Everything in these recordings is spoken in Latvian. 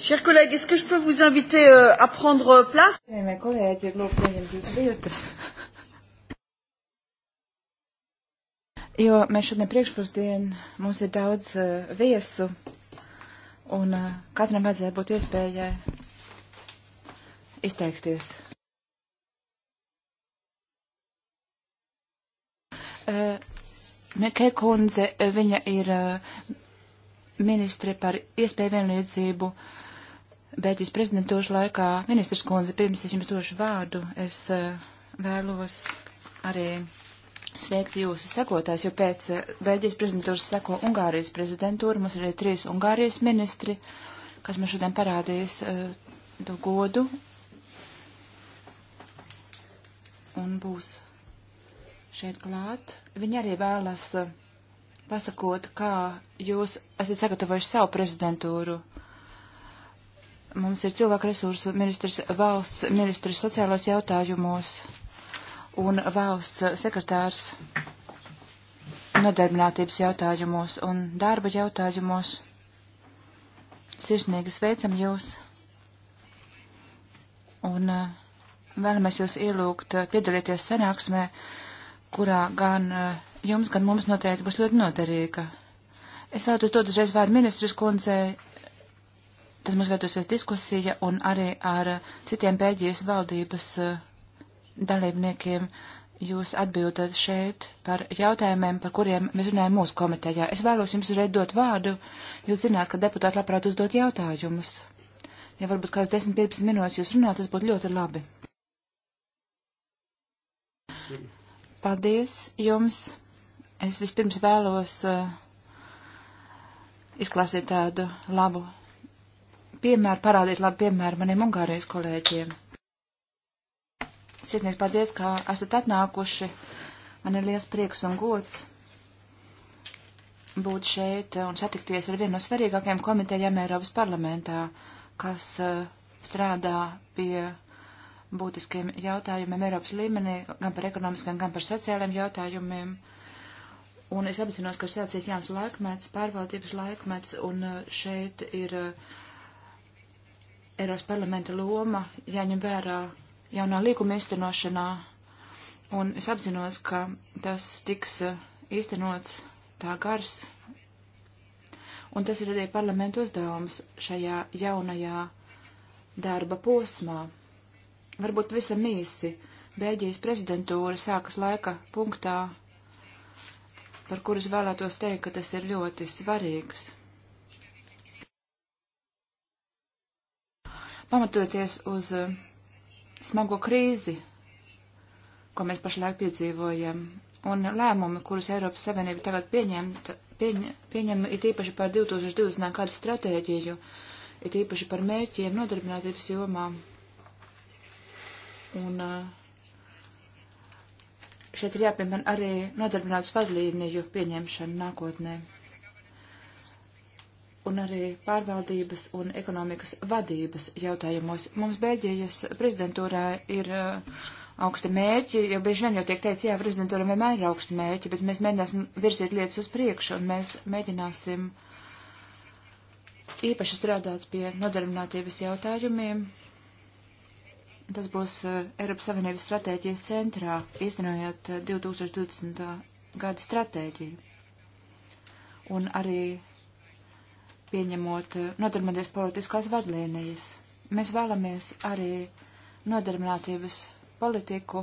Chers collègues, est-ce que je peux vous inviter euh, à prendre euh, place kolēģi, lūk, Jo mēs šodien priekšpusdien mums ir daudz uh, viesu, un uh, katram vajadzēja būt iespējai izteikties. Uh, Mekē kundze, viņa ir uh, ministre par iespēju vienlīdzību uh, Beļģijas prezidentūšu laikā, ministrs kundze, pirms es jums došu vārdu, es eh, vēlos arī sveikt jūsu sekotājs, jo pēc eh, Beļģijas prezidentūras seko Ungārijas prezidentūra, mums ir arī trīs Ungārijas ministri, kas man šodien parādījis eh, to godu. Un būs šeit klāt. Viņi arī vēlas pasakot, kā jūs esat sagatavojuši savu prezidentūru Mums ir cilvēku resursu ministrs, valsts ministrs sociālais jautājumos un valsts sekretārs nodarbinātības jautājumos un darba jautājumos. Sirsnīgi sveicam jūs un eh, vēlamies jūs ielūgt eh, piedalīties sanāksmē, kurā gan eh, jums, gan mums noteikti būs ļoti noderīga. Es vēlētos dot uzreiz vārdu ministrs kundzei, Tad mums vērtusies diskusija un arī ar citiem Bēļģijas valdības eh, dalībniekiem jūs atbildat šeit par jautājumiem, par kuriem mēs runājam mūsu komitejā. Es vēlos jums uzreiz dot vārdu. Jūs zināt, ka deputāti labprāt uzdot jautājumus. Ja varbūt kāds 10-15 minūtes jūs runāt, tas būtu ļoti labi. Paldies jums. Es vispirms vēlos uh, izklāstīt tādu labu piemēru, parādīt labu piemēru maniem Ungārijas kolēģiem. Sirsnieks, paldies, ka esat atnākuši. Man ir liels prieks un gods būt šeit un satikties ar vienu no svarīgākajiem komitejiem Eiropas parlamentā, kas eh, strādā pie būtiskiem jautājumiem Eiropas līmenī, gan par ekonomiskiem, gan par sociāliem jautājumiem. Un es apzinos, ka ir sācies jauns laikmets, pārvaldības laikmets, un eh, šeit ir uh, Eiropas parlamenta loma jāņem vērā jaunā līguma īstenošanā, un es apzinos, ka tas tiks eh, īstenots tā gars, un tas ir arī parlamenta uzdevums šajā jaunajā darba posmā. Varbūt visam īsi, Bēģijas prezidentūra sākas laika punktā, par kuras vēlētos teikt, ka tas ir ļoti svarīgs pamatoties uz eh, smago krīzi, ko mēs pašlaik piedzīvojam, un lēmumi, kurus Eiropas Savienība tagad pieņemt, pieņ, pieņem ir īpaši par 2020. gadu stratēģiju, ir īpaši par mērķiem nodarbinātības jomā. Un eh, šeit ir jāpiemēr arī nodarbinātas vadlīniju pieņemšana nākotnē un arī pārvaldības un ekonomikas vadības jautājumos. Mums Bēļģijas prezidentūrā ir uh, augsti mērķi, jo bieži vien jau tiek teikt, jā, prezidentūra vienmēr ir augsti mērķi, bet mēs mēģināsim virzīt lietas uz priekšu un mēs mēģināsim īpaši strādāt pie nodarbinātības jautājumiem. Tas būs uh, Eiropas Savienības stratēģijas centrā, īstenojot uh, 2020. gada stratēģiju. Un arī pieņemot, eh, nodarbinoties politiskās vadlīnijas. Mēs vēlamies arī nodarbinātības politiku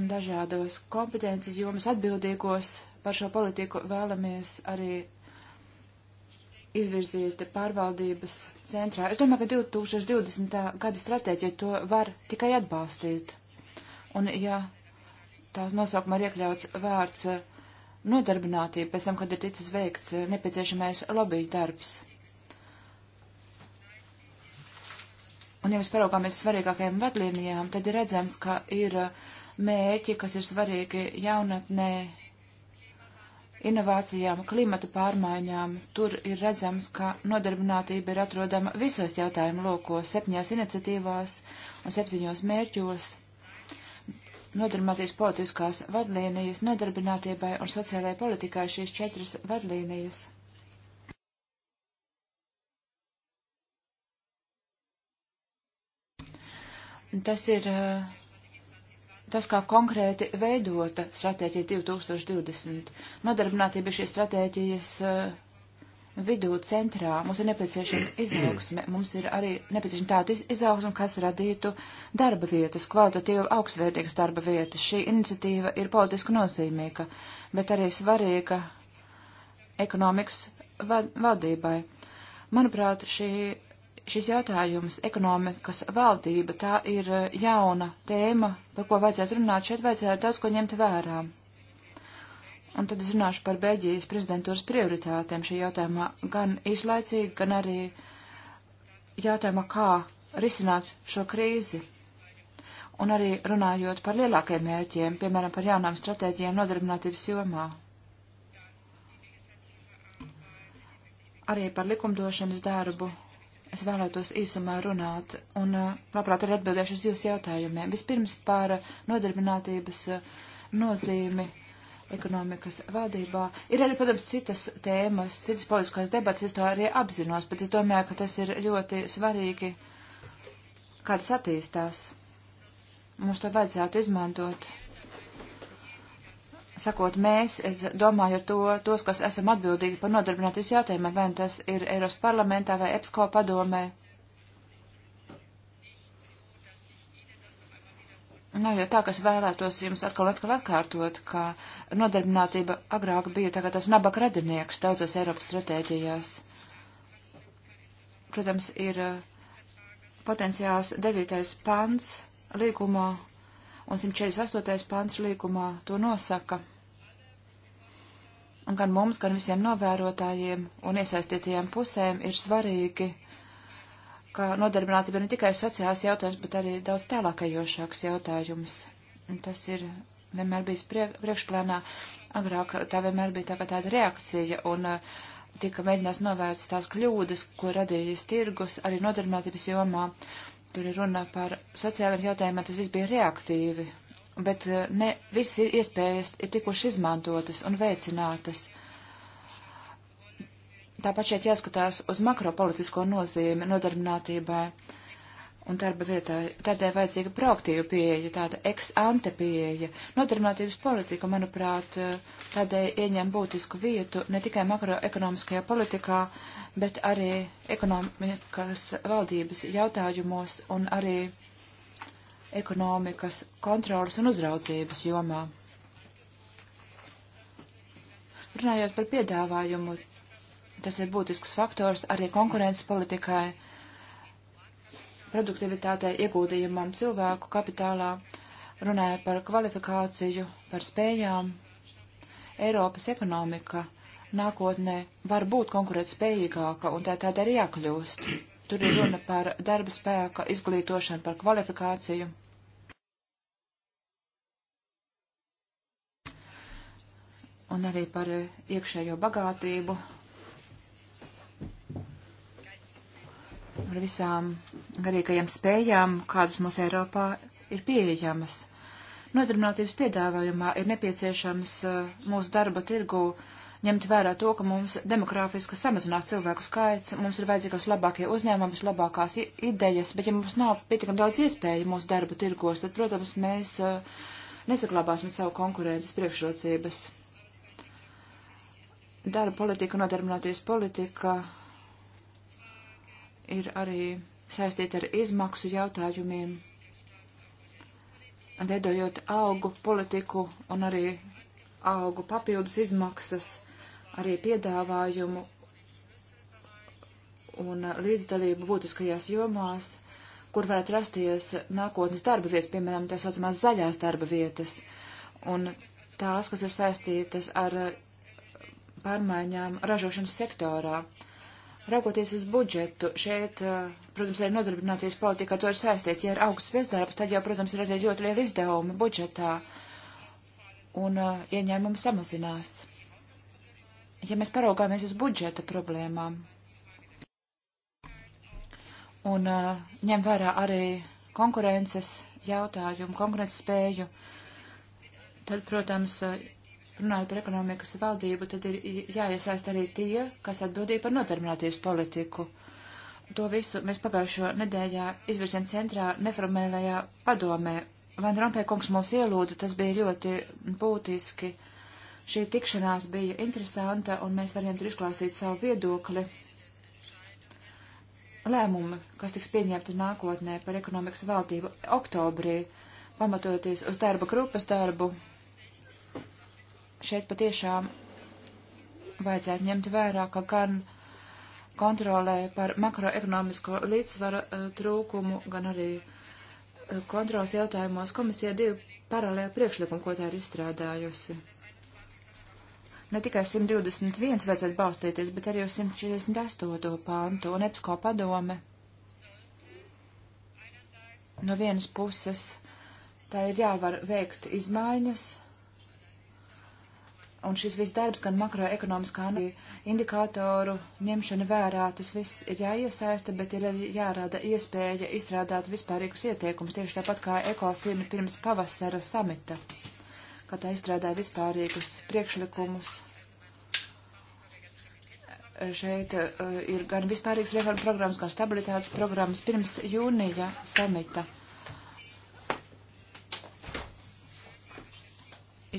un dažādos kompetences jomas atbildīgos par šo politiku vēlamies arī izvirzīt pārvaldības centrā. Es domāju, ka 2020. gada stratēģija to var tikai atbalstīt. Un ja tās nosaukuma ir iekļauts vārds uh, nodarbinātību pēc tam, kad ir ticis veikts eh, nepieciešamais lobby darbs. Un, ja mēs paraugāmies svarīgākajām vadlīnijām, tad ir redzams, ka ir eh, mēķi, kas ir svarīgi jaunatnē, inovācijām, klimata pārmaiņām. Tur ir redzams, ka nodarbinātība ir atrodama visos jautājumu lokos, septiņās iniciatīvās un septiņos mērķos nodarbināties politiskās vadlīnijas nodarbinātībai un sociālajai politikai šīs četras vadlīnijas. Tas ir eh, tas, kā konkrēti veidota stratēģija 2020. Nodarbinātība ir šīs stratēģijas uh, vidū centrā. Mums ir nepieciešama izaugsme, mums ir arī nepieciešama tāda izaugsme, kas radītu darba vietas, kvalitatīvi augstsvērtīgas darba vietas. Šī iniciatīva ir politiski nozīmīga, bet arī svarīga ekonomikas valdībai. Manuprāt, šī, šis jautājums, ekonomikas valdība, tā ir eh, jauna tēma, par ko vajadzētu runāt. Šeit vajadzētu daudz ko ņemt vērā un tad es runāšu par Bēģijas prezidentūras prioritātēm šī jautājumā, gan īslaicīgi, gan arī jautājumā, kā risināt šo krīzi. Un arī runājot par lielākiem mērķiem, piemēram, par jaunām stratēģijām nodarbinātības jomā. Arī par likumdošanas darbu es vēlētos īsumā runāt, un uh, labprāt arī atbildēšu uz jūsu jautājumiem. Vispirms par nodarbinātības uh, nozīmi ekonomikas vadībā. Ir arī, protams, citas tēmas, citas politiskās debatas, es to arī apzinos, bet es domāju, ka tas ir ļoti svarīgi, kā tas attīstās. Mums to vajadzētu izmantot. Sakot mēs, es domāju to, tos, kas esam atbildīgi par nodarbinātīs jautājumiem, vai nu tas ir Eiros parlamentā vai EPSCO padomē. Nav nu, jau tā, kas vēlētos jums atkal atkal atkārtot, ka nodarbinātība agrāk bija tagad tas nabak radinieks daudzas Eiropas stratēģijās. Protams, ir eh, potenciāls 9. pants līgumā un 148. pants līgumā to nosaka. Un gan mums, gan visiem novērotājiem un iesaistītajiem pusēm ir svarīgi ka nodarbinātība ne tikai sociāls jautājums, bet arī daudz tālākajošāks jautājums. Tas ir vienmēr bijis priek, priekšplānā. Agrāk tā vienmēr bija tā kā tāda reakcija un eh, tika mēģināts novērst tās kļūdas, ko radījis tirgus arī nodarbinātības jomā. Tur ir runa par sociāliem jautājumiem, tas viss bija reaktīvi, bet eh, ne visas iespējas ir tikuši izmantotas un veicinātas. Tāpat šeit jāskatās uz makropolitisko nozīmi nodarbinātībai un darba vietā. Tādēļ vajadzīga proaktīva pieeja, tāda ex-ante pieeja. Nodarbinātības politika, manuprāt, tādēļ ieņem būtisku vietu ne tikai makroekonomiskajā politikā, bet arī ekonomikas valdības jautājumos un arī ekonomikas kontrolas un uzraudzības jomā. Runājot par piedāvājumu, Tas ir būtisks faktors arī konkurences politikai, produktivitātei, ieguldījumam cilvēku kapitālā, runāja par kvalifikāciju, par spējām. Eiropas ekonomika nākotnē var būt konkurētspējīgāka, un tā tāda arī jākļūst. Tur ir runa par darba spēka izglītošanu, par kvalifikāciju. Un arī par iekšējo bagātību, ar visām garīgajām spējām, kādas mums Eiropā ir pieejamas. Nodarbinātības piedāvājumā ir nepieciešams eh, mūsu darba tirgu ņemt vērā to, ka mums demografiski samazinās cilvēku skaits, mums ir vajadzīgas labākie uzņēmumi, vislabākās idejas, bet ja mums nav pietiekami daudz iespēju mūsu darba tirgos, tad, protams, mēs eh, nesaglabāsim savu konkurences priekšrocības. Darba politika, nodarbināties politika ir arī saistīta ar izmaksu jautājumiem, veidojot augu politiku un arī augu papildus izmaksas, arī piedāvājumu un līdzdalību būtiskajās jomās, kur varētu rasties nākotnes darba vietas, piemēram, tā saucamās zaļās darba vietas, un tās, kas ir saistītas ar pārmaiņām ražošanas sektorā. Uh, Raugoties uz budžetu, šeit, eh, protams, arī nodarbināties politika ar to ir saistīta. Ja ir augsts bezdarbs, tad jau, protams, ir arī ļoti liela izdevuma budžetā un uh, ieņēmumi samazinās. Ja mēs paraugāmies uz budžeta problēmām un uh, ņem vērā arī konkurences jautājumu, konkurences spēju, tad, protams, uh, runājot par ekonomikas valdību, tad ir jāiesaist arī tie, kas atbildīja par nodarbinātības politiku. To visu mēs pagājušo nedēļā izvirzien centrā neformēlajā padomē. Van Rompēkungs mums ielūda, tas bija ļoti būtiski. Šī tikšanās bija interesanta, un mēs varējām tur izklāstīt savu viedokli. Lēmumi, kas tiks pieņemti nākotnē par ekonomikas valdību oktobrī, pamatoties uz darba grupas darbu, šeit patiešām vajadzētu ņemt vērā, ka gan kontrolē par makroekonomisko līdzsvaru eh, trūkumu, gan arī eh, kontrols jautājumos komisija divi paralēli priekšlikumi, ko tā ir izstrādājusi. Ne tikai 121 vajadzētu balstīties, bet arī uz 148. pāntu un EPSCO padome. No vienas puses tā ir jāvar veikt izmaiņas un šis viss darbs, gan makroekonomiskā indikātoru ņemšana vērā, tas viss ir jāiesaista, bet ir arī jārāda iespēja izstrādāt vispārīgus ieteikumus, tieši tāpat kā ekofirma pirms pavasara samita, kad tā izstrādāja vispārīgus priekšlikumus. Šeit uh, ir gan vispārīgs reforma programmas, gan stabilitātes programmas pirms jūnija samita.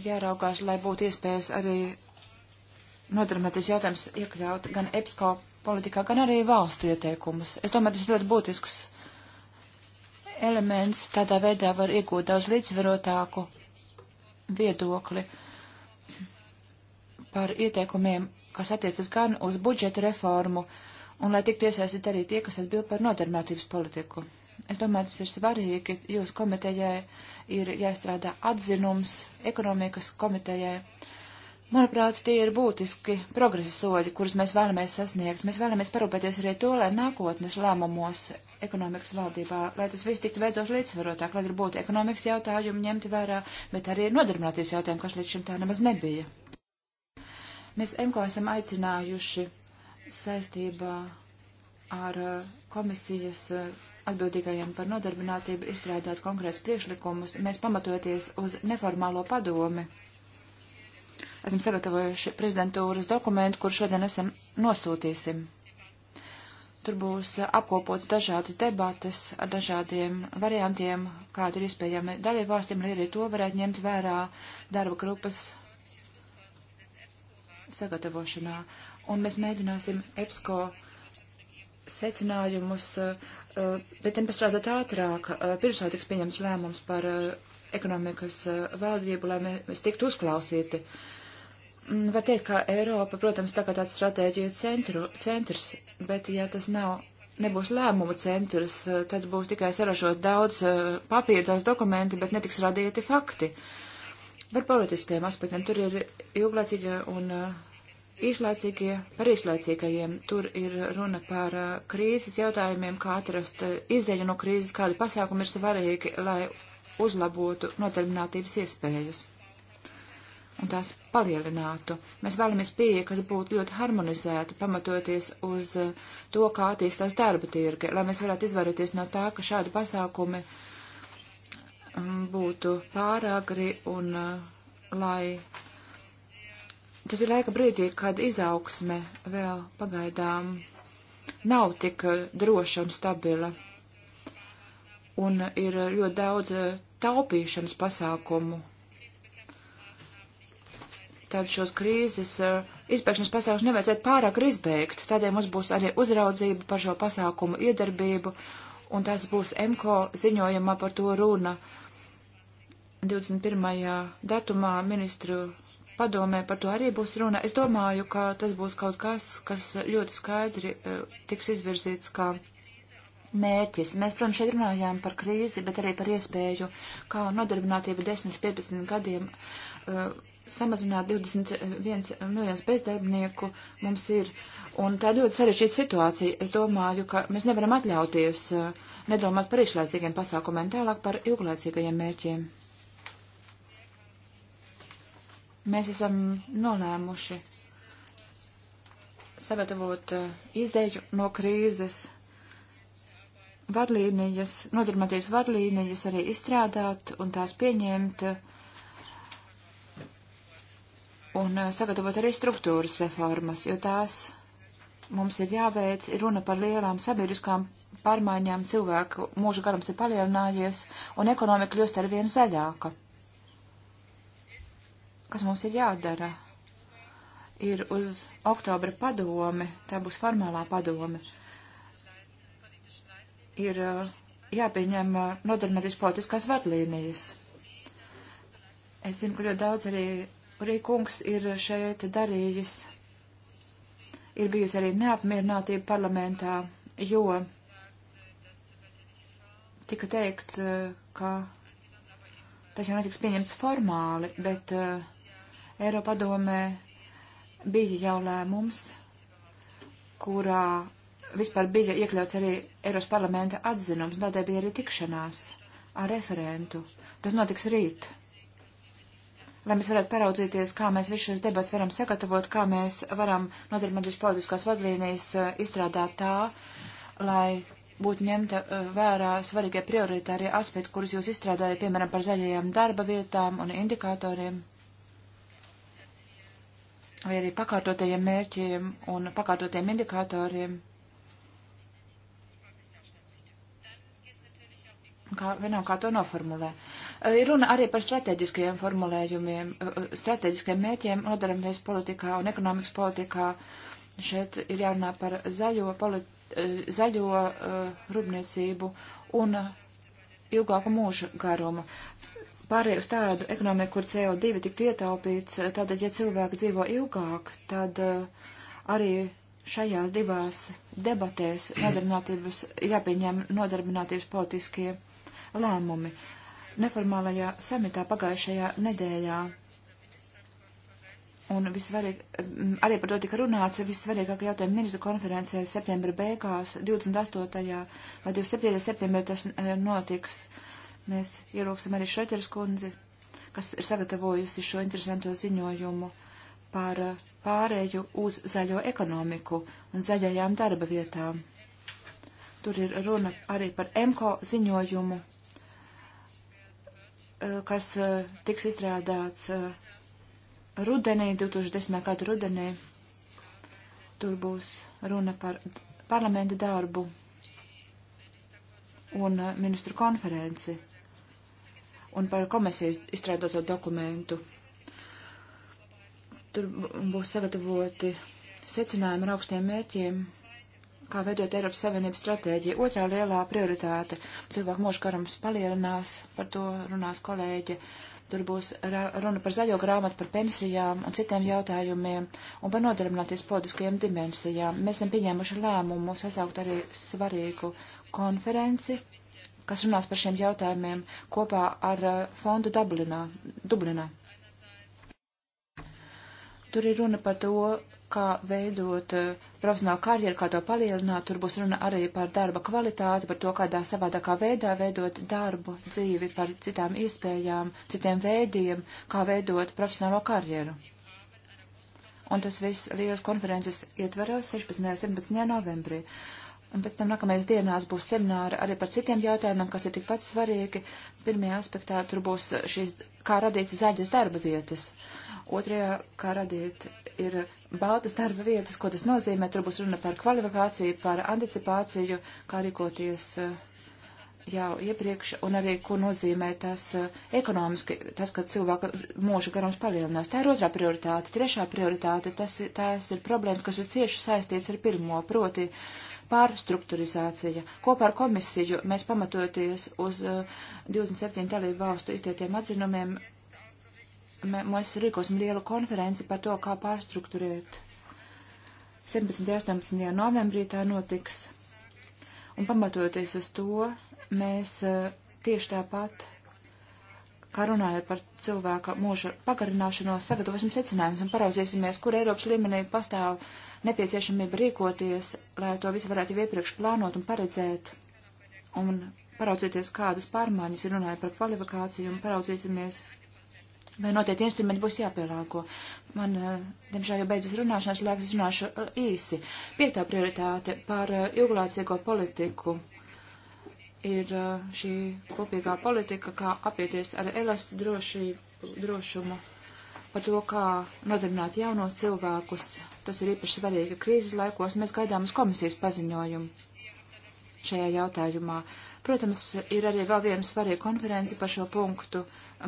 jāraugās, lai būtu iespējas arī nodarbinātības jautājums iekļaut gan EPSCO politikā, gan arī valstu ieteikumus. Es domāju, tas ļoti būtisks elements. Tādā veidā var iegūt daudz līdzsvarotāku viedokli par ieteikumiem, kas attiecas gan uz budžeta reformu, un lai tiktu iesaistīt arī tie, kas atbild par nodarbinātības politiku. Es domāju, tas ir svarīgi. Jūsu komitejai ir jāizstrādā atzinums ekonomikas komitejai. Manuprāt, tie ir būtiski progresa soļi, kurus mēs vēlamies sasniegt. Mēs vēlamies parūpēties arī to, lai nākotnes lēmumos ekonomikas valdībā, lai tas viss tiktu veidos līdzsvarotāk, lai ir būtu ekonomikas jautājumi ņemti vērā, bet arī nodarbināties jautājumi, kas līdz šim tā nemaz nebija. Mēs MKO esam aicinājuši saistībā ar uh, komisijas uh, atbildīgajiem par nodarbinātību izstrādāt konkrēts priekšlikumus, mēs pamatoties uz neformālo padomi. Esam sagatavojuši prezidentūras dokumentu, kur šodien esam nosūtīsim. Tur būs apkopots dažādas debatas ar dažādiem variantiem, kādi ir iespējami dalībvalstīm, lai arī to varētu ņemt vērā darba grupas sagatavošanā. Un mēs mēģināsim EPSCO secinājumus, eh, eh, bet tiem pastrādāt ātrāk, eh, pirms jau tiks pieņems lēmums par ekonomikas valdību, lai mēs tiktu uzklausīti. Mm, var teikt, ka Eiropa, protams, tā kā tāds stratēģiju centru, centrs, bet ja tas nav, nebūs lēmumu centrs, tad būs tikai saražot daudz papīra, daudz dokumentu, bet netiks radīti fakti. Par politiskiem aspektiem tur ir ilglaicīga un uh, īslaicīgie, par īslaicīgajiem. Tur ir runa par uh, krīzes jautājumiem, kā atrast uh, izēļu no krīzes, kādi pasākumi ir svarīgi, lai uzlabotu nodarbinātības iespējas un tās palielinātu. Mēs vēlamies pieeja, kas būtu ļoti harmonizēta, pamatoties uz uh, to, kā attīstās darba tirgi, lai mēs varētu izvairīties no tā, ka šādi pasākumi um, būtu pāragri un lai tas ir laika brīdī, kad izaugsme vēl pagaidām nav tik droša un stabila. Un ir ļoti daudz eh, taupīšanas pasākumu. Tad šos krīzes eh, izbēgšanas pasākumus nevajadzētu pārāk izbeigt. Tādēļ mums būs arī uzraudzība par šo pasākumu iedarbību, un tas būs MKO ziņojumā par to runa. 21. datumā ministru padomē par to arī būs runa. Es domāju, ka tas būs kaut kas, kas ļoti skaidri e, tiks izvirzīts kā mērķis. Mēs, protams, šeit runājām par krīzi, bet arī par iespēju, kā nodarbinātība 10-15 gadiem uh, samazināt 21 miljonus bezdarbnieku mums ir. Un tā ir ļoti sarežģīta situācija. Es domāju, ka mēs nevaram atļauties uh, nedomāt par izlaicīgiem pasākumiem, tālāk par ilglaicīgajiem mērķiem. Mēs esam nolēmuši sagatavot eh, izēju no krīzes vadlīnijas, nodarbināties vadlīnijas arī izstrādāt un tās pieņemt un eh, sagatavot arī struktūras reformas, jo tās mums ir jāveic, ir runa par lielām sabiedriskām pārmaiņām, cilvēku mūža garums ir palielinājies un ekonomika kļūst ar vien zaļāka kas mums ir jādara, ir uz oktobra padome, tā būs formālā padome, ir uh, jāpieņem uh, nodarbinātīs politiskās vadlīnijas. Es zinu, ka ļoti daudz arī Rīkungs ir šeit darījis. Ir bijusi arī neapmierinātība parlamentā, jo tika teikts, uh, ka tas jau netiks pieņemts formāli, bet uh, Eiropadomē bija jau lēmums, kurā vispār bija iekļauts arī Eiros parlamenta atzinums, tādēļ bija arī tikšanās ar referentu. Tas notiks rīt. Lai mēs varētu paraudzīties, kā mēs visu šīs debats varam sagatavot, kā mēs varam nodarbināties politiskās vadlīnijas eh, izstrādāt tā, lai būtu ņemta eh, vērā svarīgie prioritārie aspekti, kurus jūs izstrādājat, piemēram, par zaļajām darba vietām un indikatoriem vai arī pakārtotajiem mērķiem un pakārtotajiem indikatoriem, kā, vienam, kā to noformulē. Ir e, runa arī par strateģiskajiem formulējumiem, e, strateģiskajiem mēķiem nodarboties politikā un ekonomikas politikā. Šeit ir jārunā par zaļo, politi, e, zaļo uh, rūpniecību un ilgāku mūžu garumu pārēju uz tādu ekonomiku, kur CO2 tiktu ietaupīts, tātad, ja cilvēki dzīvo ilgāk, tad uh, arī šajās divās debatēs nodarbinātības jāpieņem nodarbinātības politiskie lēmumi. Neformālajā samitā pagājušajā nedēļā Un visvarīg, mm, arī par to tika runāts vissvarīgākā jautājuma ministra konferencē septembra beigās, 28. vai 27. septembrī tas eh, notiks. Mēs ielūksim arī Šoķeras kundzi, kas ir sagatavojusi šo interesanto ziņojumu par uh, pārēju uz zaļo ekonomiku un zaļajām darba vietām. Tur ir runa arī par MKO ziņojumu, uh, kas uh, tiks izstrādāts rudenī, 2010. gada rudenī. Tur būs runa par parlamenta darbu un ministru konferenci un par komisijas izstrādoto dokumentu. Tur būs sagatavoti secinājumi ar augstiem mērķiem, kā veidot Eiropas Savienības stratēģiju. Otrā lielā prioritāte - cilvēku mūža karums palielinās, par to runās kolēģi. Tur būs runa par zaļo grāmatu, par pensijām un citiem jautājumiem un par nodarbināties politiskajām dimensijām. Mēs esam pieņēmuši lēmumu sasaukt arī svarīgu konferenci kas runās par šiem jautājumiem kopā ar eh, fondu Dublinā. Dublinā. Tur ir runa par to, kā veidot eh, profesionālu karjeru, kā to palielināt. Tur būs runa arī par darba kvalitāti, par to, kādā savādākā veidā veidot darbu, dzīvi, par citām iespējām, citiem veidiem, kā veidot profesionālo karjeru un tas viss Rīgas konferences ietveros 16. un 17. novembrī. Un pēc tam nākamais dienās būs semināri arī par citiem jautājumiem, kas ir tikpat svarīgi. Pirmajā aspektā tur būs šīs, kā radīt zaļas darba vietas. Otrajā, kā radīt, ir baltas darba vietas, ko tas nozīmē. Tur būs runa par kvalifikāciju, par anticipāciju, kā rīkoties eh, jau iepriekš, un arī, ko nozīmē tas eh, ekonomiski, tas, ka cilvēka mūža garums palielinās. Tā ir otrā prioritāte. Trešā prioritāte, tas, tās ir problēmas, kas ir cieši saistīts ar pirmo, proti. Uh, pārstrukturizācija. Kopā ar komisiju mēs pamatoties uz 27 uh, dalību valstu iztietiem atzinumiem, mēs rīkosim lielu konferenci par to, kā pārstrukturēt. 17. un 18. novembrī tā notiks. Un pamatoties uz to, mēs uh, tieši tāpat, kā runājot par cilvēka mūža pagarināšanos, sagatavosim secinājumus un paraudzīsimies, kur Eiropas līmenī pastāv uh, nepieciešamība rīkoties, lai to visu varētu jau iepriekš plānot un paredzēt un paraudzīties, kādas pārmaiņas ir runāja par kvalifikāciju un paraudzīsimies, vai noteikti instrumenti būs jāpielāgo. Man, eh, diemžēl, jau beidzas runāšanas laiks, es runāšu eh, īsi. Piektā prioritāte par eh, ilglaicīgo politiku ir šī kopīgā politika, kā apieties ar elastu drošību, drošumu, par to, kā nodarbināt jaunos cilvēkus Tas ir īpaši svarīgi, ka krīzes laikos mēs gaidām uz komisijas paziņojumu šajā jautājumā. Protams, ir arī vēl viena svarīga konference par šo punktu.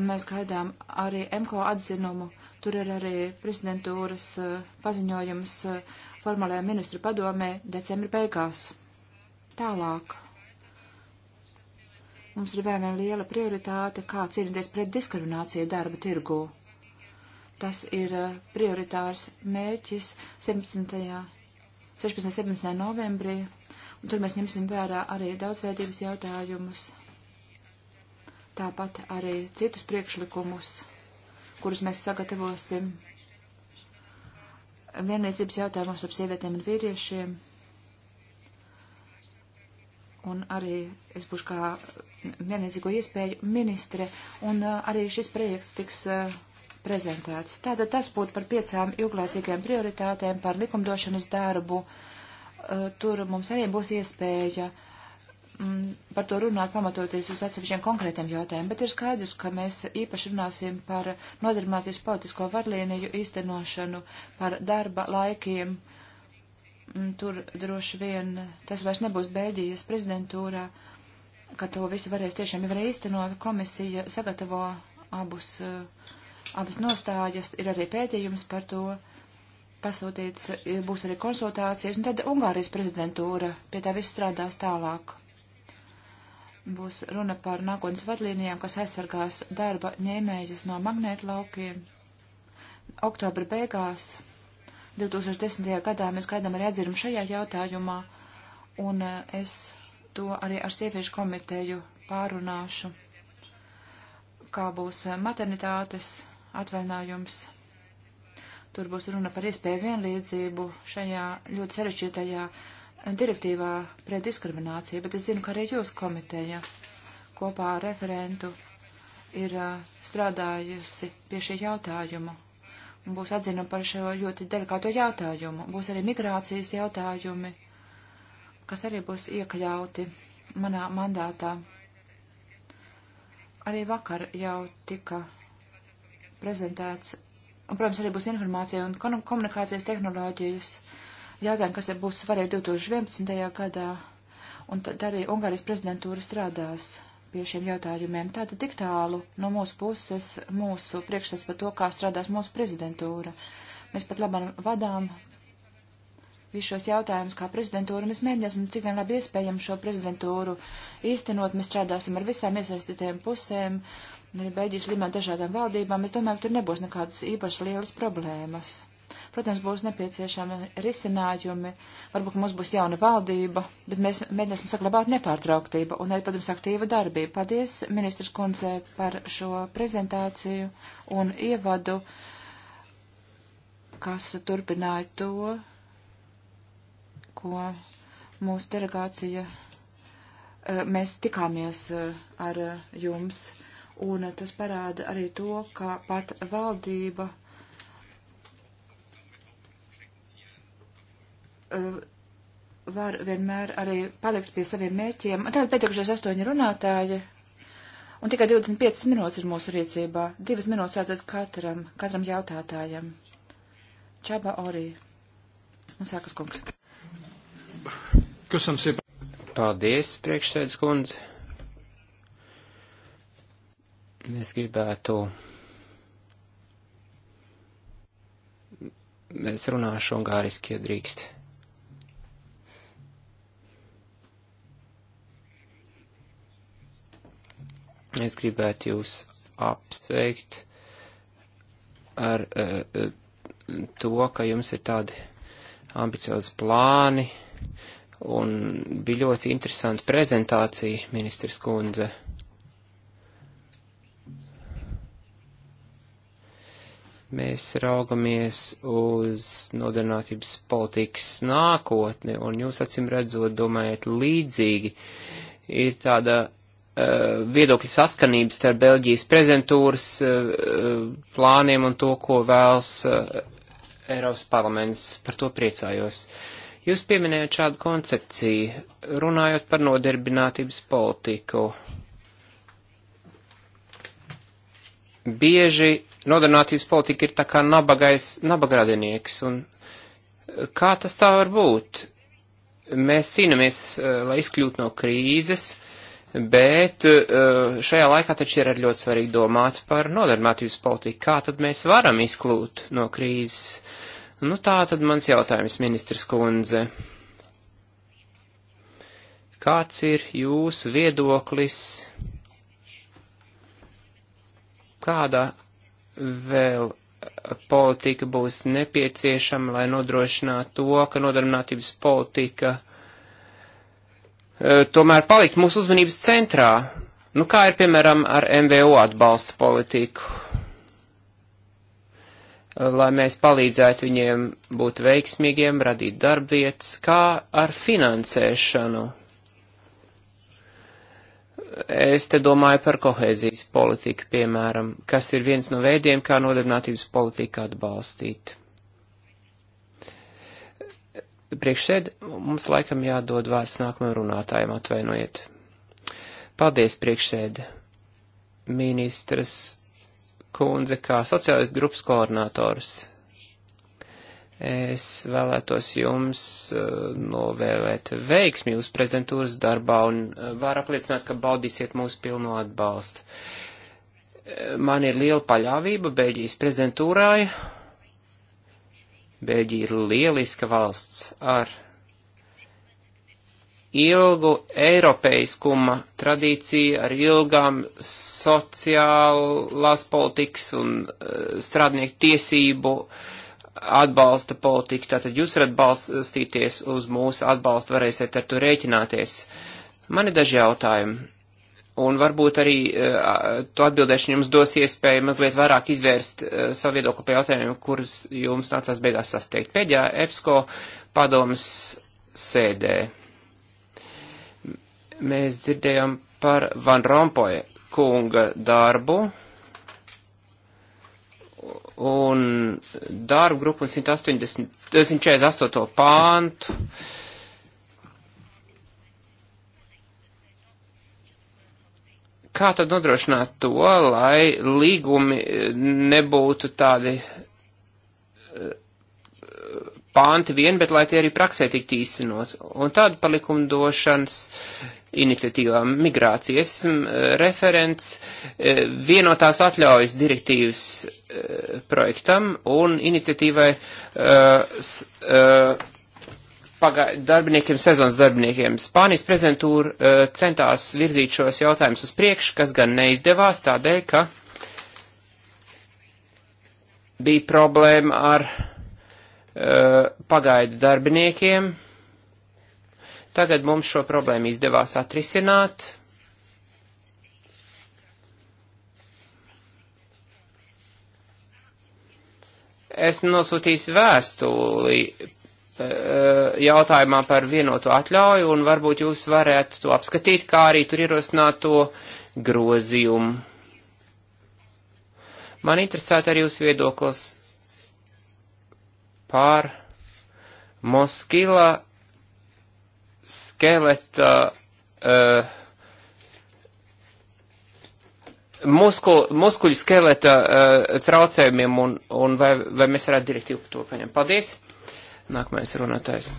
Mēs gaidām arī MKO atzinumu. Tur ir arī prezidentūras eh, paziņojums eh, formālajā ministru padomē decembra beigās. Tālāk. Mums ir vēl viena liela prioritāte, kā cīnīties pret diskrimināciju darba tirgū. Tas ir eh, prioritārs mērķis 17. 16. 17. novembrī, un tur mēs ņemsim vērā arī daudzveidības jautājumus, tāpat arī citus priekšlikumus, kurus mēs sagatavosim vienlīdzības jautājumos ar sievietēm un vīriešiem. Un arī es būšu kā vienlīdzīgo iespēju ministre, un eh, arī šis projekts tiks uh, prezentēts. Tātad tas būtu par piecām ilglaicīgajām prioritātēm, par likumdošanas darbu. Uh, tur mums arī būs iespēja mm, par to runāt, pamatoties uz atsevišķiem konkrētiem jautājumiem, bet ir skaidrs, ka mēs īpaši runāsim par nodarbināties politisko varlīniju īstenošanu, par darba laikiem. Mm, tur droši vien tas vairs nebūs Bēļģijas prezidentūrā, ka to visu varēs tiešām jau arī īstenot. Komisija sagatavo abus uh, abas nostājas, ir arī pētījums par to, pasūtīts, būs arī konsultācijas, un tad Ungārijas prezidentūra pie tā viss strādās tālāk. Būs runa par nākotnes vadlīnijām, kas aizsargās darba ņēmējus no magnētu laukiem. Oktobra beigās 2010. gadā mēs gaidām arī atzirumu šajā jautājumā, un e, es to arī ar sieviešu komiteju pārunāšu, kā būs e, maternitātes atvainājums. Tur būs runa par iespēju vienlīdzību šajā ļoti sarežģītajā direktīvā pret diskrimināciju, bet es zinu, ka arī jūs komiteja kopā ar referentu ir strādājusi pie šī jautājuma. Un būs atzina par šo ļoti delikāto jautājumu. Būs arī migrācijas jautājumi, kas arī būs iekļauti manā mandātā. Arī vakar jau tika prezentēts. Un, protams, arī būs informācija un komunikācijas tehnoloģijas jautājumi, kas būs svarīgi 2011. gadā. Un tad arī Ungārijas prezidentūra strādās pie šiem jautājumiem. Tāda tik tālu no mūsu puses, mūsu priekšstats par to, kā strādās mūsu prezidentūra. Mēs pat labam vadām visus šos jautājumus kā prezidentūru. Mēs mēģināsim, cik vien labi iespējams šo prezidentūru īstenot. Mēs strādāsim ar visām iesaistītajām pusēm, ir Beļģijas līmenī dažādām valdībām, es domāju, ka tur nebūs nekādas īpaši lielas problēmas. Protams, būs nepieciešami risinājumi, varbūt mums būs jauna valdība, bet mēs mēģināsim saglabāt nepārtrauktību un, protams, aktīvu darbību. Paldies, ministrs kundze, par šo prezentāciju un ievadu, kas turpināja to, ko mūsu delegācija, eh, mēs tikāmies eh, ar eh, jums un tas parāda arī to, ka pat valdība eh, var vienmēr arī palikt pie saviem mērķiem. Tagad pietiekušies astoņi runātāji, un tikai 25 minūtes ir mūsu rīcībā. Divas minūtes tātad katram, katram jautātājam. Čaba Orī. Un sākas kungs. Köszönöm szépen. Paldies, priekšsēdz kundze. Mēs gribētu. Es runāšu ungāriski, ja drīkst. Es gribētu jūs apsveikt ar uh, to, ka jums ir tādi ambiciozi plāni un bija ļoti interesanta prezentācija, ministrs kundze. Uh, Mēs raugamies uz nodarbinātības politikas nākotni, un jūs acīm redzot domājat līdzīgi. Ir tāda uh, viedokļa saskanības starp Belģijas prezentūras uh, plāniem un to, ko vēlas uh, Eiropas parlaments. Par to priecājos. Jūs pieminējat šādu koncepciju, runājot par nodarbinātības politiku. bieži Nodarbinātības politika ir tā kā nabagais, nabagradinieks, un eh, kā tas tā var būt? Mēs cīnāmies, eh, lai izkļūtu no krīzes, bet eh, šajā laikā taču ir arī ļoti svarīgi domāt par nodarbinātības politiku. Kā tad mēs varam izkļūt no krīzes? Nu tā tad mans jautājums, ministrs kundze. Kāds ir jūsu viedoklis? Kāda vēl politika būs nepieciešama, lai nodrošinātu to, ka nodarbinātības politika eh, tomēr palikt mūsu uzmanības centrā. Nu, kā ir, piemēram, ar MVO atbalsta politiku? Eh, lai mēs palīdzētu viņiem būt veiksmīgiem, radīt darbvietas, kā ar finansēšanu? Es te domāju par kohēzijas politiku, piemēram, kas ir viens no veidiem, kā nodarbinātības politiku atbalstīt. Priekšsēd, mums laikam jādod vārds nākamajam runātājam, atvainojiet. Paldies, priekšsēd. Ministras kundze kā sociālistu grupas koordinators Es vēlētos jums eh, novēlēt veiksmi jūsu prezidentūras darbā un eh, varu apliecināt, ka baudīsiet mūsu pilno atbalstu. Eh, man ir liela paļāvība Beļģijas prezidentūrai. Beļģija ir lieliska valsts ar ilgu eiropeiskuma tradīciju, ar ilgām sociālās politikas un strādnieku tiesību uh, atbalsta politiku, tātad jūs varat balstīties uz mūsu atbalstu, varēsiet ar to rēķināties. Man ir daži jautājumi, un varbūt arī uh, to atbildēšana jums dos iespēju mazliet vairāk izvērst uh, savu viedokli par jautājumiem, kurus jums nācās beigās sasteikt. Pēdējā EPSCO padomas sēdē mēs dzirdējām par Van Rompoja kunga darbu un darba grupu un 180, 148. Eh, pāntu. Kā tad nodrošināt to, lai līgumi nebūtu tādi eh, pānti vien, bet lai tie arī praksē tiktu īstenot. Un tāda palikumdošanas iniciatīvā migrācijas e, referents e, vienotās atļaujas direktīvas e, projektam un iniciatīvai darbiniekiem, sezonas darbiniekiem. Spānijas prezidentūra uh, centās virzīt šos jautājumus uz priekšu, kas gan neizdevās tādēļ, ka bija problēma ar uh, pagaidu darbiniekiem. Tagad mums šo problēmu izdevās atrisināt. Es nosūtīšu vēstuli eh, jautājumā par vienoto atļauju, un varbūt jūs varētu to apskatīt, kā arī tur ierosināt to grozījumu. Man interesētu arī jūsu viedoklis pār Moskila skeleta uh, eh, muskuļu, muskuļu skeleta uh, traucējumiem un, un vai, vai mēs varētu direktīvu par to paņemt. Paldies! Nākamais runātājs.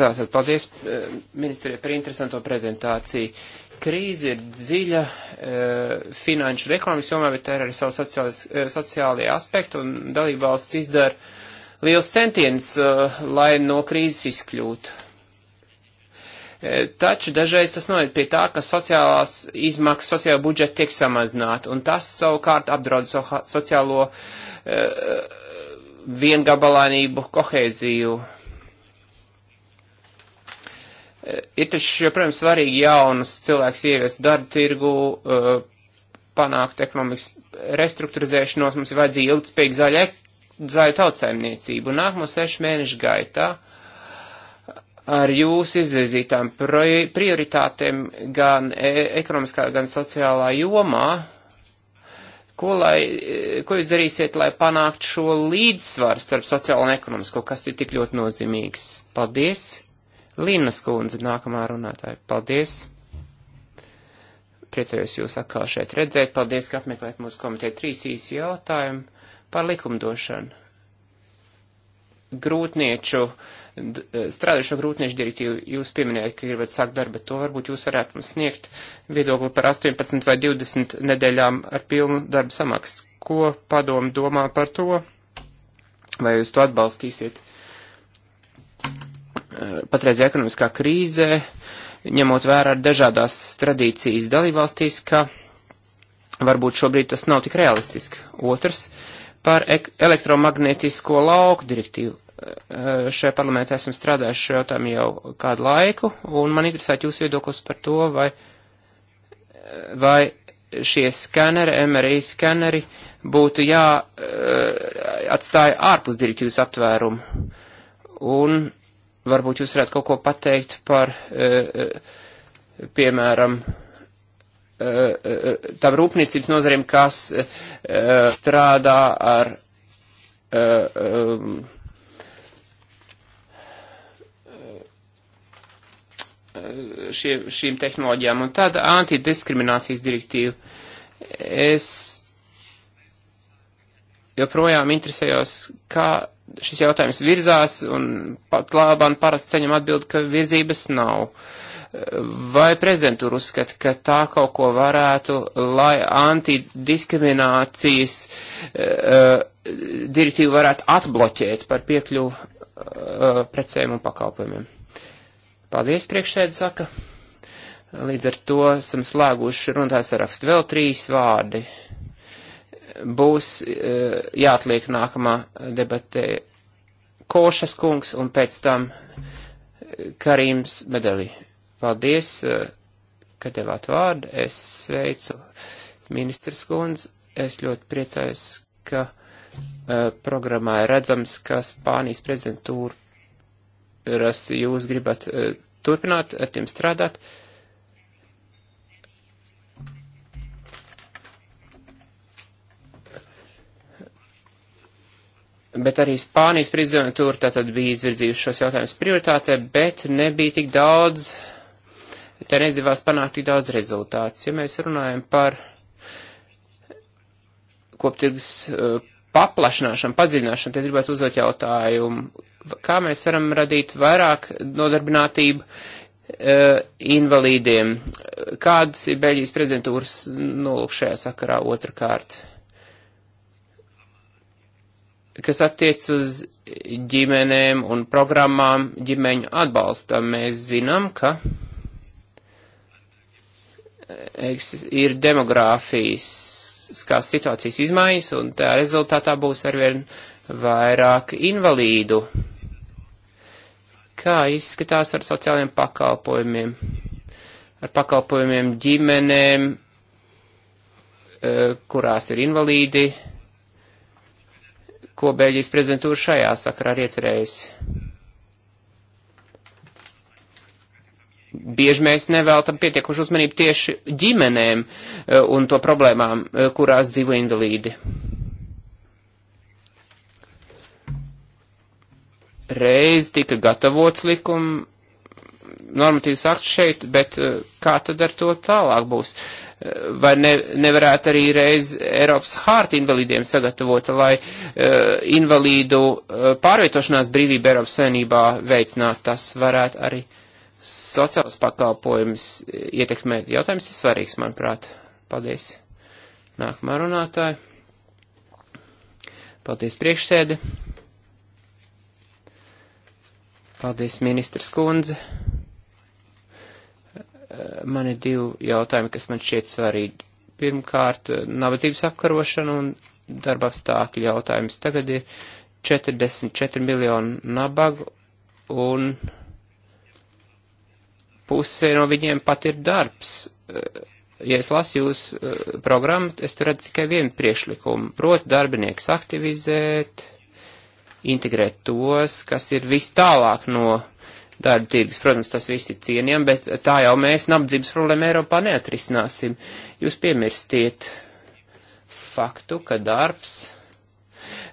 Tātad paldies eh, ministrie par interesanto prezentāciju krīze ir dziļa e, finanšu un ekonomikas jomā, bet tā ir arī savu sociāli, eh, sociālie aspekti, un dalībvalsts izdara liels centiens, e, lai no krīzes izkļūtu. E, taču dažreiz tas noiet pie tā, ka sociālās izmaksas, sociālā budžeta tiek samazināta, un tas savukārt apdraud so, sociālo e, viengabalainību, kohēziju. Ir taču, joprojām, svarīgi jaunus cilvēkus ieviest darba tirgu, eh, panākt ekonomikas restruktūrizēšanos, mums ir vajadzīga ilgspējīga zaļa, zaļa tautsēmniecība. Un nākamo sešu mēnešu gaitā ar jūsu izvirzītām prioritātēm gan e- ekonomiskā, gan sociālā jomā, ko, lai, e- ko jūs darīsiet, lai panāktu šo līdzsvaru starp sociālo un ekonomisko, kas ir tik ļoti nozīmīgs? Paldies! Līnas kundze, nākamā runātāja. Paldies! Priecājos jūs atkal šeit redzēt. Paldies, ka apmeklējat mūsu komiteju trīs īsi jautājumu par likumdošanu. Grūtnieču, eh, strādājušo grūtniešu direktīvu jūs pieminējat, ka gribat sākt darbu, bet to varbūt jūs varētu mums sniegt viedokli par 18 vai 20 nedēļām ar pilnu darbu samakstu. Ko padomu domā par to? Vai jūs to atbalstīsiet? Eh, patreiz ekonomiskā krīze, ņemot vērā dažādās tradīcijas dalībvalstīs, ka varbūt šobrīd tas nav tik realistiski. Otrs, par elektromagnētisko lauku direktīvu. Eh, šajā parlamentā esam strādājuši šo jautājumu jau kādu laiku, un man interesētu jūsu viedoklis par to, vai, eh, vai šie skaneri, MRI skaneri, būtu jāatstāja ārpus direktīvas aptvērumu. Un Varbūt jūs varētu kaut ko pateikt par, e, e, piemēram, e, tām rūpniecības nozarēm, kas strādā ar šie, šīm tehnoloģijām. Un tad antidiskriminācijas direktīva. Es joprojām interesējos, kā šis jautājums virzās, un pat labāk parasti ceņam atbildi, ka virzības nav. Vai prezidentūra uzskata, ka tā kaut ko varētu, lai antidiskriminācijas uh, direktīvu varētu atbloķēt par piekļuvu uh, precēm un pakalpojumiem? Paldies, priekšsēd saka. Līdz ar to esam slēguši runātājs sarakstu vēl trīs vārdi. Uh, būs eh, jāatliek nākamā debatē Košas kungs un pēc tam eh, Karīms Medeli. Paldies, eh, ka devāt vārdu. Es sveicu ministrs kundz. Es ļoti priecājos, ka programmā ir redzams, ka Spānijas prezidentūras jūs gribat turpināt ar tiem strādāt. Uh, bet arī Spānijas prezidentūra tātad bija izvirzījusi šos jautājumus prioritātē, bet nebija tik daudz, te neizdevās panākt tik daudz rezultāts. Ja mēs runājam par koptirgs eh, paplašināšanu, padziļināšanu, tad gribētu uzdot jautājumu, kā mēs varam radīt vairāk nodarbinātību eh, invalīdiem. Kādas ir Beļģijas prezidentūras nolūk šajā sakarā otrkārt? kas attiec uz ģimenēm un programmām ģimeņu atbalstam, mēs zinām, ka ir demogrāfijas situācijas izmaiņas, un tā rezultātā būs arvien vairāk invalīdu. Kā izskatās ar sociālajiem pakalpojumiem? Ar pakalpojumiem ģimenēm, eh, kurās ir invalīdi, ko Bēļģijas prezidentūra šajā sakarā ir iecerējusi. Bieži mēs nevēltam pietiekušu uzmanību tieši ģimenēm e, un to problēmām, e, kurās dzīvo invalīdi. Reiz tika gatavots likuma normatīvas akts šeit, bet eh, kā tad ar to tālāk būs? Eh, vai ne, nevarētu arī reiz Eiropas hārta invalīdiem sagatavota, lai uh, invalīdu uh, pārvietošanās brīvība Eiropas savienībā veicinātu? Tas varētu arī sociālus pakalpojumus ietekmēt. Jautājums ir svarīgs, manuprāt. Paldies. Nākamā runātāja. Paldies priekšsēde. Paldies, ministrs kundze. Man ir divi jautājumi, kas man šķiet svarīgi. Pirmkārt, nabadzības apkarošana un darba apstākļu jautājums. Tagad ir 44 miljonu nabagu un puse no viņiem pat ir darbs. Ja es lasu jūs eh, programmu, es tur redzu tikai vienu priekšlikumu. Proti darbinieks aktivizēt, integrēt tos, kas ir vis tālāk no darba tirgus. Protams, tas viss ir cienījami, bet tā jau mēs nabadzības problēmu Eiropā neatrisināsim. Jūs piemirstiet faktu, ka darbs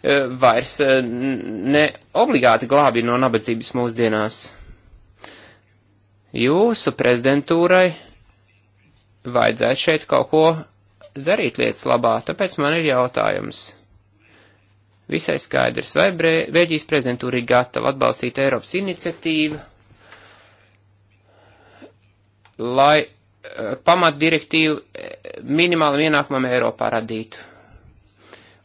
e, vairs e, ne obligāti glābi no nabadzības mūsdienās. Jūsu prezidentūrai vajadzētu šeit kaut ko darīt lietas labā, tāpēc man ir jautājums. Visai skaidrs, vai Bēļģijas prezidentūra ir gatava atbalstīt Eiropas iniciatīvu lai uh, pamatdirektīvu eh, minimālam ienākumam Eiropā radītu.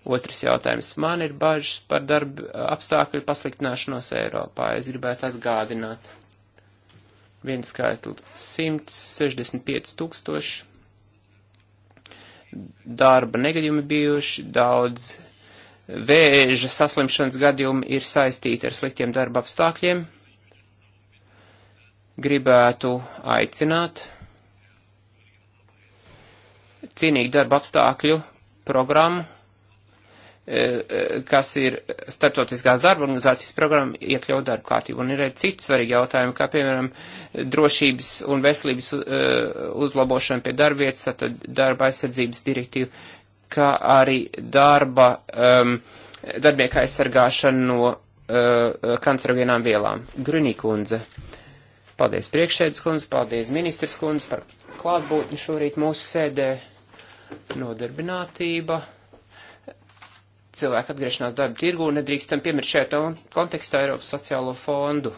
Otrs jautājums. Man ir bažas par darba eh, apstākļu pasliktināšanos Eiropā. Es gribētu atgādināt viens skaitli 165 tūkstoši. Darba negadījumi bijuši, daudz vēža saslimšanas gadījumi ir saistīti ar sliktiem darba apstākļiem gribētu aicināt cienīgu darba apstākļu programmu, e, e, kas ir starptautiskās darba organizācijas programma, iekļaut darba kārtību. Un ir arī citi svarīgi jautājumi, kā piemēram drošības un veselības e, uzlabošana pie darbvietas, tad darba aizsardzības direktīva, kā arī darba, um, darbnieka aizsargāšana no uh, kancerogēnām vielām. Grunīkundze. Uh, Paldies priekšsēdus kundze, paldies ministrs kundze par klātbūtni šorīt mūsu sēdē. Nodarbinātība, cilvēku atgriešanās darba tirgū nedrīkstam piemirst šajā kontekstā Eiropas sociālo fondu.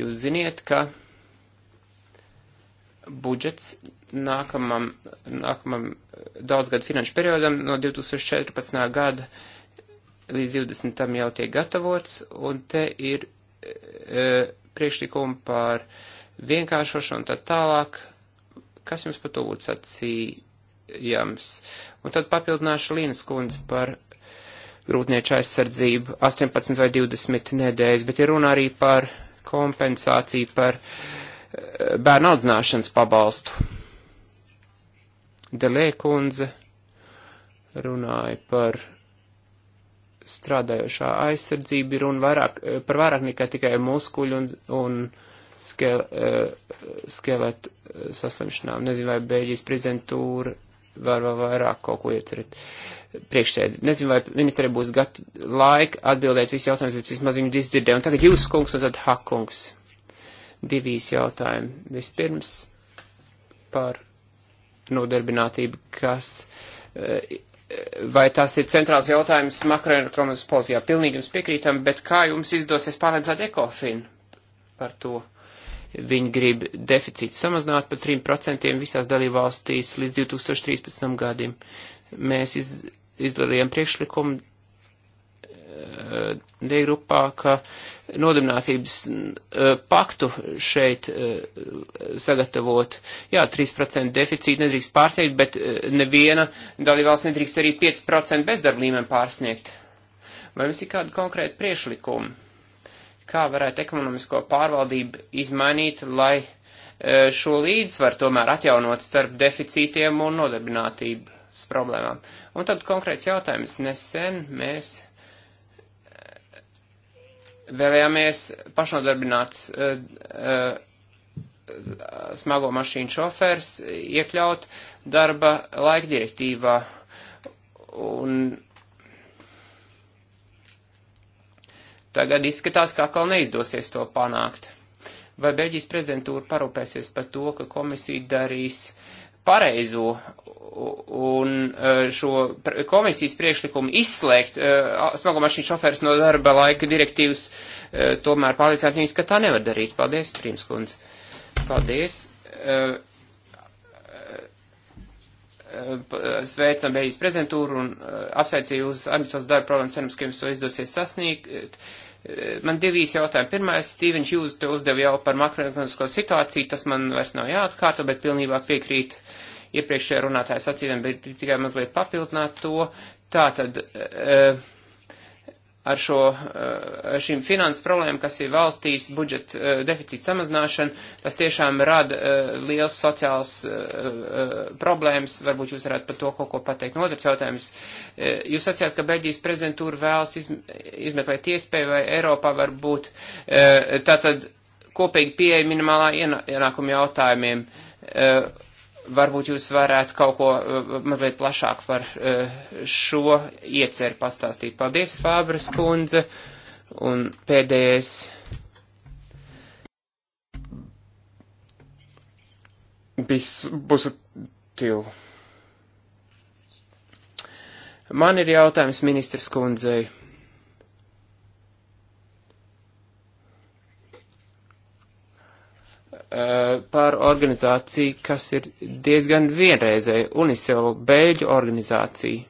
Jūs ziniet, ka budžets nākamam, nākamam eh, daudzgadu finanšu periodam no 2014. gada līdz 20. jau tiek gatavots, un te ir e, priekšlikumu par vienkāršošanu un tā tālāk. Kas jums par to būtu sacījams? Un tad papildināšu Līnas kundz par grūtnieču aizsardzību 18 vai 20 nedēļas, bet ir runa arī par kompensāciju par eh, bērnu audzināšanas pabalstu. Delē kundze runāja par strādājošā aizsardzība ir un vairāk, par vairāk nekā tikai muskuļu un, un skele, eh, skeletu eh, saslimšanām. Nezinu, vai Bēļģijas prezentūra var vēl vairāk kaut ko iecerēt. Priekšsēdi. Nezinu, vai ministrija būs gata laika atbildēt visu jautājumus, bet vismaz viņu dzirdēju. Un tagad jūs, kungs, un tad hakungs. Divīs jautājumi. Vispirms par nodarbinātību, kas uh, vai tas ir centrāls jautājums makroekonomikas politikā. Pilnīgi jums piekrītam, bet kā jums izdosies pārliecāt ekofinu par to? Viņi grib deficīts samazināt par 3% visās dalībvalstīs līdz 2013. gadim. Mēs iz, izdarījām priekšlikumu D grupā, ka nodarbinātības e, paktu šeit e, sagatavot, jā, 3% deficīti nedrīkst pārsniegt, bet e, neviena dalībvalsts nedrīkst arī 5% bezdarba līmeni pārsniegt. Vai jums ir kādi konkrēti priešlikumi? Kā varētu ekonomisko pārvaldību izmainīt, lai šo līdzsvaru tomēr atjaunot starp deficītiem un nodarbinātības problēmām? Un tad konkrēts jautājums. Nesen mēs vēlējāmies pašnodarbināts uh, eh, uh, eh, smago mašīnu šofers iekļaut darba laika direktīvā. Un tagad izskatās, ka atkal neizdosies to panākt. Vai Beļģijas prezidentūra parūpēsies par to, ka komisija darīs uh, pareizo un e, šo komisijas priekšlikumu izslēgt e, smago mašīnu šoferis no darba laika direktīvas, e, tomēr pārliecināt viņus, ka tā nevar darīt. Paldies, Prīmskundze. Paldies. Sveicam Beļģijas prezentūru un apsveicu jūs ambiciozu darbu, protams, cerams, ka jums to izdosies sasniegt. Man divīs jautājumi. Pirmais, Stīvens Jūs te uzdeva jau par makroekonomisko situāciju, tas man vairs nav jāatkārto, bet pilnībā piekrīt iepriekšējā runātāja sacītājiem, bet tikai mazliet papildināt to. Tātad, uh, ar šo, eh, ar šīm finanses problēmām, kas ir valstīs budžeta eh, deficīta samazināšana, tas tiešām rada eh, liels sociāls problēmas. Varbūt jūs varētu par to kaut ko pateikt. Un otrs jautājums. Jūs sacījāt, ka Beļģijas prezidentūra vēlas izmeklēt iespēju, vai Eiropā var būt tātad kopīgi pieeja minimālā ienākuma jautājumiem. Uh, varbūt jūs varētu kaut ko uh, mazliet plašāk par uh, šo ieceru pastāstīt. Paldies, Fābras kundze, un pēdējais. Bis, būs til. Man ir jautājums ministrs kundzei. Eh, par organizāciju, kas ir diezgan vienreizēja UNICEF beļģu organizācija.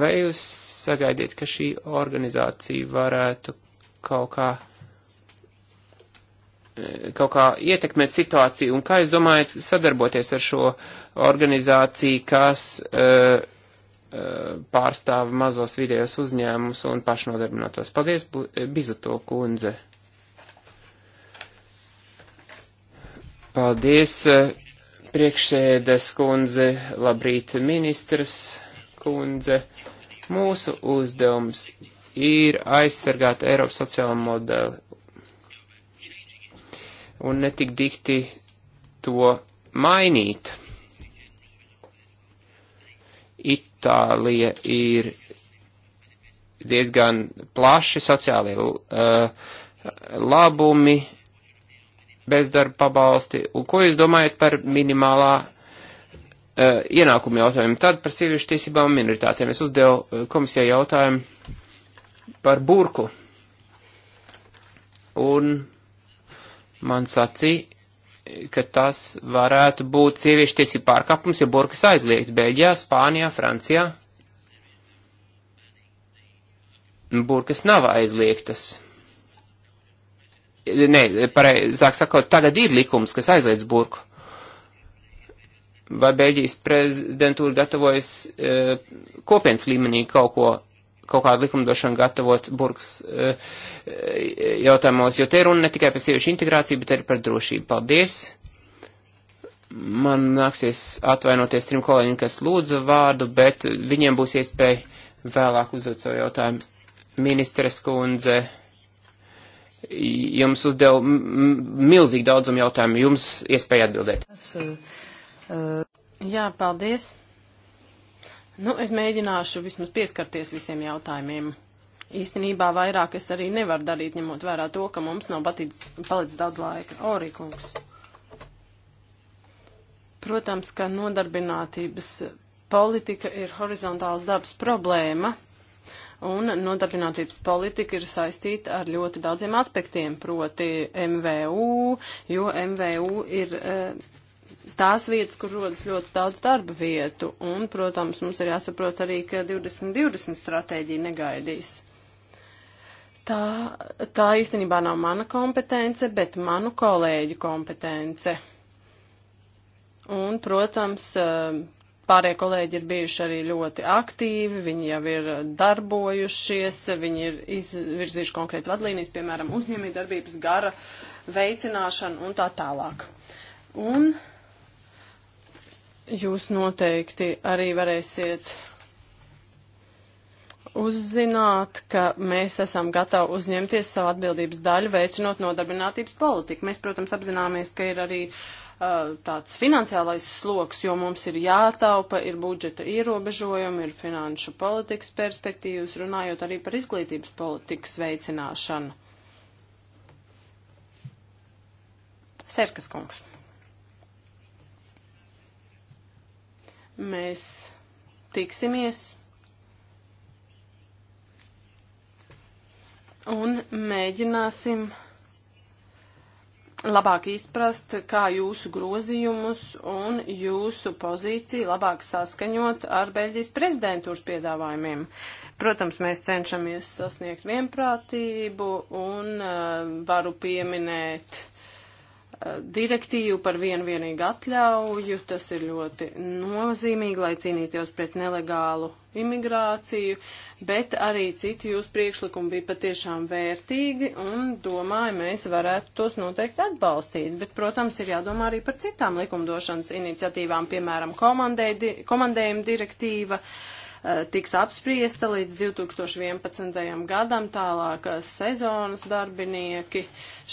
Vai jūs sagaidiet, ka šī organizācija varētu kaut kā, eh, kaut kā ietekmēt situāciju? Un kā jūs domājat sadarboties ar šo organizāciju, kas uh, uh, pārstāv mazos vidējos uzņēmumus un pašnodarbinātos? Paldies, Bizuto kundze! Paldies, eh, priekšsēdes kundze, labrīt, ministras kundze. Mūsu uzdevums ir aizsargāt Eiropas sociālo modeli un netik dikti to mainīt. Itālija ir diezgan plaši sociālie uh, labumi, bezdarba pabalsti, un ko jūs domājat par minimālā uh, ienākuma jautājumu? Tad par sieviešu tiesībām un minoritātēm. Es uzdevu eh, komisijai jautājumu par burku, un man sacīja, ka tas varētu būt sieviešu tiesību pārkāpums, ja burkas aizliegt Beļģijā, Spānijā, Francijā. Burkas nav aizliegtas nē, pareizāk sakot, tagad ir likums, kas aizliedz burku. Vai Beļģijas prezidentūra gatavojas e, kopienas līmenī kaut ko, kaut kādu likumdošanu gatavot burkas e, e, jautājumos, jo te runa ne tikai par sieviešu integrāciju, bet arī par drošību. Paldies! Man nāksies atvainoties trim kolēģiem, kas lūdza vārdu, bet viņiem būs iespēja vēlāk uzdot savu jautājumu. Ministres kundze jums uzdev milzīgi daudzumu jautājumu, jums iespēja atbildēt. Jā, paldies. Nu, es mēģināšu vismaz pieskarties visiem jautājumiem. Īstenībā vairāk es arī nevaru darīt, ņemot vērā to, ka mums nav batīts, palicis daudz laika. Orīkungs. Protams, ka nodarbinātības politika ir horizontāls dabas problēma. Un nodarbinātības politika ir saistīta ar ļoti daudziem aspektiem, proti MVU, jo MVU ir eh, tās vietas, kur rodas ļoti daudz darba vietu. Un, protams, mums ir jāsaprot arī, ka 2020 stratēģija negaidīs. Tā, tā īstenībā nav mana kompetence, bet manu kolēģu kompetence. Un, protams, eh, Pārējie kolēģi ir bijuši arī ļoti aktīvi, viņi jau ir darbojušies, viņi ir izvirzījuši konkrētas vadlīnijas, piemēram, uzņēmījdarbības gara veicināšanu un tā tālāk. Un jūs noteikti arī varēsiet uzzināt, ka mēs esam gatavi uzņemties savu atbildības daļu, veicinot nodarbinātības politiku. Mēs, protams, apzināmies, ka ir arī uh, Uh, tāds finansiālais sloks, jo mums ir jātaupa, ir budžeta ierobežojumi, ir finanšu politikas perspektīvas, runājot arī par izglītības politikas veicināšanu. Serkas kungs. Mēs tiksimies. un mēģināsim labāk izprast, kā jūsu grozījumus un jūsu pozīciju labāk saskaņot ar Beļģijas prezidentūras piedāvājumiem. Protams, mēs cenšamies sasniegt vienprātību un uh, varu pieminēt uh, Eh, direktīvu par vienu vienīgu atļauju. Tas ir ļoti nozīmīgi, lai cīnītos pret nelegālu imigrāciju, bet arī citi jūsu priekšlikumi bija patiešām vērtīgi un domāju, mēs varētu tos noteikti atbalstīt. Bet, protams, ir jādomā arī par citām likumdošanas iniciatīvām, piemēram, komandējuma direktīva. Uh, Eh, tiks apspriesta līdz 2011. gadam, tālāk eh, sezonas darbinieki.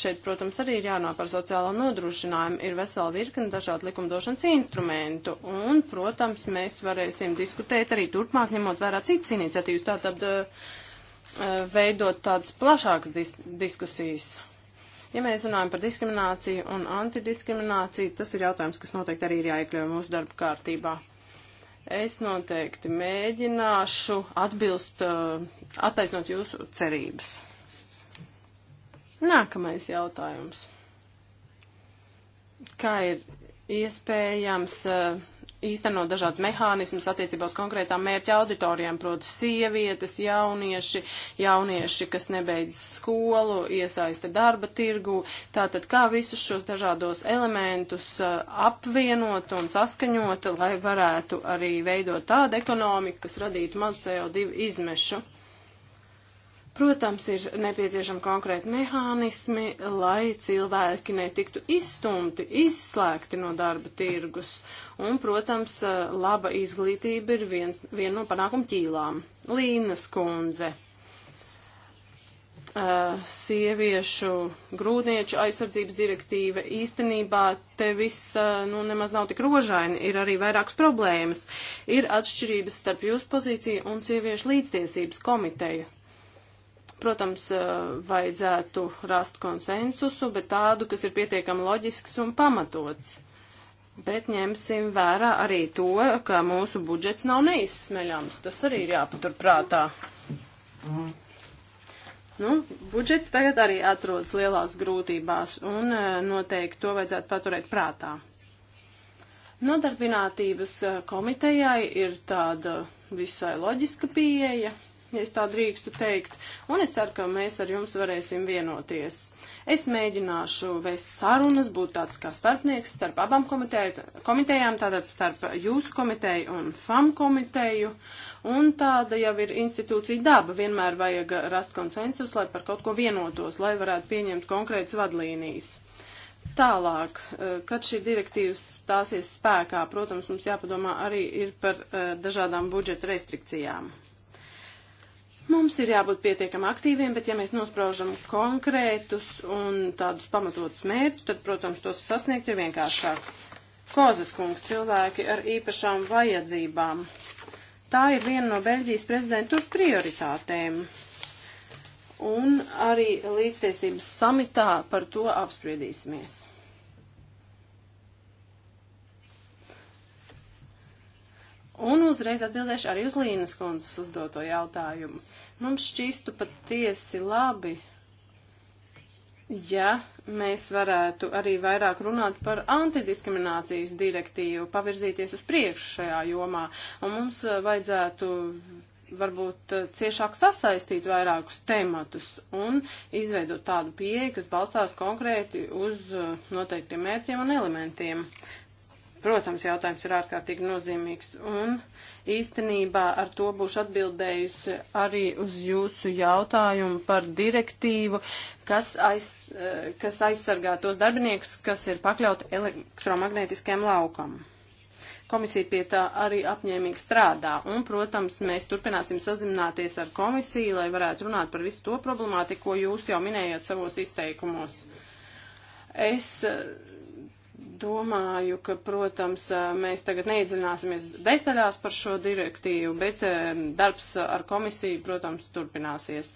Šeit, protams, arī ir jānāk par sociālo nodrošinājumu, ir vesela virkne dažādu likumdošanas instrumentu, un, protams, mēs varēsim diskutēt arī turpmāk, ņemot vērā citas iniciatīvas, tātad eh, veidot tādas plašākas dis diskusijas. Ja mēs runājam par diskrimināciju un antidiskrimināciju, tas ir jautājums, kas noteikti arī ir jāiekļauj mūsu darba kārtībā. Es noteikti mēģināšu atbilst, eh, attaisnot jūsu cerības. Nākamais jautājums. Kā ir iespējams uh, īstenot dažādas mehānismas attiecībā uz konkrētām mērķa auditorijām, proti sievietes, jaunieši, jaunieši, kas nebeidz skolu, iesaista darba tirgu. Tātad kā visus šos dažādos elementus uh, apvienot un saskaņot, lai varētu arī veidot tādu ekonomiku, kas radītu maz CO2 izmešu. Protams, ir nepieciešami konkrēti mehānismi, lai cilvēki netiktu izstumti, izslēgti no darba tirgus. Un, protams, eh, laba izglītība ir viens, viena no panākumu ķīlām. Līnas kundze. Uh, sieviešu grūtnieču aizsardzības direktīva īstenībā te viss uh, nu, nemaz nav tik rožaini, ir arī vairākas problēmas. Ir atšķirības starp jūsu pozīciju un sieviešu līdztiesības komiteju Protams, eh, vajadzētu rast konsensusu, bet tādu, kas ir pietiekami loģisks un pamatots. Bet ņemsim vērā arī to, ka mūsu budžets nav neizsmeļams. Tas arī ir jāpaturprātā. Mm. Nu, budžets tagad arī atrodas lielās grūtībās, un eh, noteikti to vajadzētu paturēt prātā. Nodarbinātības eh, komitejai ir tāda visai loģiska pieeja ja es tā drīkstu teikt, un es ceru, ka mēs ar jums varēsim vienoties. Es mēģināšu vēst sarunas, būt tāds kā starpnieks starp abām komitejām, tātad starp jūsu komiteju un FAM komiteju, un tāda jau ir institūcija daba, vienmēr vajag rast konsensus, lai par kaut ko vienotos, lai varētu pieņemt konkrētas vadlīnijas. Tālāk, eh, kad šī direktīva stāsies spēkā, protams, mums jāpadomā arī ir par eh, dažādām budžeta restrikcijām. Mums ir jābūt pietiekam aktīviem, bet ja mēs nospraužam konkrētus un tādus pamatotus mērķus, tad, protams, tos sasniegt ir vienkāršāk. Kozes kungs cilvēki ar īpašām vajadzībām. Tā ir viena no Beļģijas prezidentūras prioritātēm. Un arī līdztiesības samitā par to apspriedīsimies. Un uzreiz atbildēšu arī uz Līnas kundzes uzdoto jautājumu. Mums šķīstu patiesi labi, ja mēs varētu arī vairāk runāt par antidiskriminācijas direktīvu, pavirzīties uz priekšu šajā jomā. Un mums eh, vajadzētu varbūt eh, ciešāk sasaistīt vairākus tematus un izveidot tādu pieeju, kas balstās konkrēti uz eh, noteiktiem mērķiem un elementiem. Protams, jautājums ir ārkārtīgi nozīmīgs. Un īstenībā ar to būšu atbildējusi arī uz jūsu jautājumu par direktīvu, kas, aiz, eh, kas aizsargā tos darbiniekus, kas ir pakļauti elektromagnētiskajam laukam komisija pie tā arī apņēmīgi strādā. Un, protams, mēs turpināsim sazināties ar komisiju, lai varētu runāt par visu to problemātiku, ko jūs jau minējāt savos izteikumos. Es eh, domāju, ka, protams, mēs tagad neiedziļināsimies detaļās par šo direktīvu, bet darbs ar komisiju, protams, turpināsies.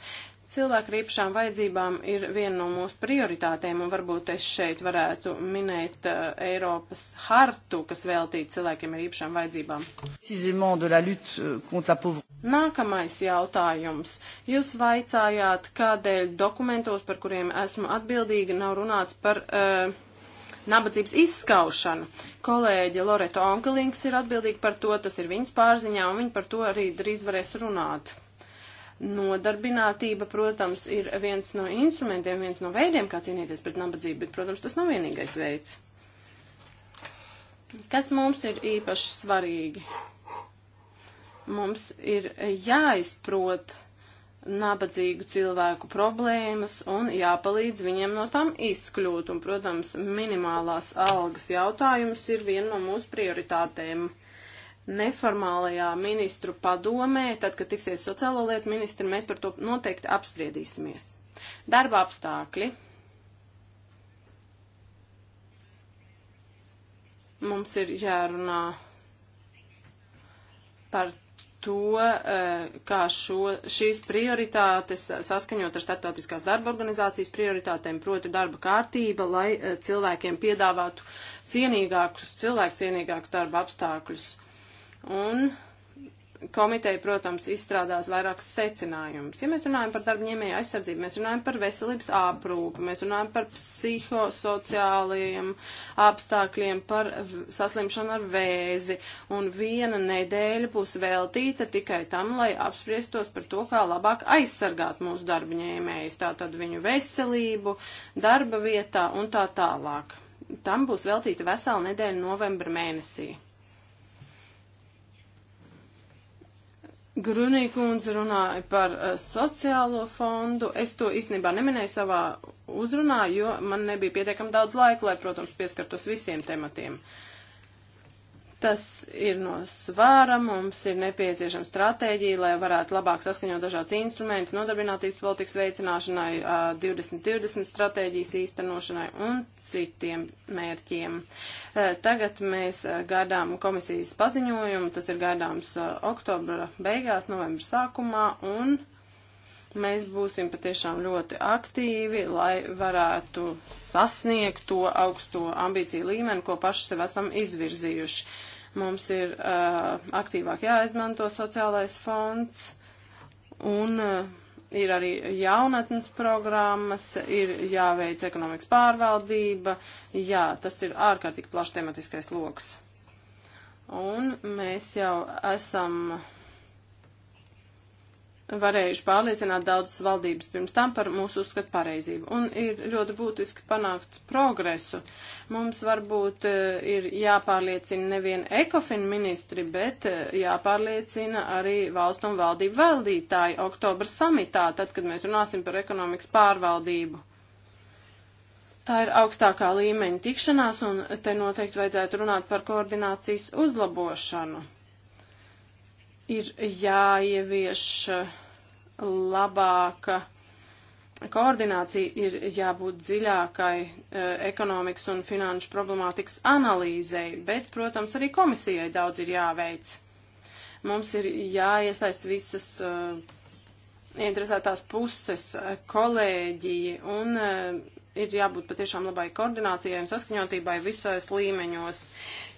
Cilvēku īpašām vajadzībām ir viena no mūsu prioritātēm, un varbūt es šeit varētu minēt uh, Eiropas hartu, kas veltīta cilvēkiem ar īpašām vajadzībām. Nākamais jautājums. Jūs vaicājāt, kādēļ dokumentos, par kuriem esmu atbildīga, nav runāts par. Uh, nabadzības izskaušanu. Kolēģi Loreta Onkelings ir atbildīga par to, tas ir viņas pārziņā, un viņa par to arī drīz varēs runāt. Nodarbinātība, protams, ir viens no instrumentiem, viens no veidiem, kā cīnīties pret nabadzību, bet, protams, tas nav vienīgais veids. Kas mums ir īpaši svarīgi? Mums ir jāizprot, uh, nabadzīgu cilvēku problēmas un jāpalīdz viņiem no tām izkļūt. Un, protams, minimālās algas jautājums ir viena no mūsu prioritātēm. Neformālajā ministru padomē, tad, kad tiksies sociālo lietu ministri, mēs par to noteikti apspriedīsimies. Darba apstākļi. Mums ir jārunā par to, eh, kā šo, šīs prioritātes eh, saskaņot ar starptautiskās darba organizācijas prioritātēm, proti darba kārtība, lai eh, cilvēkiem piedāvātu cienīgākus, cilvēku cienīgākus darba apstākļus. Un komiteja, protams, izstrādās vairākus secinājumus. Ja mēs runājam par darbņēmēju aizsardzību, mēs runājam par veselības aprūpu, mēs runājam par psihosociālajiem apstākļiem, par saslimšanu ar vēzi, un viena nedēļa būs veltīta tikai tam, lai apspriestos par to, kā labāk aizsargāt mūsu darbņēmējus, tātad viņu veselību, darba vietā un tā tālāk. Tam būs veltīta vesela nedēļa novembra mēnesī. Grunīkundze runāja par uh, sociālo fondu. Es to īstenībā neminēju savā uzrunā, jo man nebija pietiekami daudz laika, lai, protams, pieskartos visiem tematiem. Uh, Tas ir no svāra, mums ir nepieciešama stratēģija, lai varētu labāk saskaņot dažādas instrumentus, nodarbinātības politikas veicināšanai, 2020 stratēģijas īstenošanai un citiem mērķiem. Tagad mēs gaidām komisijas paziņojumu, tas ir gaidāms oktobra beigās, novembra sākumā un Mēs būsim patiešām ļoti aktīvi, lai varētu sasniegt to augsto ambīciju līmeni, ko paši sev esam izvirzījuši. Mums ir uh, aktīvāk jāizmanto sociālais fonds un uh, ir arī jaunatnes programmas, ir jāveic ekonomikas pārvaldība. Jā, tas ir ārkārtīgi plašs tematiskais loks. Un mēs jau esam varējuši pārliecināt daudzas valdības pirms tam par mūsu uzskatu pareizību. Un ir ļoti būtiski panākt progresu. Mums varbūt eh, ir jāpārliecina nevien ekofin ministri, bet eh, jāpārliecina arī valstu un valdību valdītāji oktobra samitā, tad, kad mēs runāsim par ekonomikas pārvaldību. Tā ir augstākā līmeņa tikšanās, un te noteikti vajadzētu runāt par koordinācijas uzlabošanu ir jāievieš uh, labāka koordinācija, ir jābūt dziļākai e, ekonomikas un finanšu problemātikas analīzei, bet, protams, arī komisijai daudz ir jāveic. Mums ir jāiesaist visas e, interesētās puses, kolēģi un e, ir jābūt patiešām labai koordinācijai un saskaņotībai visos līmeņos.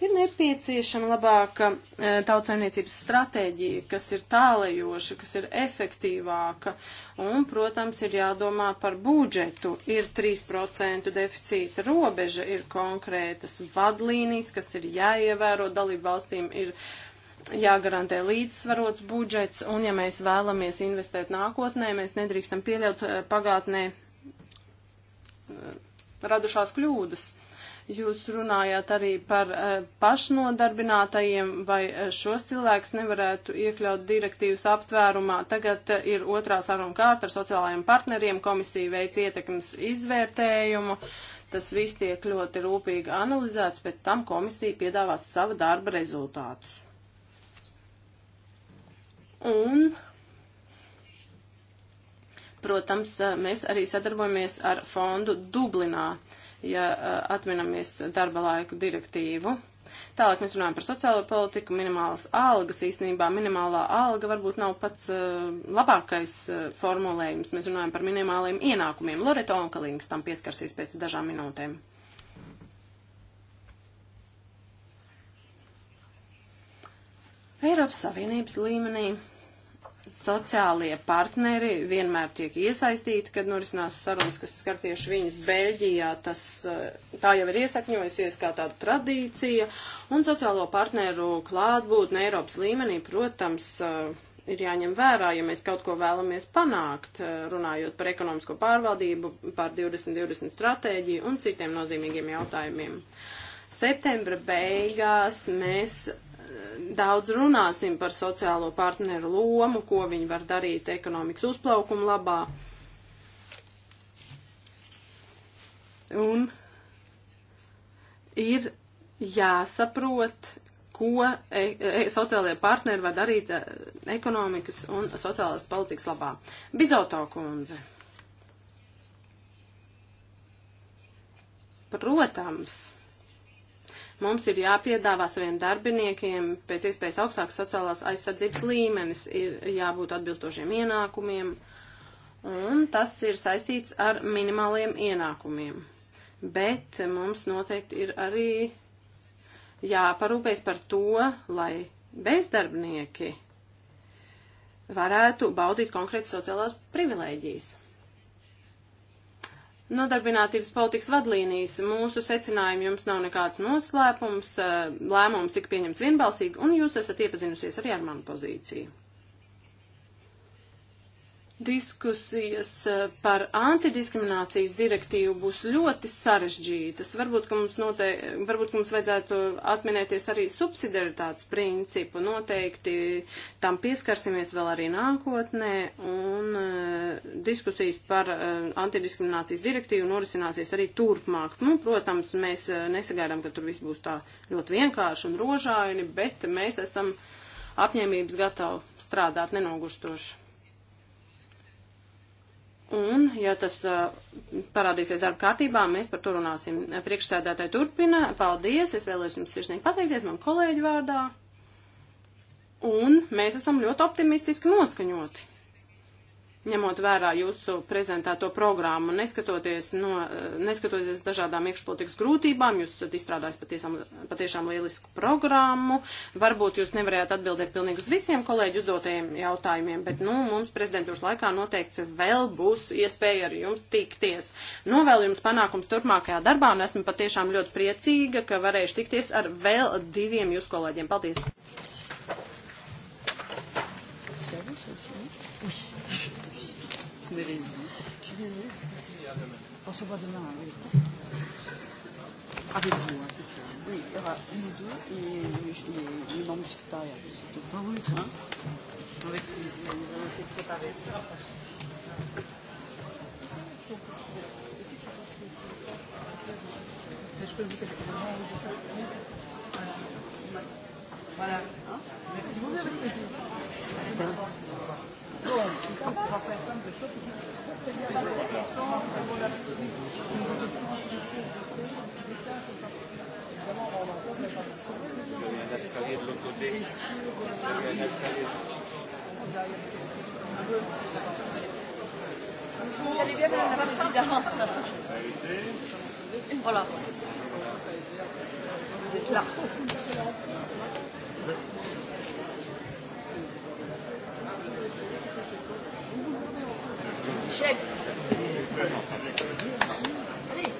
Ir nepieciešama labāka e, tautsaimniecības stratēģija, kas ir tālajoša, kas ir efektīvāka, un, protams, ir jādomā par budžetu. Ir 3% deficīta robeža, ir konkrētas vadlīnijas, kas ir jāievēro, dalību valstīm ir jāgarantē līdzsvarots budžets, un ja mēs vēlamies investēt nākotnē, mēs nedrīkstam pieļaut e, pagātnē radušās kļūdas. Jūs runājāt arī par eh, pašnodarbinātajiem, vai eh, šos cilvēkus nevarētu iekļaut direktīvas aptvērumā. Tagad eh, ir otrā saruna kārta ar sociālajiem partneriem, komisija veic ietekmes izvērtējumu. Tas viss tiek ļoti rūpīgi analizēts, pēc tam komisija piedāvās sava darba rezultātus. Un Protams, mēs arī sadarbojamies ar fondu Dublinā, ja atminamies darba laiku direktīvu. Tālāk mēs runājam par sociālo politiku, minimālas algas. Īstenībā minimālā alga varbūt nav pats uh, labākais uh, formulējums. Mēs runājam par minimāliem ienākumiem. Loreta Onkalīngs tam pieskarsies pēc dažām minūtēm. Eiropas Savienības līmenī sociālie partneri vienmēr tiek iesaistīti, kad norisinās sarunas, kas skar tieši viņus Beļģijā. Tas, eh, tā jau ir iesakņojusies kā tāda tradīcija, un sociālo partneru klātbūtne Eiropas līmenī, protams, eh, ir jāņem vērā, ja mēs kaut ko vēlamies panākt, eh, runājot par ekonomisko pārvaldību, par 2020 stratēģiju un citiem nozīmīgiem jautājumiem. Septembra beigās mēs daudz runāsim par sociālo partneru lomu, ko viņi var darīt ekonomikas uzplaukuma labā. Un ir jāsaprot, ko e e sociālajie partneri var darīt e ekonomikas un sociālās politikas labā. Bizoto kundze. Protams. Mums ir jāpiedāvā saviem darbiniekiem pēc iespējas augstāks sociālās aizsardzības līmenis, ir jābūt atbilstošiem ienākumiem, un tas ir saistīts ar minimāliem ienākumiem. Bet mums noteikti ir arī jāparūpēs par to, lai bezdarbnieki varētu baudīt konkrētas sociālās privilēģijas. Nodarbinātības politikas vadlīnijas mūsu secinājumi jums nav nekāds noslēpums, lēmums tika pieņemts vienbalsīgi, un jūs esat iepazinusies arī ar manu pozīciju diskusijas eh, par antidiskriminācijas direktīvu būs ļoti sarežģītas. Varbūt, ka mums, note, varbūt, ka mums vajadzētu atminēties arī subsidiaritātes principu. Noteikti tam pieskarsimies vēl arī nākotnē, un uh, diskusijas par uh, antidiskriminācijas direktīvu norisināsies arī turpmāk. Nu, protams, mēs uh, nesagaidām, ka tur viss būs tā ļoti vienkārši un rožaini, bet mēs esam apņēmības gatavi strādāt nenogurstoši. Un, ja tas uh, parādīsies darba kārtībā, mēs par to runāsim. Priekšsēdētāji turpina. Paldies! Es vēlēšu jums sirsnīgi pateikties man kolēģu vārdā. Un mēs esam ļoti optimistiski noskaņoti ņemot vērā jūsu prezentēto programmu, neskatoties, no, neskatoties dažādām iekšpolitikas grūtībām, jūs esat izstrādājis patiesam, patiešām lielisku programmu. Varbūt jūs nevarējāt atbildēt pilnīgi uz visiem kolēģi uzdotajiem jautājumiem, bet, nu, mums prezidentūras laikā noteikti vēl būs iespēja ar jums tikties. Novēlu jums panākums turpmākajā darbā un esmu patiešām ļoti priecīga, ka varēšu tikties ar vēl diviem jūsu kolēģiem. Paldies! tu mets les yeux. Tu viens mieux parce que c'est... On se voit demain, oui. Avec vous, hein, c'est ça. Oui, il y aura nous deux et les, les membres du secrétariat. C'est tout. Ah oui, très bien. Avec plaisir. Nous allons essayer de préparer ça. Je peux vous dire comment vous faites Voilà. Hein Merci beaucoup. Avec plaisir. Vous allez bien Madame la Présidente. Voilà. Vous êtes là. Michel. Allez.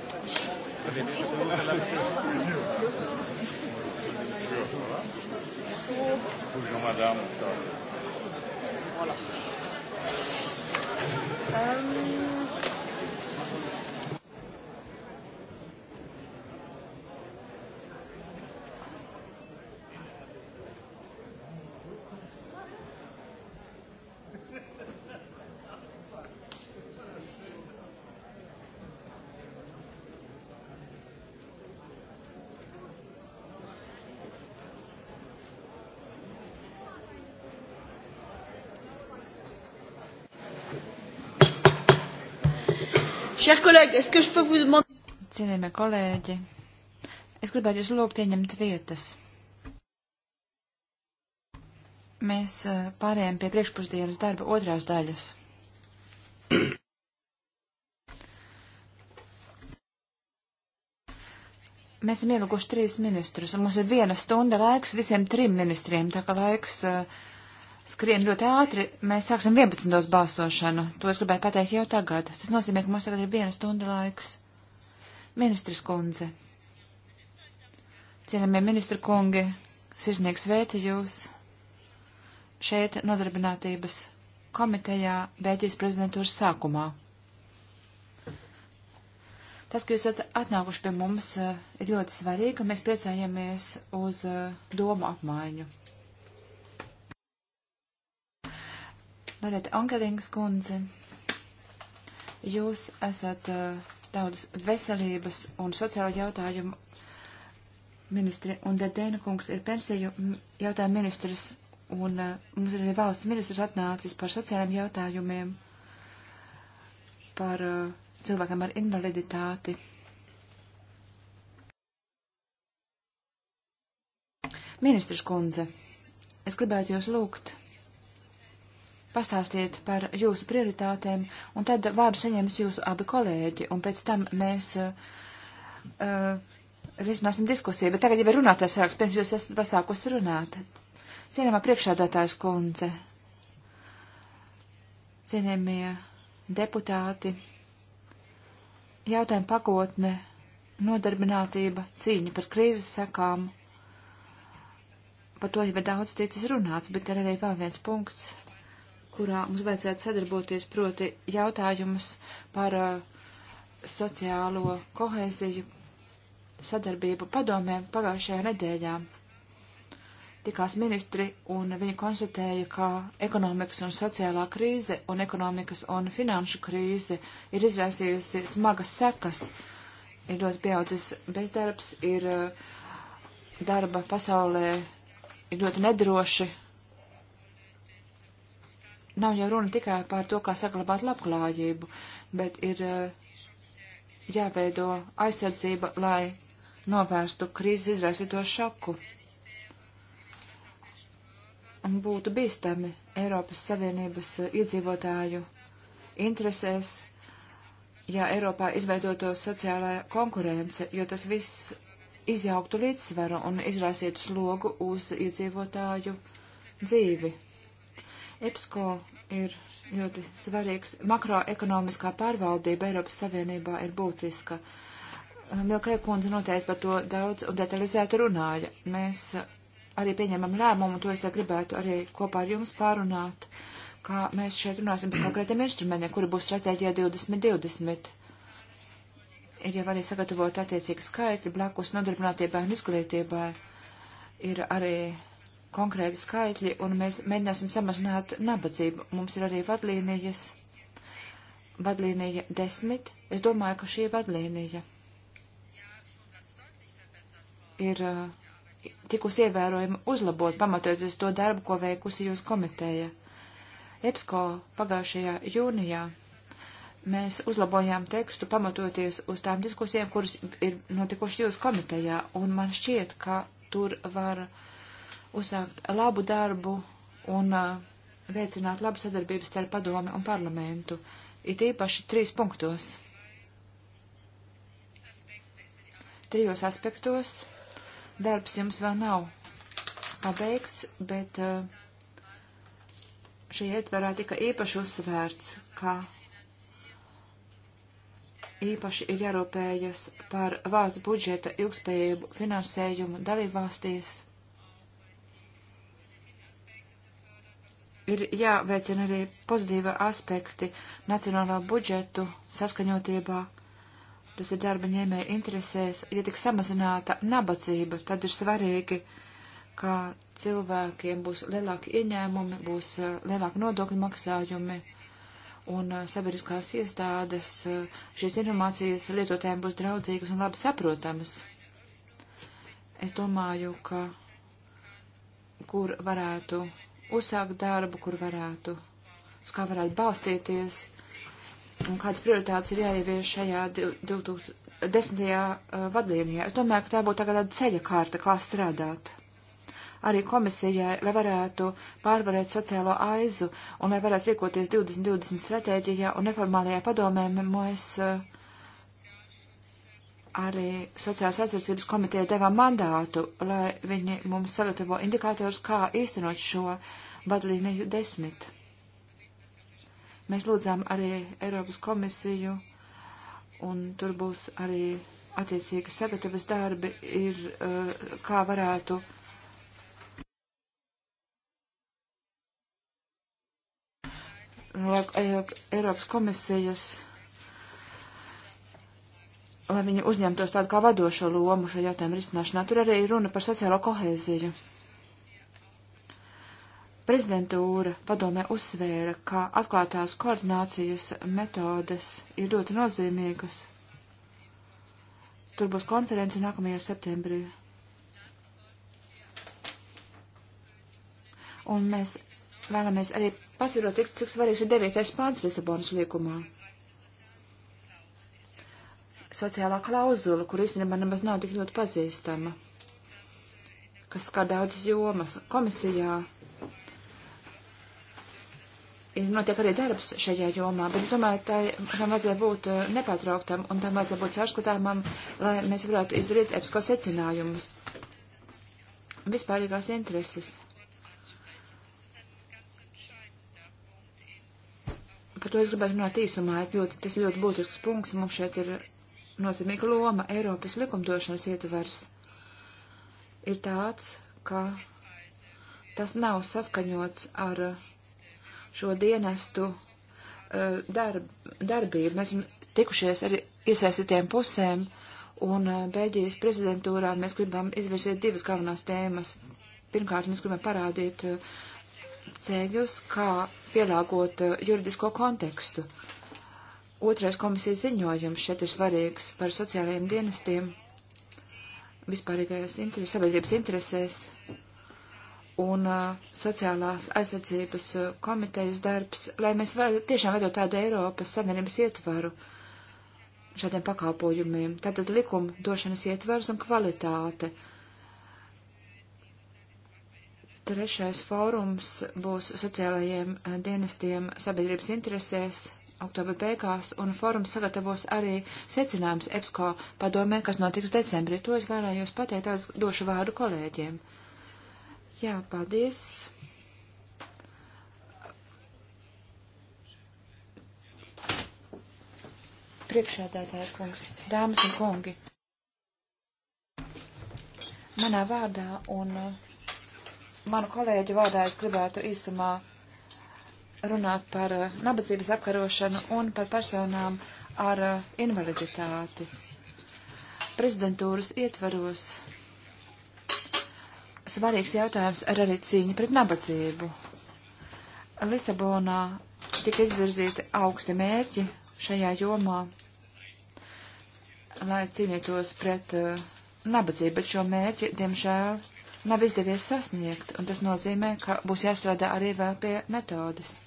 Bonjour madame. Voilà. Euh... Cienījamie kolēģi, es gribētu jūs lūgt ieņemt vietas. Mēs eh, pārējām pie priekšpusdienas darba otrās daļas. Mēs esam ielikuši trīs ministrus, un mums ir viena stunda laiks visiem trim ministriem, tā ka laiks uh, skrien ļoti ātri. Mēs sāksim 11. balsošanu. To es gribēju pateikt jau tagad. Tas nozīmē, ka mums tagad ir viena stunda laiks. Ministrs kundze. Cienamie ministra kungi, sirsnieks sveicu jūs šeit nodarbinātības komitejā Bēķijas prezidentūras sākumā. Tas, ka jūs esat atnākuši pie mums, eh, ir ļoti svarīgi, un mēs priecājamies uz eh, domu apmaiņu. Loreta Angelīngas kundze, jūs esat uh, eh, daudz veselības un sociālo jautājumu ministri, un Dedēna kungs ir pensiju jautājumu ministrs, un uh, mums ir arī valsts ministrs atnācis par sociālajiem jautājumiem, par uh, eh, cilvēkam ar invaliditāti. Ministrs kundze, es gribētu jūs lūgt pastāstiet par jūsu prioritātēm, un tad vārdu saņems jūsu abi kolēģi, un pēc tam mēs uh, uh, risināsim diskusiju. Bet tagad jau ir runātais sāks, pirms jūs esat pasākusi runāt. Cienījamā priekšādātājs kundze, cienījamie deputāti, jautājuma pakotne, nodarbinātība, cīņa par krīzes sekām. Par to jau ir daudz ticis runāts, bet ir arī vēl viens punkts, kurā mums vajadzētu sadarboties, proti jautājumus par uh, sociālo kohēziju sadarbību padomē pagājušajā nedēļā. Tikās ministri un viņi konstatēja, ka ekonomikas un sociālā krīze un ekonomikas un finanšu krīze ir izraisījusi smagas sekas. Ir ļoti pieaudzis bezdarbs, ir uh, darba pasaulē, ir ļoti nedroši nav jau runa tikai par to, kā saglabāt labklājību, bet ir eh, jāveido aizsardzība, lai novērstu krīzes izraisīto šoku. Un būtu bīstami Eiropas Savienības eh, iedzīvotāju interesēs, ja Eiropā izveidotos sociālā konkurence, jo tas viss izjauktu līdzsvaru un izraisītu slogu uz iedzīvotāju dzīvi. EPSCO ir ļoti svarīgs. Makroekonomiskā pārvaldība Eiropas Savienībā ir būtiska. Milkai kundze noteikti par to daudz un detalizēti runāja. Mēs arī pieņemam lēmumu, to es te gribētu arī kopā ar jums pārunāt, kā mēs šeit runāsim par konkrētiem instrumentiem, kuri būs stratēģija 2020 ir jau arī sagatavot attiecīgi skaitļi blakus nodarbinātībai un izglītībai. Ir arī konkrēti skaitļi, un mēs mēģināsim samazināt nabadzību. Mums ir arī vadlīnijas, vadlīnija desmit. Es domāju, ka šī vadlīnija ir uh, tikus ievērojami uzlabot, pamatoties to darbu, ko veikusi jūs komiteja. EPSCO pagājušajā jūnijā mēs uzlabojām tekstu, pamatoties uz tām diskusijām, kuras ir notikušas jūs komitejā, un man šķiet, ka tur var uh, uzsākt labu darbu un uh, veicināt labu sadarbību starp padomi un parlamentu, it īpaši trīs punktos. Trijos aspektos darbs jums vēl nav pabeigts, bet uh, šī ietverā tika īpaši uzsvērts, ka īpaši ir jārūpējas par valsts budžeta ilgspējību finansējumu dalībvalstīs ir jāveicina arī pozitīva aspekti nacionālā budžetu saskaņotībā. Tas ir darba ņēmēja interesēs. Ja tik samazināta nabadzība, tad ir svarīgi, ka cilvēkiem būs lielāki ieņēmumi, būs eh, lielāki nodokļu maksājumi un eh, sabiedriskās iestādes eh, šīs informācijas lietotēm būs draudzīgas un labi saprotamas. Es domāju, ka kur varētu uzsākt darbu, kur varētu, uz kā varētu balstīties, un kādas prioritātes ir jāievieš šajā 2010. vadlīnijā. Es domāju, ka tā būtu tagad tāda ceļa kārta, kā strādāt. Arī komisijai, lai varētu pārvarēt sociālo aizu un lai varētu rīkoties 2020 stratēģijā un neformālajā padomē, mēs uh, arī sociālās aizsardzības komiteja deva mandātu, lai viņi mums sagatavo indikātors, kā īstenot šo vadlīniju desmit. Mēs lūdzām arī Eiropas komisiju, un tur būs arī attiecīgi sagatavas darbi, ir, eh, kā varētu. Eh, Eiropas komisijas lai viņi uzņemtos tādu kā vadošo lomu šo jautājumu risināšanā. Tur arī runa par sociālo kohēziju. Prezidentūra padomē uzsvēra, ka atklātās koordinācijas metodes ir ļoti nozīmīgas. Tur būs konference nākamajā septembrī. Un mēs vēlamies arī pasirot, cik svarīgs ir devītais pāns Lisabonas liekumā sociālā klauzula, kur īstenībā nemaz nav tik ļoti pazīstama, kas skar daudzas jomas. Komisijā ir notiek arī darbs šajā jomā, bet es domāju, tā, tam vajadzēja būt eh, nepārtrauktam un tam vajadzēja būt sārskatāmam, lai mēs varētu izdarīt EPSCO secinājumus. Vispārīgās intereses. Par to es gribētu runāt īsumā, ļoti, tas ļoti būtisks punkts mums šeit ir nozīmīga loma Eiropas likumdošanas ietvers ir tāds, ka tas nav saskaņots ar šo dienestu eh, darb, darbību. Mēs esam tikušies ar iesaistītiem pusēm, un eh, Beļģijas prezidentūrā mēs gribam izvirzīt divas galvenās tēmas. Pirmkārt, mēs gribam parādīt eh, ceļus, kā pielāgot juridisko kontekstu Otrais komisijas ziņojums šeit ir svarīgs par sociālajiem dienestiem, vispārīgajās interes, sabiedrības interesēs un uh, sociālās aizsardzības komitejas darbs, lai mēs var, tiešām veidot tādu Eiropas Savienības ietvaru šādiem pakalpojumiem. Tātad likuma došanas ietvars un kvalitāte. Trešais fórums būs sociālajiem dienestiem sabiedrības interesēs oktobra beigās, un forums sagatavos arī secinājums EPSCO padomē, kas notiks decembrī. To es vēlējos pateikt, tās došu vārdu kolēģiem. Jā, paldies. Priekšādātāja kungs, dāmas un kungi. Manā vārdā un uh, manu kolēģu vārdā es gribētu īsumā runāt par eh, nabadzības apkarošanu un par personām ar eh, invaliditāti. Prezidentūras ietvaros svarīgs jautājums ir arī cīņa pret nabadzību. Lisabonā tika izvirzīti augsti mērķi šajā jomā, lai cīnītos pret uh, nabadzību, bet šo mērķi, diemžēl, nav izdevies sasniegt, un tas nozīmē, ka būs jāstrādā arī vēl pie metodas.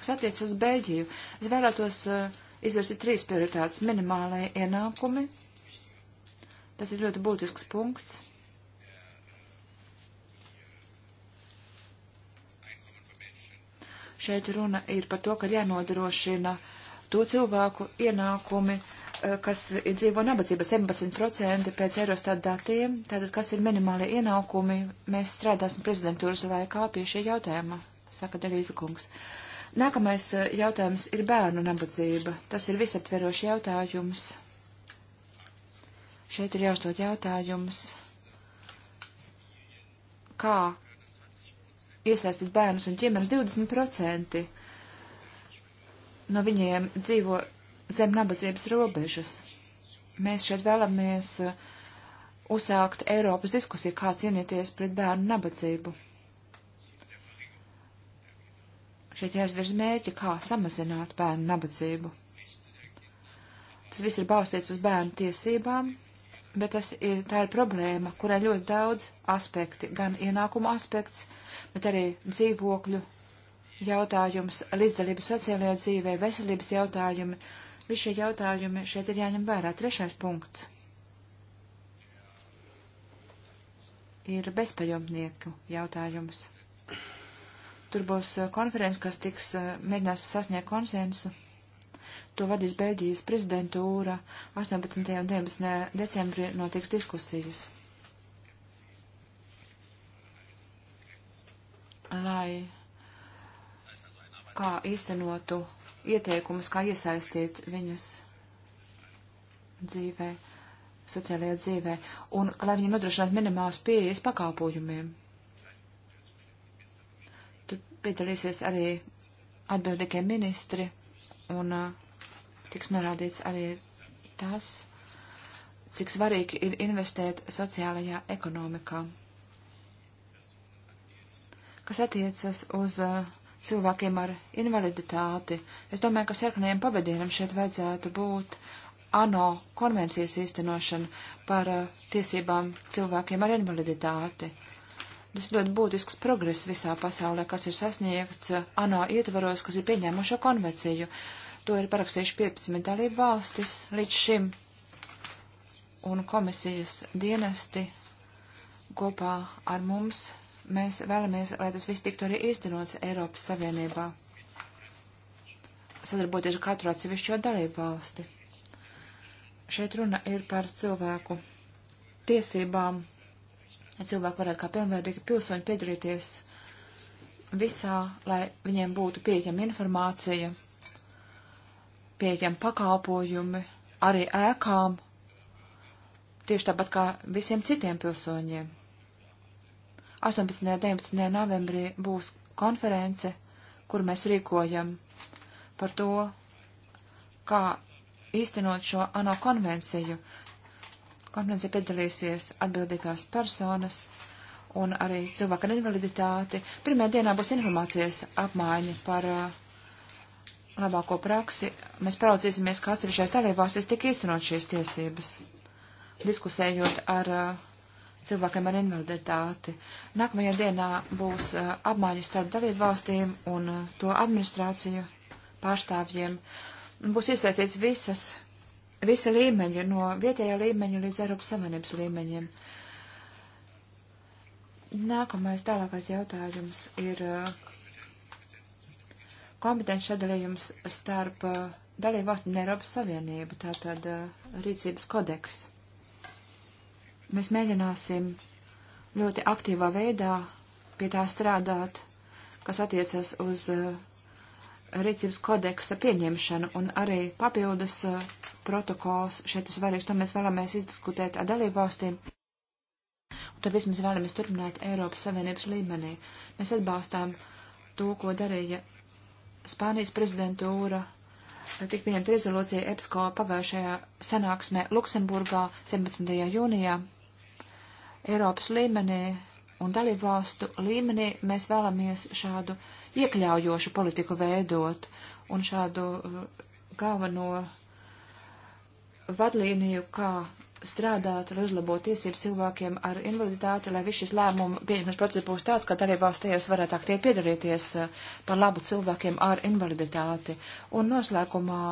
Kas attiec uz Beļģiju, es vēlētos uh, eh, izvirsīt trīs prioritātes. Minimālai ienākumi. Tas ir ļoti būtisks punkts. Šeit runa ir par to, ka jānodrošina to cilvēku ienākumi, eh, kas dzīvo nabadzībā 17% pēc Eurostat datiem. Tātad, kas ir minimālie ienākumi, mēs strādāsim prezidentūras laikā pie šī jautājuma, saka Delīza kungs. Uh, Nākamais eh, jautājums ir bērnu nabadzība. Tas ir visaptverošs jautājums. Šeit ir jāuzdod jautājums, kā iesaistīt bērnus un ģimenes 20% no viņiem dzīvo zem nabadzības robežas. Mēs šeit vēlamies eh, uzsākt Eiropas diskusiju, kā cīnīties pret bērnu nabadzību šeit jāizvirz mērķi, kā samazināt bērnu nabadzību. Tas viss ir balstīts uz bērnu tiesībām, bet tas ir, tā ir problēma, kurai ļoti daudz aspekti, gan ienākuma aspekts, bet arī dzīvokļu jautājums, līdzdalība sociālajā dzīvē, veselības jautājumi. Visi šie jautājumi šeit ir jāņem vērā. Trešais punkts ir bezpajumtnieku jautājums. Tur būs eh, konferences, kas tiks eh, mēģinās sasniegt konsensu. To vadīs Beļģijas prezidentūra. 18. un 19. decembrī notiks diskusijas. Lai kā īstenotu ieteikumus, kā iesaistīt viņas dzīvē, sociālajā dzīvē, un lai viņi nodrošinātu minimālas pieejas pakāpojumiem piedalīsies arī atbildīgie ministri un tiks norādīts arī tas, cik svarīgi ir investēt sociālajā ekonomikā. Kas attiecas uz cilvēkiem ar invaliditāti, es domāju, ka sarkanajiem pavadienam šeit vajadzētu būt ANO konvencijas īstenošana par tiesībām cilvēkiem ar invaliditāti. Tas ir ļoti būtisks progress visā pasaulē, kas ir sasniegts eh, ANO ietvaros, kas ir pieņēmušo konvenciju. To ir parakstījuši 15 dalību valstis līdz šim. Un komisijas dienesti kopā ar mums mēs vēlamies, lai tas viss tiktu arī īstenots Eiropas Savienībā. Sadarboties ar katru atsevišķo dalību valsti. Šeit runa ir par cilvēku tiesībām lai cilvēki varētu kā pilnvērtīgi pilsoņi piedalīties visā, lai viņiem būtu pieejama informācija, pieejama pakalpojumi, arī ēkām, tieši tāpat kā visiem citiem pilsoņiem. 18. un 19. novembrī būs konference, kur mēs rīkojam par to, kā īstenot šo ANO konvenciju, konferencē piedalīsies atbildīgās personas un arī cilvēku ar invaliditāti. Pirmajā dienā būs informācijas apmaiņa par uh, labāko praksi. Mēs paraudzīsimies, kā atsevišķais dalībvalstis tika īstenot šīs tiesības, diskusējot ar uh, cilvēkiem ar invaliditāti. Nākamajā dienā būs uh, apmaiņa starp dalībvalstīm un uh, to administrāciju pārstāvjiem. Būs iesaistīts visas visa līmeņa, no vietējā līmeņa līdz Eiropas Savienības līmeņiem. Nākamais tālākais jautājums ir uh, kompetenci sadalījums starp uh, dalību valstīm un Eiropas Savienību, tātad uh, rīcības kodeks. Mēs mēģināsim ļoti aktīvā veidā pie tā strādāt, kas attiecas uz rīcības kodeksa pieņemšanu un arī papildus protokols šeit ir svarīgs, to mēs vēlamies izdiskutēt ar dalībvalstīm. Un tad vismaz vēlamies turpināt Eiropas Savienības līmenī. Mēs atbalstām to, ko darīja Spānijas prezidentūra. Tik pieņemta rezolūcija EPSCO pagājušajā sanāksmē Luksemburgā 17. jūnijā. Eiropas līmenī un dalībvalstu līmenī mēs vēlamies šādu iekļaujošu politiku veidot un šādu uh, galveno vadlīniju, kā strādāt, lai uzlabotu tiesības cilvēkiem ar invaliditāti, lai viss šis lēmumu pieņemšanas process būs tāds, ka dalībās tajos varētu aktīvi piedalīties eh, par labu cilvēkiem ar invaliditāti. Un noslēgumā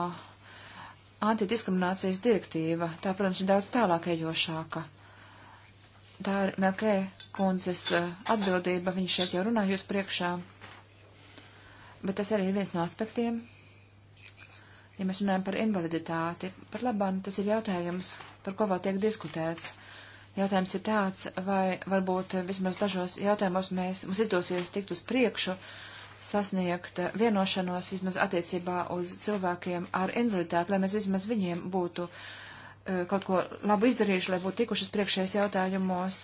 antidiskriminācijas direktīva, tā, protams, ir daudz tālāk ejošāka. Tā ir Melkē kundzes eh, atbildība, viņa šeit jau runā jūs priekšā, bet tas arī ir viens no aspektiem ja mēs runājam par invaliditāti, par labam tas ir jautājums, par ko vēl tiek diskutēts. Jautājums ir tāds, vai varbūt vismaz dažos jautājumos mēs, mums izdosies tikt uz priekšu, sasniegt vienošanos vismaz attiecībā uz cilvēkiem ar invaliditāti, lai mēs vismaz viņiem būtu e, kaut ko labu izdarījuši, lai būtu tikušas priekšējos jautājumos.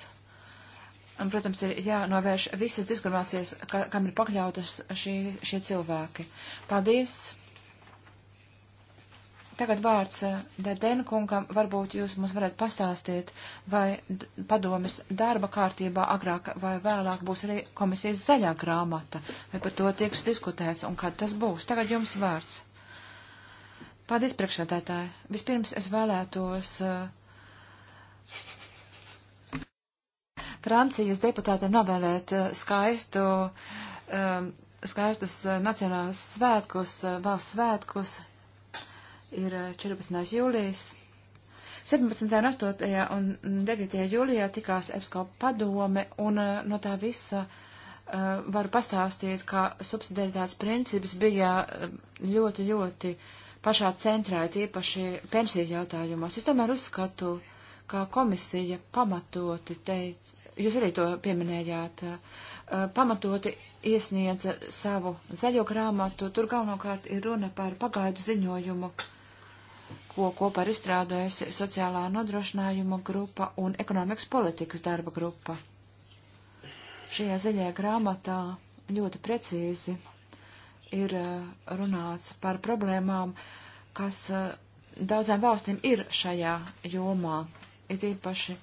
Un, protams, ir jānovērš visas diskriminācijas, ka, kam ir pakļautas šī, šie cilvēki. Paldies! Tagad vārds eh, Dēdēna kungam, varbūt jūs mums varat pastāstīt, vai padomis darba kārtībā agrāk vai vēlāk būs arī komisijas zaļā grāmata, vai par to tiks diskutēts un kad tas būs. Tagad jums vārds. Paldies, priekšsēdētāji. Vispirms es vēlētos uh, Francijas deputāte novēlēt uh, skaistu um, skaistus nacionālus svētkus, valsts svētkus, ir 14. Eh, jūlijas. 17. un 8. un 9. jūlijā tikās EPSCO padome, un eh, no tā visa uh, varu pastāstīt, ka subsidiaritātes princips bija ļoti, ļoti pašā centrā, tīpaši pensiju jautājumos. Es tomēr uzskatu, ka komisija pamatoti teica, jūs arī to pieminējāt, uh, pamatoti iesniedza savu zaļo grāmatu, tur galvenokārt ir runa par pagaidu ziņojumu ko kopā ir izstrādājusi sociālā nodrošinājuma grupa un ekonomikas politikas darba grupa. Šajā zaļajā grāmatā ļoti precīzi ir eh, runāts par problēmām, kas eh, daudzām valstīm ir šajā jomā, ir īpaši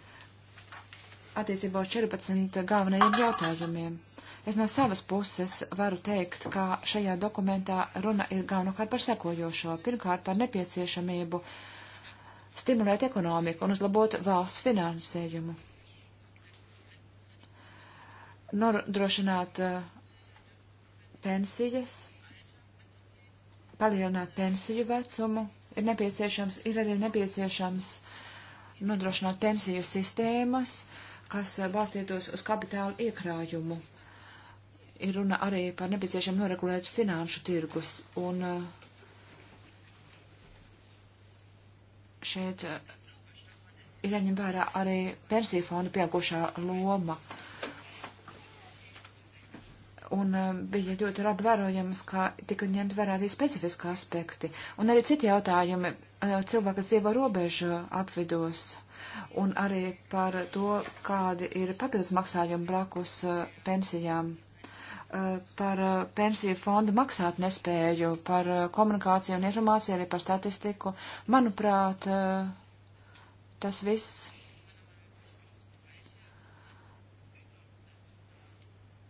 attiecībā uz 14 galvenajiem jautājumiem. Es no savas puses varu teikt, ka šajā dokumentā runa ir galvenokārt par sekojošo. Pirmkārt, par nepieciešamību stimulēt ekonomiku un uzlabot valsts finansējumu. Nodrošināt uh, pensijas, palielināt pensiju vecumu ir nepieciešams, ir arī nepieciešams nodrošināt pensiju sistēmas, kas eh, balstītos uz kapitāla iekrājumu ir runa arī par nepieciešam noregulēt finanšu tirgus. Un eh, šeit eh, ir jāņem vērā arī pensiju fonda pieaugušā loma. Un eh, bija ļoti labi vērojams, ka tika ņemt vērā arī specifiski aspekti. Un arī citi jautājumi cilvēki dzīvo robežu apvidos. Un arī par to, kādi ir papildus maksājumi blakus pensijām. Eh, par eh, pensiju fondu maksāt nespēju, par eh, komunikāciju un informāciju, arī par statistiku. Manuprāt, tas viss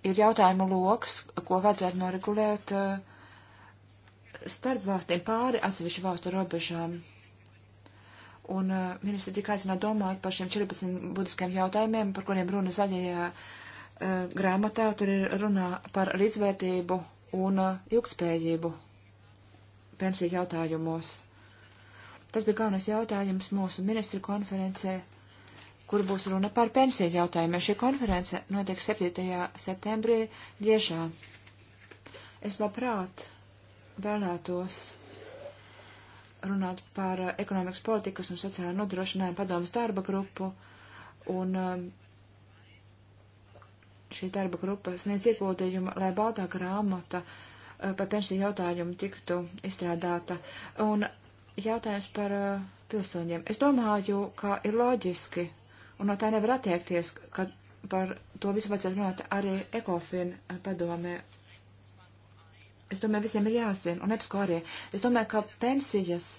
ir jautājumu loks, ko vajadzētu noregulēt starp valstīm pāri atsevišķu valstu robežām. Un ministri tika aicināti domāt par šiem 14 būtiskiem jautājumiem, par kuriem runa zaļajā. Ja Eh, grāmatā tur ir runā par līdzvērtību un eh, ilgspējību pensiju jautājumos. Tas bija galvenais jautājums mūsu ministru konferencē, kur būs runa par pensiju jautājumiem. Šī konference notiek 7. septembrī Liešā. Es labprāt vēlētos runāt par ekonomikas politikas un sociālā nodrošinājuma padomas darba grupu un um, šī darba grupa sniedz ieguldījumu, lai baltā grāmata eh, par pensiju jautājumu tiktu izstrādāta. Un jautājums par uh, pilsoņiem. Es domāju, ka ir loģiski, un no tā nevar attiekties, ka par to visu vajadzētu runāt arī ECOFIN eh, padomē. Es domāju, visiem ir jāzina, un EPSCO arī. Es domāju, ka pensijas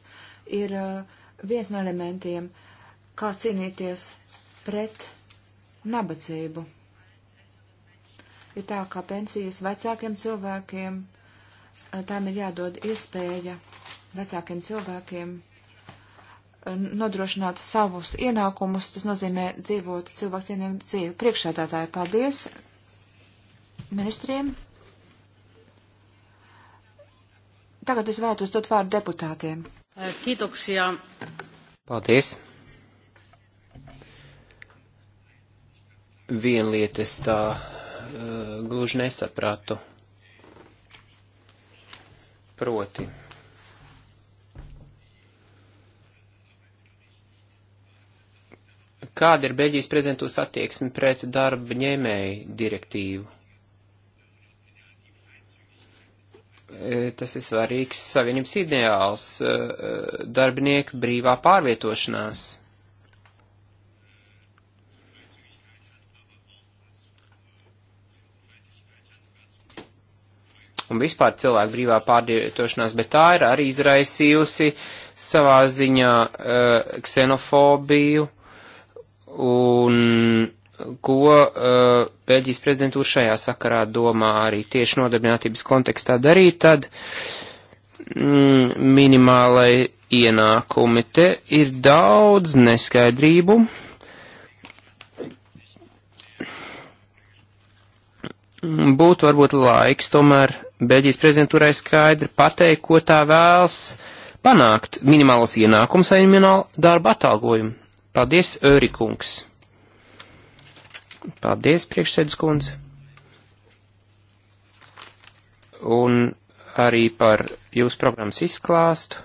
ir uh, viens no elementiem, kā cīnīties pret nabadzību ir tā, ka pensijas vecākiem cilvēkiem eh, tām ir jādod iespēja vecākiem cilvēkiem eh, nodrošināt savus ienākumus, tas nozīmē dzīvot cilvēku cienīgu dzīvi. Priekšsēdētāji, paldies ministriem. Tagad es vēlētos dot vārdu deputātiem. Eh, Kitoksijā. Paldies. Viena lieta es tā Eh, gluži nesapratu. Proti. Kāda ir Beļģijas prezidentūras attieksme pret darba ņēmēju direktīvu? Eh, tas ir svarīgs savienības ideāls eh, - darbinieku brīvā pārvietošanās un vispār cilvēku brīvā pārdietošanās, bet tā ir arī izraisījusi savā ziņā uh, ksenofobiju un ko uh, Beļģijas prezidentūra šajā sakarā domā arī tieši nodarbinātības kontekstā darīt, tad mm, minimālai ienākumi. Te ir daudz neskaidrību. Būtu varbūt laiks tomēr Beļģijas prezidentūrai skaidri pateikt, ko tā vēlas panākt - minimālos ienākums vai minimālu darba atalgojumu. Paldies, Örikungs! Paldies, priekšsēdus kundze! Un arī par jūsu programmas izklāstu.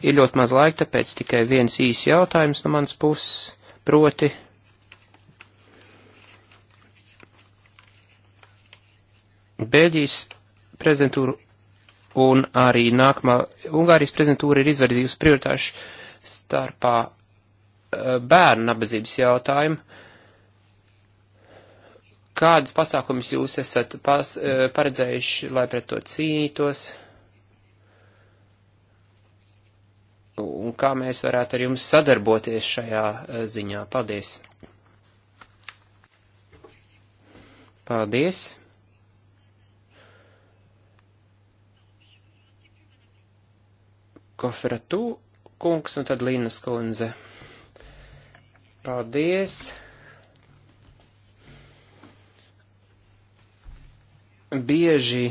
Ir ļoti maz laika, tāpēc tikai viens īsi jautājums no manas puses, proti. Beļģijas prezidentūru un arī nākamā Ungārijas prezidentūra ir izvirzījusi prioritāšu starpā eh, bērnu nabadzības jautājumu. Kādas pasākumas jūs esat pas, eh, paredzējuši, lai pret to cīnītos? Un kā mēs varētu ar jums sadarboties šajā eh, ziņā? Paldies! Paldies! Koferatu kungs un tad Līnas kundze. Paldies! bieži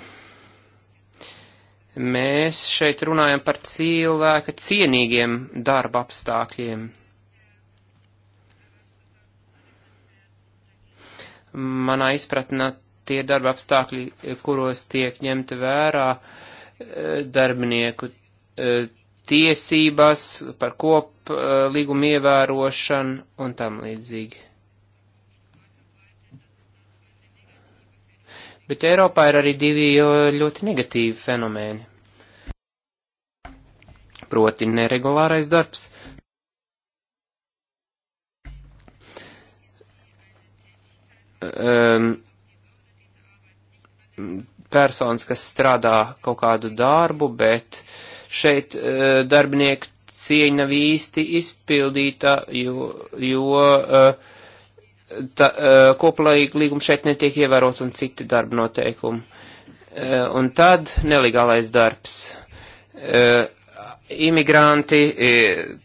mēs šeit runājam par cilvēka cienīgiem darba apstākļiem. Manā izpratnē tie darba apstākļi, kuros tiek ņemta vērā eh, darbinieku eh, tiesībās, par kop eh, līgumu ievērošanu un tam līdzīgi. Bet Eiropā ir arī divi ļoti negatīvi fenomēni. Proti neregulārais darbs. Um, personas, kas strādā kaut kādu darbu, bet uh, šeit e, darbinieku cieņa nav īsti izpildīta, jo, jo e, ta, e, kopulīgi līguma šeit netiek ievērot un citi darba noteikumi. Un tad nelegālais darbs. Imigranti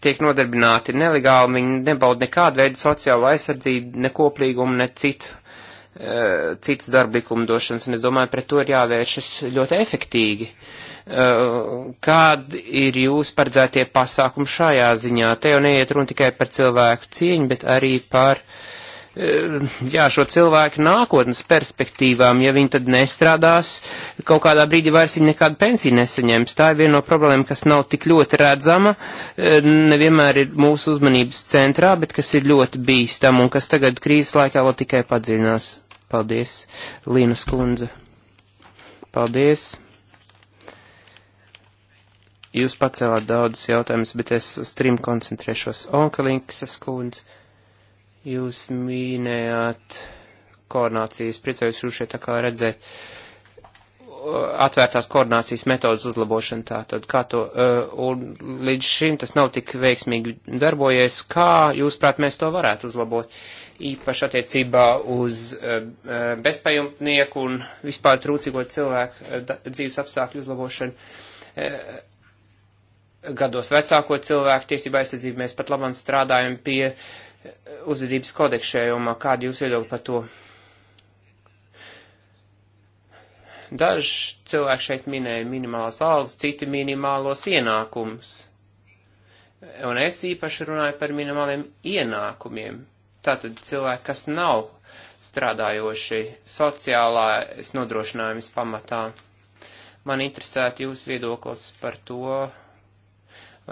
tiek nodarbināti nelegāli, viņi nebaud nekādu veidu sociālo aizsardzību, ne koplīgumu, ne citu Eh, cits darba likumdošanas, un es domāju, pret to ir jāvēršas ļoti efektīgi. Eh, kādi ir jūs paredzētie pasākumi šajā ziņā? Te jau neiet runa tikai par cilvēku cieņu, bet arī par eh, jā, šo cilvēku nākotnes perspektīvām. Ja viņi tad nestrādās, kaut kādā brīdī vairs viņi nekādu pensiju nesaņems. Tā ir viena no problēmām, kas nav tik ļoti redzama, nevienmēr ir mūsu uzmanības centrā, bet kas ir ļoti bīstam un kas tagad krīzes laikā vēl tikai padzinās. Paldies, Līnas kundze. Paldies. Jūs pacēlāt daudzus jautājumus, bet es uz trim koncentrēšos. Onkalinksas kundze, jūs mīnējāt koordinācijas, priecājos jūs šeit tā kā redzēt. Uh, atvērtās koordinācijas metodas uzlabošana tātad, kā to, eh, un līdz šim tas nav tik veiksmīgi darbojies, kā jūs prāt mēs to varētu uzlabot, īpaši attiecībā uz eh, eh, bezpajumtnieku un vispār trūcīgo cilvēku dzīves apstākļu uzlabošanu. Gados vecāko cilvēku tiesība aizsardzību mēs pat labam strādājam pie uzvedības kodekšējumā. Kādi jūs viedokļi par to? Daži cilvēki šeit minēja minimālās algas, citi minimālos ienākumus. Un es īpaši runāju par minimāliem ienākumiem. Tātad cilvēki, kas nav strādājoši sociālais nodrošinājums pamatā. Man interesētu jūs viedoklis par to,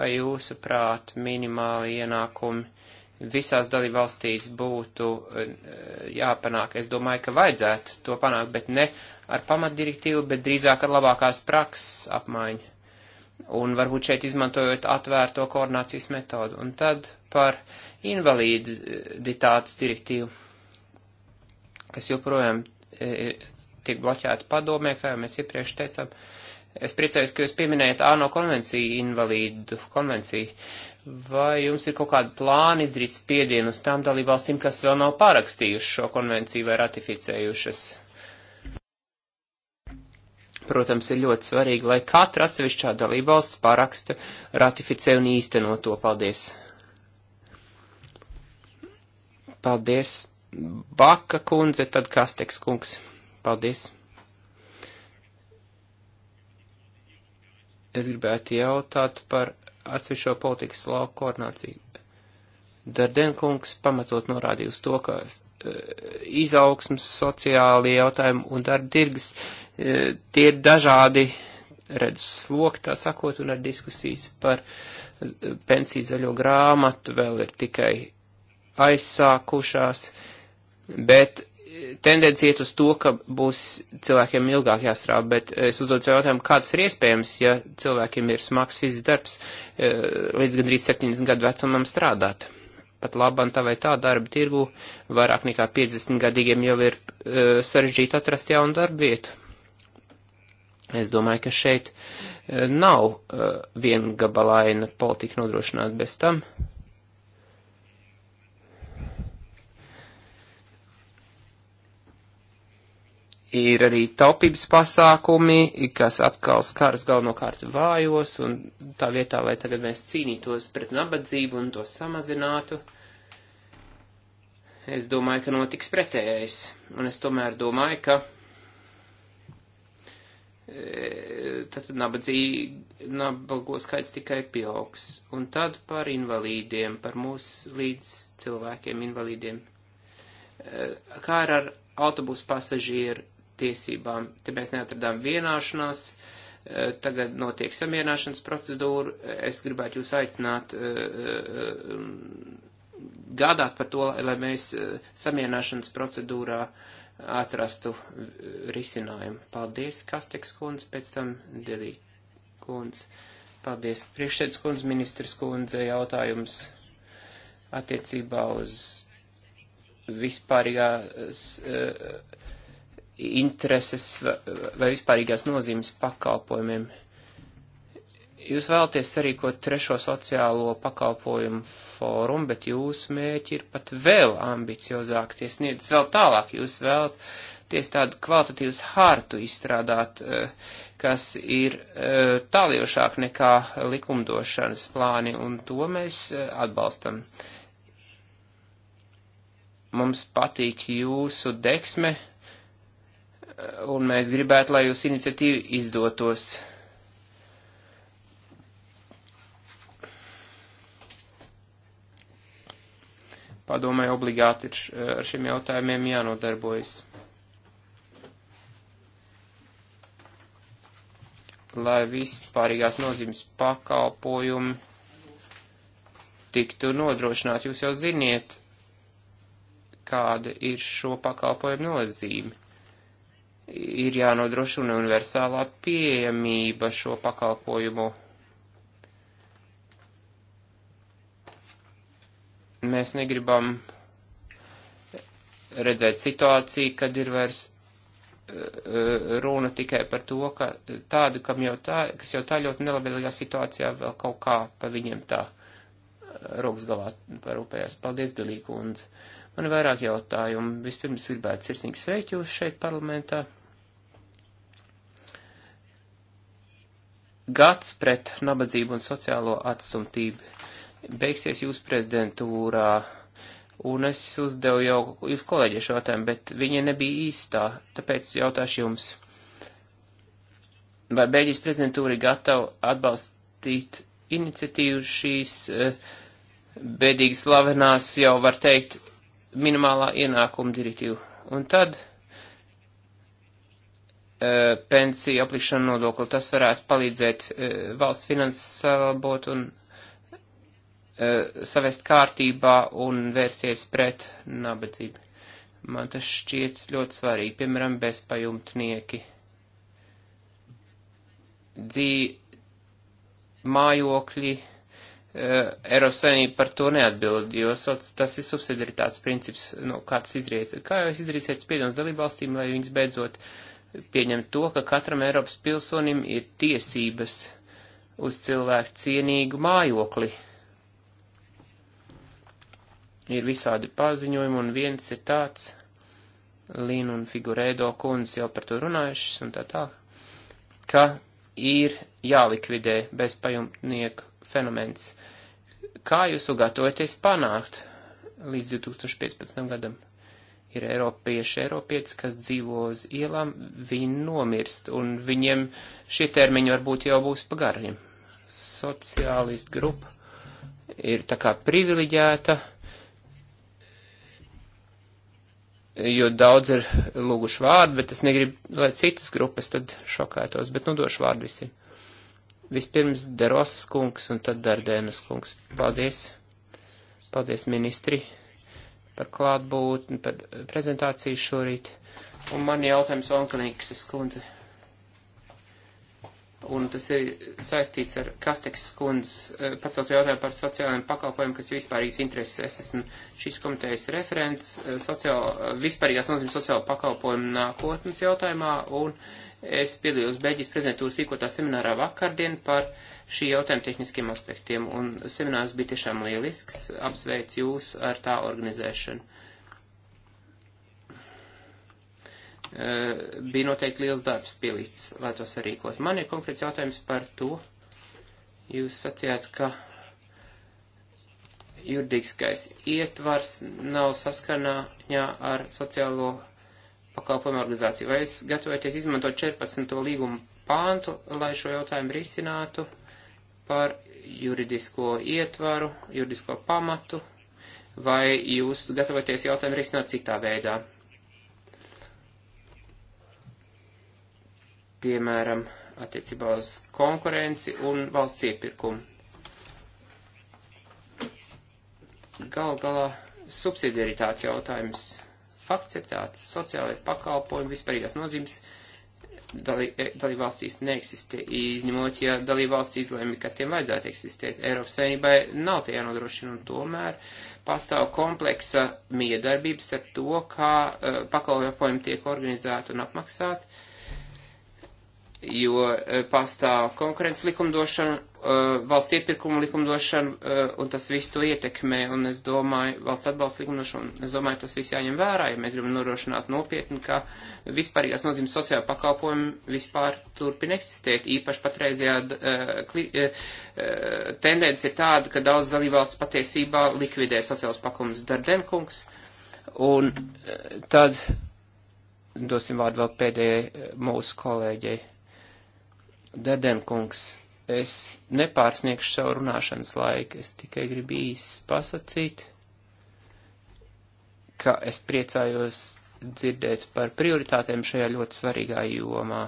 vai jūsuprāt minimāli ienākumi visās dalībvalstīs būtu eh, jāpanāk. Es domāju, ka vajadzētu to panākt, bet ne ar pamatdirektīvu, bet drīzāk ar labākās prakses apmaiņu. Un varbūt šeit izmantojot atvērto koordinācijas metodu. Un tad par invaliditātes direktīvu, kas joprojām eh, tiek bloķēta padomē, kā jau mēs iepriekš teicām. Es priecājos, ka jūs pieminējat ANO konvenciju, invalīdu konvenciju. Uh, Vai jums ir kaut kāda plāna izdarīt spiedienu uz tām dalībvalstīm, kas vēl nav parakstījušas šo konvenciju vai ratificējušas? Protams, ir ļoti svarīgi, lai katra atsevišķā dalībvalsts paraksta, ratificē un īsteno to. Paldies! Paldies, Baka kundze, tad Kasteks kungs. Paldies! Es gribētu jautāt par atsevišķo politikas lauku koordināciju. Dardenkungs pamatot norādīja uz to, ka eh, izaugsmas, sociālie jautājumi un darba tirgus, eh, tie ir dažādi redzes sloki, tā sakot, un ar diskusijas par eh, pensiju zaļo grāmatu vēl ir tikai aizsākušās, bet tendence iet uz to, ka būs cilvēkiem ilgāk jāstrādā, bet es uzdodu sev jautājumu, kā tas ir iespējams, ja cilvēkiem ir smags fizisks darbs eh, līdz gandrīz 70 gadu vecumam strādāt. Pat labam tā vai tā darba tirgu vairāk nekā 50 gadīgiem jau ir eh, sarežģīti atrast jaunu darbu vietu. Es domāju, ka šeit eh, nav viengabalaina politika nodrošināta bez tam. Uh, ir arī taupības pasākumi, kas atkal skaras galvenokārt vājos, un tā vietā, lai tagad mēs cīnītos pret nabadzību un to samazinātu, es domāju, ka notiks pretējais. Un es tomēr domāju, ka e, tad nabadzīgi, nabago skaits tikai pieaugs. Un tad par invalīdiem, par mūsu līdz cilvēkiem invalīdiem. E, kā ir ar autobusu pasažieru tiesībām. Te mēs neatradām vienāšanās, e, tagad notiek samierināšanas procedūra. Es gribētu jūs aicināt e, e, gādāt par to, lai mēs samierināšanas procedūrā atrastu risinājumu. Paldies, Kasteks kundze, pēc tam Dilī kundze. Paldies, priekšsēdus kundze, ministrs kundze, jautājums attiecībā uz vispārīgās. Uh, intereses vai vispārīgās nozīmes pakalpojumiem. Jūs vēlaties sarīkot trešo sociālo pakalpojumu fórumu, bet jūsu mēķi ir pat vēl ambiciozāk, tie sniedz vēl tālāk. Jūs vēlaties tādu kvalitatīvas hartu izstrādāt, eh, kas ir eh, tālījošāk nekā likumdošanas plāni, un to mēs eh, atbalstam. Mums patīk jūsu deksme un mēs gribētu, lai jūsu iniciatīva izdotos. Padomē obligāti ar šiem jautājumiem jānodarbojas. Lai vispārīgās nozīmes pakalpojumi tiktu nodrošināti, jūs jau ziniet, kāda ir šo pakalpojumu nozīme ir jānodrošina universālā pieejamība šo pakalpojumu. Mēs negribam redzēt situāciju, kad ir vairs e, e, runa tikai par to, ka tādu, kam jau tā, kas jau tā ļoti nelabvēlīgā situācijā vēl kaut kā pa viņiem tā e, rokas galā parūpējās. Paldies, Dalīkundze! Man ir vairāk jautājumu. Vispirms gribētu sirsnīgi sveikt jūs šeit parlamentā. gads pret nabadzību un sociālo atstumtību beigsies jūsu prezidentūrā. Un es uzdevu jau jūsu kolēģiešu jautājumu, bet viņa nebija īstā, tāpēc jautāšu jums. Vai Beļģijas prezidentūra ir gatava atbalstīt iniciatīvu šīs eh, bēdīgi slavenās, jau var teikt, minimālā ienākuma direktīvu? Un tad E, pensiju aplikšanu nodokli. Tas varētu palīdzēt e, valsts finanses salabot un e, savest kārtībā un vērsties pret nabadzību. Man tas šķiet ļoti svarīgi, piemēram, bezpajumtnieki. Dzī mājokļi, Eiropas Savienība par to neatbild, jo soc, tas ir subsidiaritātes princips, no nu, kāds izriet. Kā jūs izdarīsiet spiedienus dalībvalstīm, lai viņas beidzot uh, pieņemt to, ka katram Eiropas pilsonim ir tiesības uz cilvēku cienīgu mājokli. Ir visādi paziņojumi, un viens ir tāds, Līna un Figurēdo kundze jau par to runājušas, un tā tā, ka ir jālikvidē bezpajumtnieku fenomens. Kā jūs to gatavojaties panākt līdz 2015. gadam? ir eiropieši, eiropietis, kas dzīvo uz ielām, viņi nomirst, un viņiem šie termiņi varbūt jau būs pagariem. Sociālistu grupa ir tā kā privileģēta, jo daudz ir lūguši vārdu, bet es negribu, lai citas grupas tad šokētos, bet nodošu nu vārdu visiem. Vispirms Derosas kungs un tad Dardēnas kungs. Paldies! Paldies, ministri! par klātbūtni, par prezentāciju šorīt. Un man jautājums Onkalīksas kundze. Un tas ir saistīts ar Kasteks kundzes eh, paceltu jautājumu par sociālajiem pakalpojumiem, kas ir vispārīgas intereses. Es esmu šīs komitejas referents eh, sociāla, eh, vispārīgās nozīmes sociāla pakalpojuma nākotnes jautājumā, un Es piedalījos Beļģijas prezidentūras rīkotā seminārā vakardien par šī jautājuma tehniskiem aspektiem, un seminārs bija tiešām lielisks. Apsveic jūs ar tā organizēšanu. Bija noteikti liels darbs pielīdz, lai to sarīkot. Man ir konkrēts jautājums par to. Jūs sacījāt, ka juridiskais ietvars nav saskanā ar sociālo pakalpojumu organizāciju. Vai jūs gatavojaties izmantot 14. līgumu pāntu, lai šo jautājumu risinātu par juridisko ietvaru, juridisko pamatu, vai jūs gatavoties jautājumu risināt citā veidā? Piemēram, attiecībā uz konkurenci un valsts iepirkumu. Gal galā subsidiaritāts jautājums Fakts ir tāds, sociālai pakalpojumi vispārīgās nozīmes e, dalībvalstīs neeksistē, izņemot, ja dalībvalsts izlēma, ka tiem vajadzētu eksistēt. Eiropas savienībai nav tie jānodrošina, un tomēr pastāv kompleksa miedarbības starp to, kā uh, pakalpojumi tiek organizēti un apmaksāti, jo uh, pastāv konkurences likumdošana Uh, valsts iepirkuma likumdošanu, uh, un tas viss to ietekmē, un es domāju, valsts atbalsta likumdošanu, es domāju, tas viss jāņem vērā, ja mēs gribam norošināt nopietni, ka vispārīgās nozīmes sociāla pakalpojumi vispār turpin eksistēt, īpaši patreizajā uh, tendence ir tāda, ka daudz dalībvalsts patiesībā likvidē sociālas pakalpojumus Dardenkungs, un tad dosim vārdu vēl pēdējai mūsu kolēģei. Dedenkungs es nepārsniegšu savu runāšanas laiku, es tikai gribu īsi pasakīt, ka es priecājos dzirdēt par prioritātēm šajā ļoti svarīgā jomā.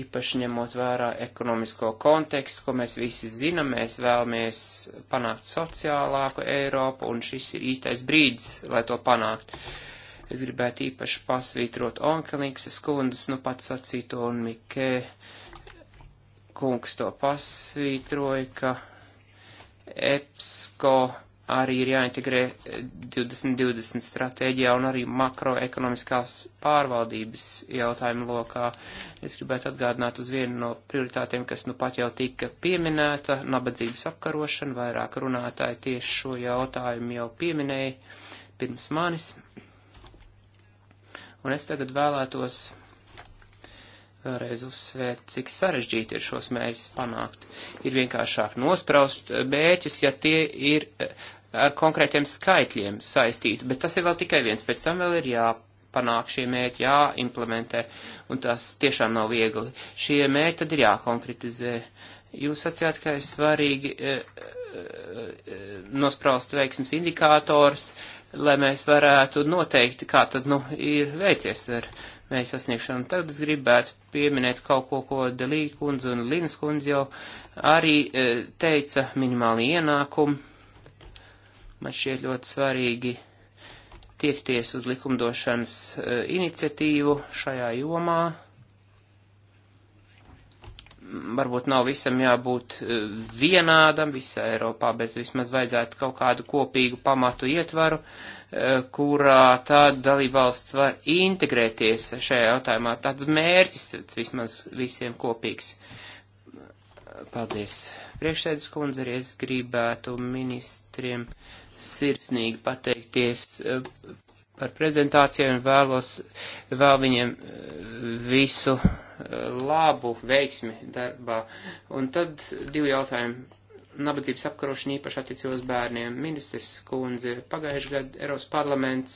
Īpaši ņemot vērā ekonomisko kontekstu, ko mēs visi zinām, mēs vēlamies panākt sociālāku Eiropu, un šis ir īstais brīdis, lai to panākt. Es gribētu īpaši pasvītrot Onkelīgas skundas, nu pats sacīto un Mikē kungs to pasvītroja, ka EPSCO arī ir jāintegrē 2020 stratēģijā un arī makroekonomiskās pārvaldības jautājumu lokā. Es gribētu atgādināt uz vienu no prioritātiem, kas nu pat jau tika pieminēta - nabadzības apkarošana. Vairāk runātāji tieši šo jautājumu jau pieminēja pirms manis. Un es tagad vēlētos vēlreiz uzsvērt, cik sarežģīti ir šos mērķus panākt. Ir vienkāršāk nospraust eh, mērķus, ja tie ir eh, ar konkrētiem skaitļiem saistīti, bet tas ir vēl tikai viens, pēc tam vēl ir jāpanāk šie mērķi, jāimplementē, un tas tiešām nav viegli. Šie mērķi tad ir jākonkretizē. Jūs sacījāt, ka ir svarīgi e, e, nospraust veiksmes indikātors, lai mēs varētu noteikt, kā tad, nu, ir veicies ar. E, mērķu sasniegšanu. Tagad es gribētu pieminēt kaut ko, ko Delī kundze un Linas kundze jau arī e, teica minimāli ienākumu. Man šķiet ļoti svarīgi tiekties uz likumdošanas e, iniciatīvu šajā jomā varbūt nav visam jābūt eh, vienādam visā Eiropā, bet vismaz vajadzētu kaut kādu kopīgu pamatu ietvaru, eh, kurā tad dalībvalsts var integrēties šajā jautājumā. Tāds mērķis tāds vismaz visiem kopīgs. Paldies. Priekšsēdus kundze, arī es gribētu ministriem sirsnīgi pateikties eh, par prezentāciju un vēlos vēl viņiem visu labu veiksmi darbā. Un tad divi jautājumi. Nabadzības apkarošana īpaši attiecībā uz bērniem. Ministrs Kundze pagājuši gadu Eiropas parlaments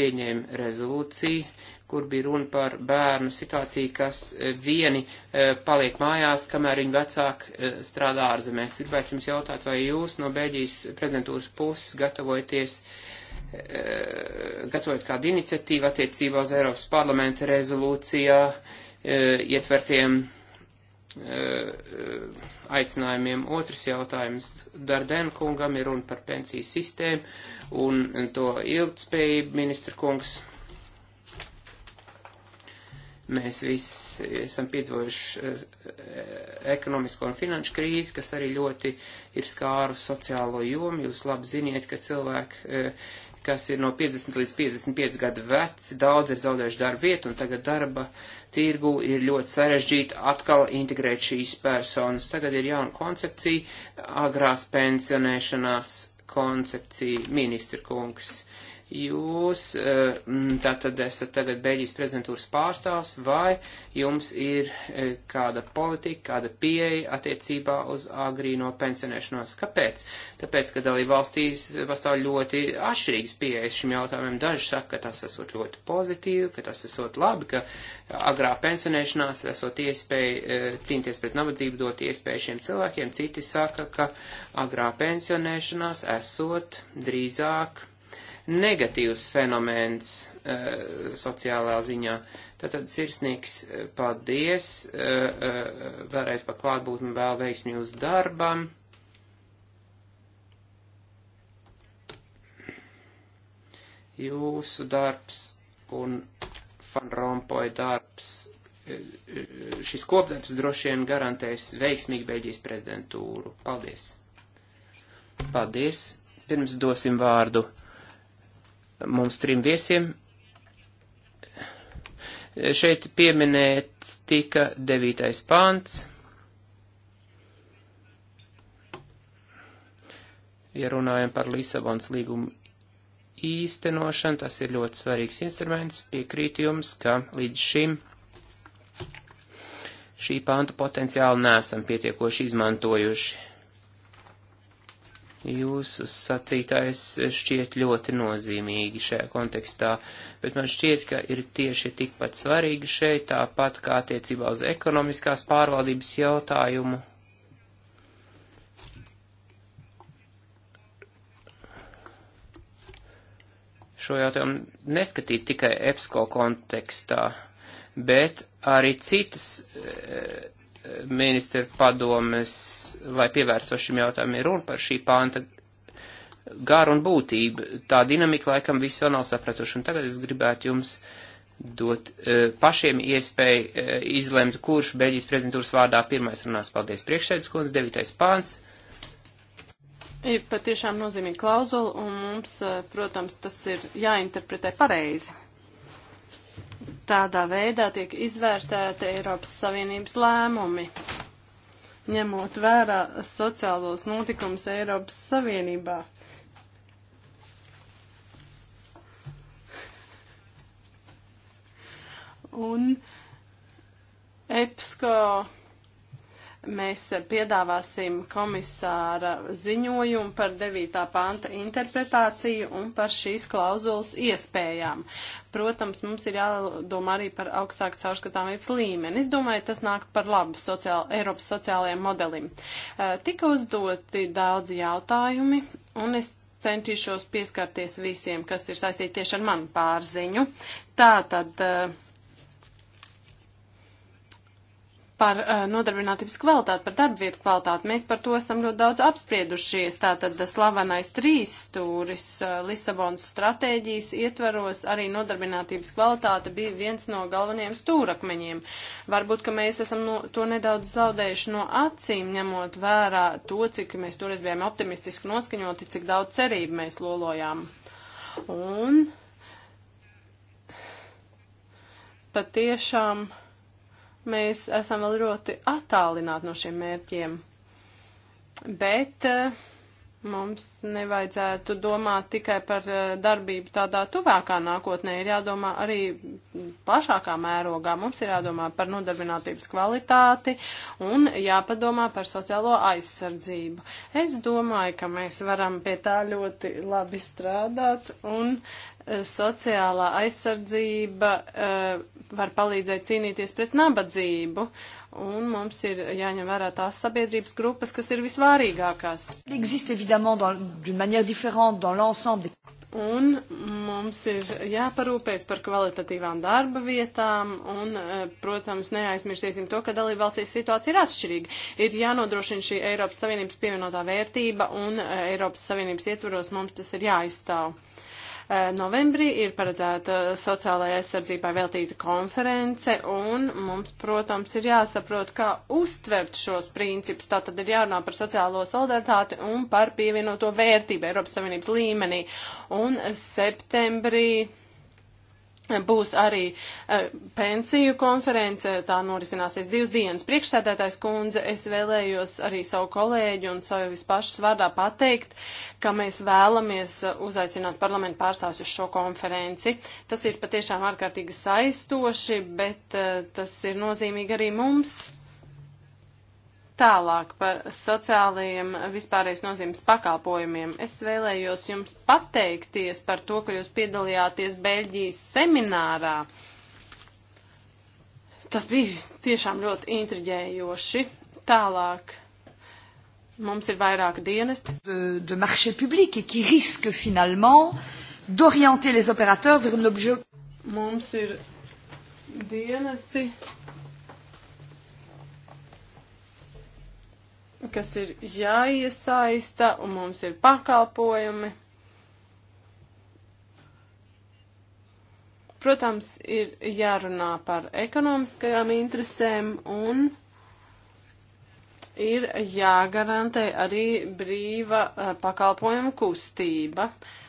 pieņēma rezolūciju, kur bija runa par bērnu situāciju, kas eh, vieni eh, paliek mājās, kamēr viņu vecāki eh, strādā ārzemēs. Gribētu jums jautāt, vai jūs no Beļģijas prezidentūras puses gatavojaties gatavojot kādu iniciatīvu attiecībā uz Eiropas parlamenta rezolūcijā E, ietvertiem e, e, aicinājumiem. Otrs jautājums Dardēna kungam ir runa par pensiju sistēmu un to ilgtspējību ministra kungs. Mēs visi esam piedzīvojuši ekonomisko un finanšu krīzi, kas arī ļoti ir skāru sociālo jomu. Jūs labi ziniet, ka cilvēki kas ir no 50 līdz 55 gadu veci, daudz ir zaudējuši darbu vietu, un tagad darba tirgu ir ļoti sarežģīti atkal integrēt šīs personas. Tagad ir jauna koncepcija, agrās pensionēšanās koncepcija, ministra kungs. Jūs eh, mm, tātad esat tagad Beļģijas prezidentūras pārstāvs, vai jums ir eh, kāda politika, kāda pieeja attiecībā uz agrīno pensionēšanos? Kāpēc? Tāpēc, ka dalība valstīs pastāv ļoti atšķirīgas pieejas šim jautājumam. Daži saka, ka tas esot ļoti pozitīvi, ka tas esot labi, ka agrā pensionēšanās esot iespēja eh, cīnīties pret nabadzību, dot iespēju šiem cilvēkiem. Citi saka, ka agrā pensionēšanās esot drīzāk negatīvs fenomens uh, sociālā ziņā. Tātad sirsnīgs eh, paldies, uh, uh, vēlreiz par klātbūtni vēl veiksmi uz darbam. Jūsu darbs un Fan Rompoja darbs, šis kopdarbs droši vien garantēs veiksmīgu Beļģijas prezidentūru. Paldies! Paldies! Pirms dosim vārdu mums trim viesiem. Šeit pieminēts tika devītais pāns. Ja runājam par Lisabonas līgumu īstenošanu, tas ir ļoti svarīgs instruments. Piekrītu jums, ka līdz šim šī pānta potenciāli nesam pietiekoši izmantojuši. Jūsu sacītājs šķiet ļoti nozīmīgi šajā kontekstā, bet man šķiet, ka ir tieši tikpat svarīgi šeit, tāpat kā attiecībā uz ekonomiskās pārvaldības jautājumu. Šo jautājumu neskatīt tikai EPSCO kontekstā, bet arī citas. E, ministra padomes, lai pievērstos šim jautājumam, ir runa par šī pānta garu un būtību. Tā dinamika laikam viss vēl nav sapratuši, un tagad es gribētu jums dot e, pašiem iespēju e, izlemt, kurš Beļģijas prezidentūras vārdā pirmais runās. Paldies, priekšsēdus kundze, devītais pāns. Ir patiešām nozīmīga klauzula, un mums, e, protams, tas ir jāinterpretē pareizi. Tādā veidā tiek izvērtēti Eiropas Savienības lēmumi, ņemot vērā sociālos notikumus Eiropas Savienībā. Un EPSCO mēs piedāvāsim komisāra ziņojumu par 9. panta interpretāciju un par šīs klauzulas iespējām. Protams, mums ir jādomā arī par augstāku caurskatāmības līmeni. Es domāju, tas nāk par labu sociāla, Eiropas sociālajiem modelim. Eh, tika uzdoti daudzi jautājumi, un es centīšos pieskarties visiem, kas ir saistīti tieši ar manu pārziņu. Tātad. Uh, par uh, nodarbinātības kvalitāti, par darbvietu kvalitāti. Mēs par to esam ļoti daudz apspriedušies. Tātad slavenais trīsstūris uh, eh, Lisabonas stratēģijas ietvaros arī nodarbinātības kvalitāte bija viens no galvenajiem stūrakmeņiem. Varbūt, ka mēs esam no, to nedaudz zaudējuši no acīm, ņemot vērā to, cik mēs toreiz bijām optimistiski noskaņoti, cik daudz cerību mēs lolojām. Un patiešām. tiešām Mēs esam vēl ļoti attālināti no šiem mērķiem. Bet uh, mums nevajadzētu domāt tikai par eh, darbību tādā tuvākā nākotnē, ir jādomā arī plašākā mērogā. Mums ir jādomā par nodarbinātības kvalitāti un jāpadomā par sociālo aizsardzību. Es domāju, ka mēs varam pie tā ļoti labi strādāt un Eh, sociālā aizsardzība eh, var palīdzēt cīnīties pret nabadzību, un mums ir jāņem vērā tās sabiedrības grupas, kas ir visvārīgākās. Un mums ir jāparūpēs par kvalitatīvām darba vietām, un, eh, protams, neaizmirsīsim to, ka dalībvalstīs situācija ir atšķirīga. Ir jānodrošina šī Eiropas Savienības pievienotā vērtība, un Eiropas Savienības ietvaros mums tas ir jāizstāv. Eh, novembrī ir paredzēta sociālajai aizsardzībai veltīta konference, un mums, protams, ir jāsaprot, kā uztvert šos principus. Tā tad ir jārunā par sociālo solidaritāti un par pievienoto vērtību Eiropas Savienības līmenī. Un septembrī Būs arī uh, pensiju konference, tā norisināsies divas dienas. Priekšsēdētājs kundze, es vēlējos arī savu kolēģi un savu vispašas vārdā pateikt, ka mēs vēlamies eh, uzaicināt parlamentu pārstāvjus uz šo konferenci. Tas ir patiešām ārkārtīgi saistoši, bet uh, tas ir nozīmīgi arī mums. Tālāk par sociālajiem vispārējais nozīmes pakalpojumiem. Es vēlējos jums pateikties par to, ka jūs piedalījāties Beļģijas seminārā. Tas bija tiešām ļoti intriģējoši. Tālāk. Mums ir vairāk dienesti. De, de marché public et qui risque finalement d'orienter les opérateurs vers l'objet. Mums ir dienesti, kas ir jāiesaista, un mums ir pakalpojumi. Protams, ir jārunā par ekonomiskajām interesēm un ir jāgarantē arī brīva eh, pakalpojuma kustība. Uh,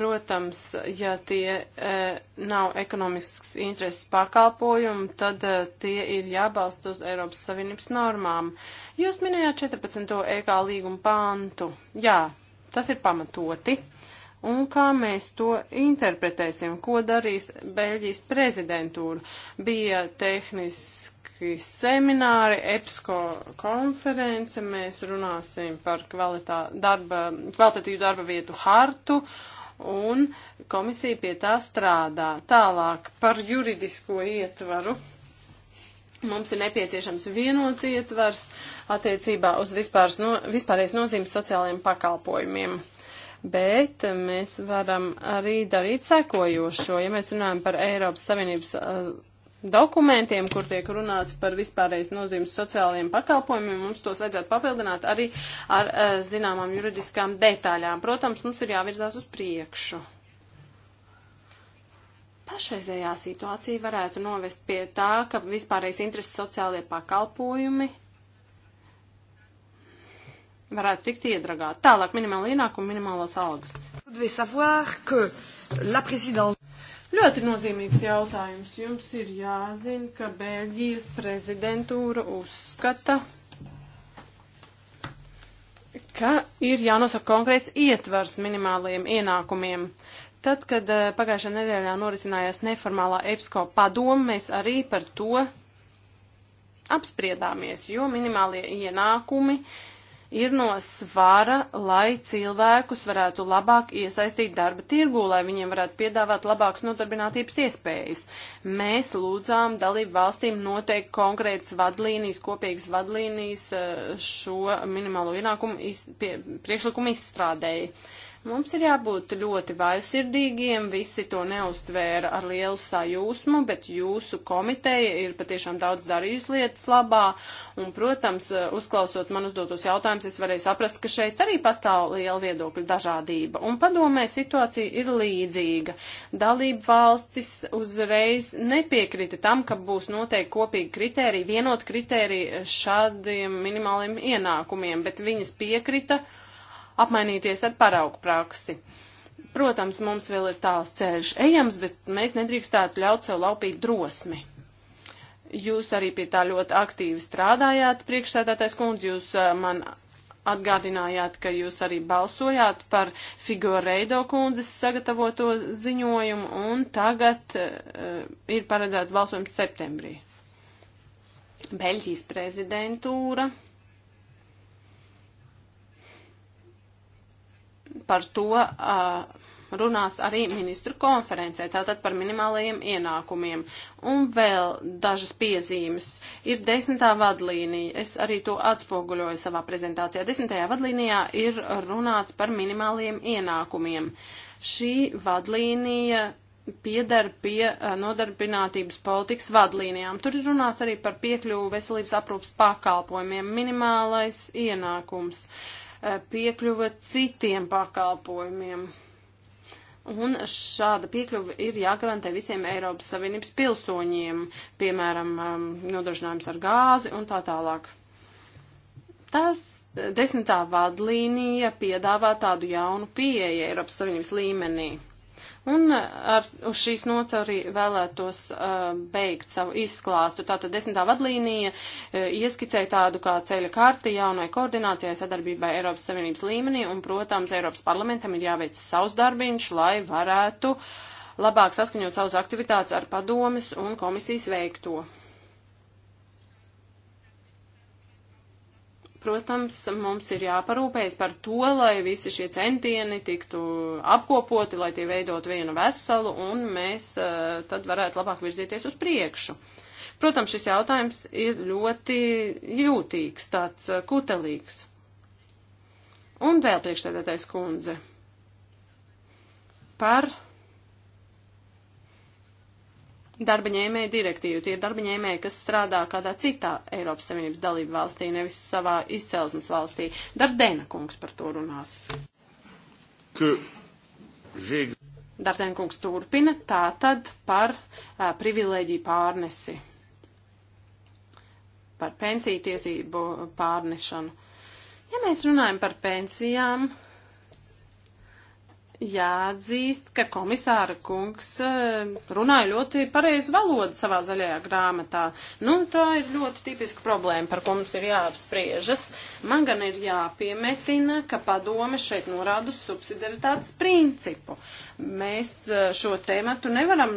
Protams, ja tie e, nav ekonomisks intereses pakalpojumi, tad e, tie ir jābalst uz Eiropas Savienības normām. Jūs minējāt 14. EK līguma pāntu. Jā, tas ir pamatoti un kā mēs to interpretēsim, ko darīs Beļģijas prezidentūra. Bija tehniski semināri, EPSCO konference, mēs runāsim par kvalitā, darba, kvalitatīvu darba vietu hartu un komisija pie tā strādā. Tālāk par juridisko ietvaru. Mums ir nepieciešams vienots ietvars attiecībā uz vispārs, no, vispārreiz nozīmes sociālajiem pakalpojumiem. Bet mēs varam arī darīt sekojošo. Ja mēs runājam par Eiropas Savienības uh, dokumentiem, kur tiek runāts par vispārreiz nozīmes sociālajiem pakalpojumiem, mums tos vajadzētu papildināt arī ar uh, zināmām juridiskām detaļām. Protams, mums ir jāvirzās uz priekšu. Pašreizējā situācija varētu novest pie tā, ka vispārreiz interesi sociālajie pakalpojumi varētu tikt iedragāti. Tālāk minimāla ienākuma, minimālās algas. Vous devez savoir que la présidence Ļoti nozīmīgs jautājums. Jums ir jāzina, ka Bēļģijas prezidentūra uzskata, ka ir jānosaka konkrēts ietvars minimālajiem ienākumiem. Tad, kad eh, pagājušajā nedēļā norisinājās neformālā EPSCO padoma, mēs arī par to apspriedāmies, jo minimālie ienākumi uh, ir no svara, lai cilvēkus varētu labāk iesaistīt darba tirgū, lai viņiem varētu piedāvāt labākas nodarbinātības iespējas. Mēs lūdzām dalību valstīm noteikt konkrētas vadlīnijas, kopīgas vadlīnijas eh, šo minimālo ienākumu iz, pie, priekšlikumu izstrādēji. Uh, Mums ir jābūt ļoti vaisirdīgiem, visi to neustvēra ar lielu sajūsmu, bet jūsu komiteja ir patiešām daudz darījusi lietas labā, un, protams, uzklausot man uzdotos jautājumus, es varēju saprast, ka šeit arī pastāv liela viedokļa dažādība, un padomē situācija ir līdzīga. Dalība valstis uzreiz nepiekrita tam, ka būs noteikti kopīgi kritēriji, vienot kritēriju šādiem minimāliem ienākumiem, bet viņas piekrita, apmainīties ar paraugu praksi. Protams, mums vēl ir tāls ceļš ejams, bet mēs nedrīkstētu ļaut sev laupīt drosmi. Jūs arī pie tā ļoti aktīvi strādājāt, priekšsēdētais kundze, jūs uh, man atgādinājāt, ka jūs arī balsojāt par Figueiredo kundzes sagatavoto ziņojumu, un tagad uh, ir paredzēts balsojums septembrī. Beļģijas prezidentūra par to uh, runās arī ministru konferencē, tātad par minimālajiem ienākumiem. Un vēl dažas piezīmes. Ir desmitā vadlīnija, es arī to atspoguļoju savā prezentācijā. Desmitajā vadlīnijā ir runāts par minimālajiem ienākumiem. Šī vadlīnija piedar pie nodarbinātības politikas vadlīnijām. Tur ir runāts arī par piekļuvu veselības aprūpas pakalpojumiem, minimālais ienākums. Uh, Eh, piekļuva citiem pakalpojumiem. Un šāda piekļuva ir jāgarantē visiem Eiropas Savienības pilsoņiem, piemēram, um, nodrošinājums ar gāzi un tā tālāk. Tas eh, desmitā vadlīnija piedāvā tādu jaunu pieeju Eiropas Savienības līmenī. Un eh, ar, uz šīs nots arī vēlētos uh, beigt savu izklāstu. Tātad desmitā vadlīnija uh, ieskicēja tādu kā ceļa karti jaunai koordinācijai sadarbībai Eiropas Savienības līmenī, un, protams, Eiropas parlamentam ir jāveic savs darbiņš, lai varētu labāk saskaņot savus aktivitātes ar padomis un komisijas veikto. Protams, mums ir jāparūpējas par to, lai visi šie centieni tiktu apkopoti, lai tie veidot vienu veselu, un mēs uh, tad varētu labāk virzīties uz priekšu. Protams, šis jautājums ir ļoti jūtīgs, tāds uh, kutelīgs. Un vēl priekšsēdētais kundze par darba ņēmēja direktīvu. Tie ir darba ņēmēji, kas strādā kādā citā Eiropas Savienības dalību valstī, nevis savā izcelsmes valstī. Dardēna kungs par to runās. Ka... Žieg... Dardēna kungs turpina tā tad par uh, privilēģiju pārnesi, par pensiju tiesību pārnešanu. Ja mēs runājam par pensijām, uh, jāatzīst, ka komisāra kungs eh, runāja ļoti pareizu valodu savā zaļajā grāmatā. Nu, tā ir ļoti tipiska problēma, par ko mums ir jāapspriežas. Man gan ir jāpiemetina, ka padome šeit norāda uz subsidiaritātes principu. Mēs eh, šo tematu nevaram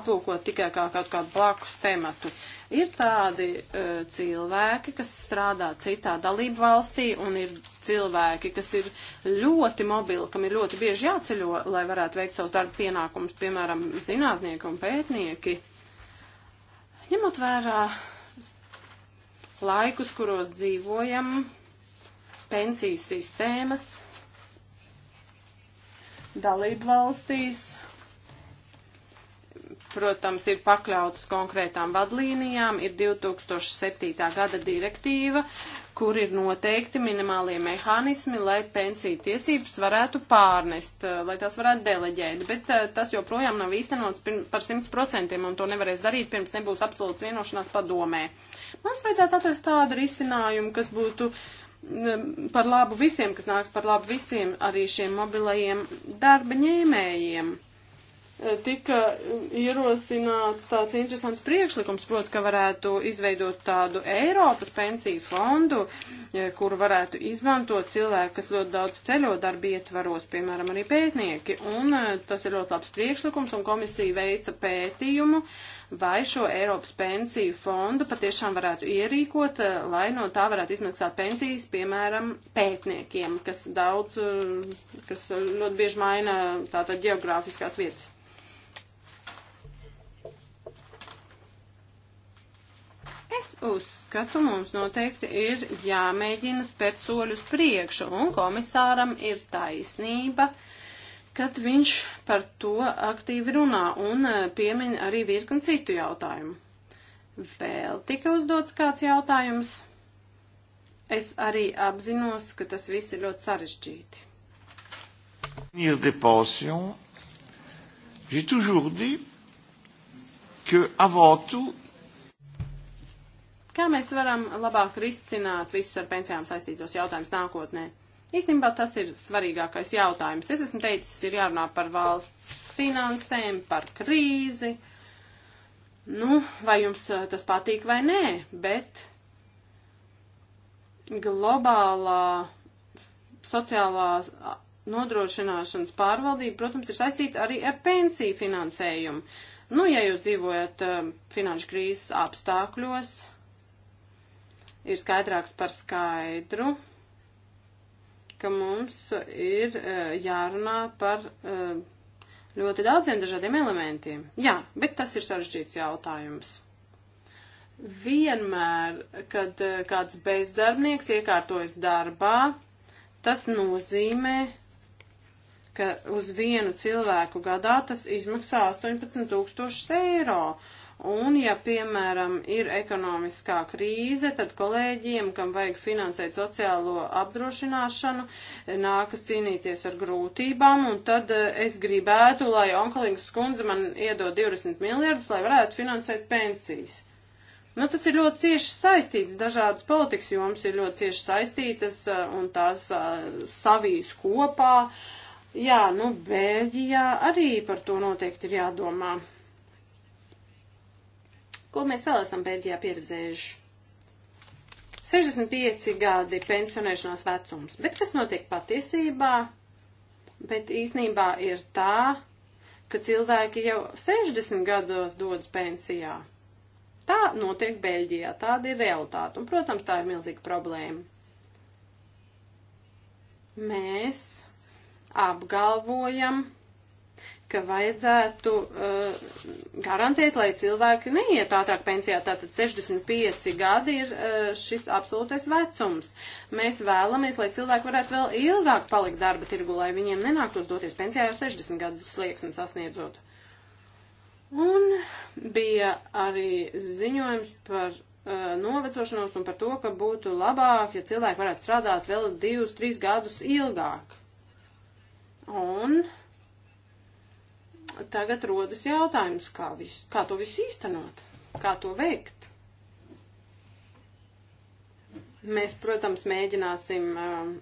aplūkot tikai kā kaut kādu blakus tematu. Uh, Ir tādi uh, cilvēki, kas strādā citā dalību valstī, un ir cilvēki, kas ir ļoti mobili, kam ir ļoti bieži jāceļo, lai varētu veikt savus darba pienākumus, piemēram, zinātnieki un pētnieki. Ņemot vērā laikus, kuros dzīvojam, pensiju sistēmas, dalību valstīs protams, ir pakļautas konkrētām vadlīnijām, ir 2007. gada direktīva, kur ir noteikti minimālie mehānismi, lai pensiju tiesības varētu pārnest, eh, lai tās varētu deleģēt, bet eh, tas joprojām nav īstenots par 100% un to nevarēs darīt, pirms nebūs absolūts vienošanās padomē. Mums vajadzētu atrast tādu risinājumu, kas būtu mm, par labu visiem, kas nāk par labu visiem, arī šiem mobilajiem darba ņēmējiem Eh, tika eh, ierosināts tāds interesants priekšlikums, proti, ka varētu izveidot tādu Eiropas pensiju fondu, eh, kuru varētu izmantot cilvēki, kas ļoti daudz ceļo darbi ietvaros, piemēram, arī pētnieki. Un tas ir ļoti labs priekšlikums, un komisija veica pētījumu, vai šo Eiropas pensiju fondu patiešām varētu ierīkot, lai no tā varētu izmaksāt pensijas, piemēram, pētniekiem, kas daudz, kas ļoti bieži maina tātad geogrāfiskās vietas. Es uzskatu, mums noteikti ir jāmēģina spērt soļus priekšu, un komisāram ir taisnība, kad viņš par to aktīvi runā un eh, piemin arī virkni citu jautājumu. Vēl tika uzdots kāds jautājums. Es arī apzinos, ka tas viss ir ļoti sarežģīti. Ir depensions. J'ai toujours dit que, avant tout, Kā mēs varam labāk risināt visus ar pensijām saistītos jautājumus nākotnē? Īstenībā tas ir svarīgākais jautājums. Es esmu teicis, ir jārunā par valsts finansēm, par krīzi. Nu, vai jums eh, tas patīk vai nē, bet globālā sociālā nodrošināšanas pārvaldība, protams, ir saistīta arī ar pensiju finansējumu. Nu, ja jūs dzīvojat um, finanšu krīzes apstākļos, ir skaidrāks par skaidru, ka mums ir e, jārunā par e, ļoti daudziem dažādiem elementiem. Jā, bet tas ir sarežģīts jautājums. Vienmēr, kad e, kāds bezdarbnieks iekārtojas darbā, tas nozīmē, ka uz vienu cilvēku gadā tas izmaksā 18 tūkstošus eiro. Uh, Un, ja, piemēram, ir ekonomiskā krīze, tad kolēģiem, kam vajag finansēt sociālo apdrošināšanu, nākas cīnīties ar grūtībām, un tad eh, es gribētu, lai onkolīgas skundze man iedod 20 miljardus, lai varētu finansēt pensijas. Nu, tas ir ļoti cieši saistīts, dažādas politikas jomas ir ļoti cieši saistītas eh, un tās eh, savīs kopā. Jā, nu, Bēļģijā arī par to noteikti ir jādomā. Ko mēs vēl esam Beļģijā pieredzējuši? 65 gadi pensionēšanās vecums. Bet kas notiek patiesībā? Bet īsnībā ir tā, ka cilvēki jau 60 gados dodas pensijā. Tā notiek Beļģijā, tāda ir realitāte, un, protams, tā ir milzīga problēma. Mēs apgalvojam, ka vajadzētu uh, garantēt, lai cilvēki neiet ātrāk pensijā. Tātad 65 gadi ir uh, šis absolūtais vecums. Mēs vēlamies, lai cilvēki varētu vēl ilgāk palikt darba tirgu, lai viņiem nenāktos doties pensijā jau 60 gadu slieksni sasniedzot. Un bija arī ziņojums par uh, novecošanos un par to, ka būtu labāk, ja cilvēki varētu strādāt vēl 2-3 gadus ilgāk. Un uh, tagad rodas jautājums, kā, visu, kā to visu īstenot, kā to veikt. Mēs, protams, mēģināsim uh,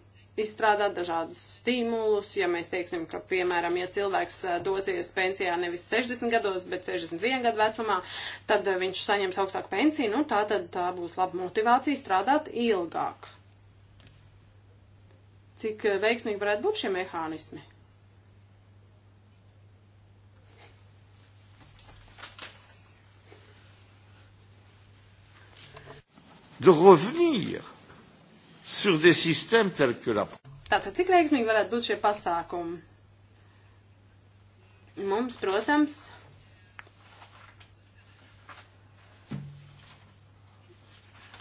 izstrādāt dažādus stimulus, ja mēs teiksim, ka, piemēram, ja cilvēks uh, dosies pensijā nevis 60 gados, bet 61 gadu vecumā, tad uh, viņš saņems augstāku pensiju, nu tā tad tā būs laba motivācija strādāt ilgāk. Cik uh, veiksmīgi varētu būt šie mehānismi? de revenir sur des systèmes tels que la. Tātad, cik veiksmīgi varētu būt šie pasākumi? Mums, protams,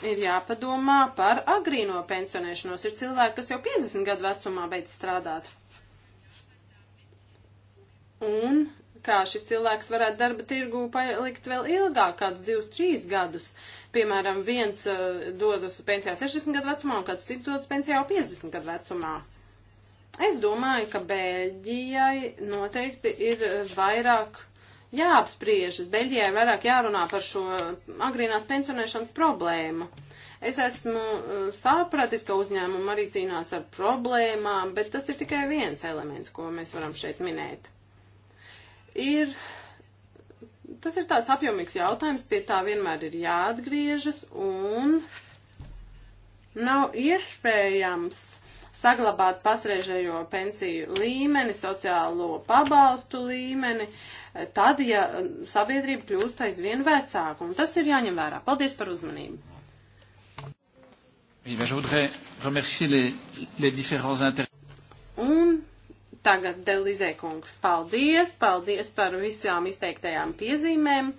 ir jāpadomā par agrīno pensionēšanos. Ir cilvēki, kas jau 50 gadu vecumā beidz strādāt. Un kā šis cilvēks varētu darba tirgu palikt vēl ilgāk, kāds 2-3 gadus. Piemēram, viens uh, dodas pensijā 60 gadu vecumā, un kāds cits dodas pensijā jau 50 gadu vecumā. Es domāju, ka Beļģijai noteikti ir uh, vairāk jāapspriežas, Beļģijai vairāk jārunā par šo agrīnās pensionēšanas problēmu. Es esmu uh, sapratis, ka uzņēmumi arī cīnās ar problēmām, bet tas ir tikai viens elements, ko mēs varam šeit minēt ir, tas ir tāds apjomīgs jautājums, pie tā vienmēr ir jāatgriežas un nav iespējams saglabāt pasrežējo pensiju līmeni, sociālo pabalstu līmeni, tad, ja sabiedrība kļūst aizvien vecāka, un tas ir jāņem vērā. Paldies par uzmanību. Un Tagad Delizē kungs, paldies, paldies par visām izteiktajām piezīmēm.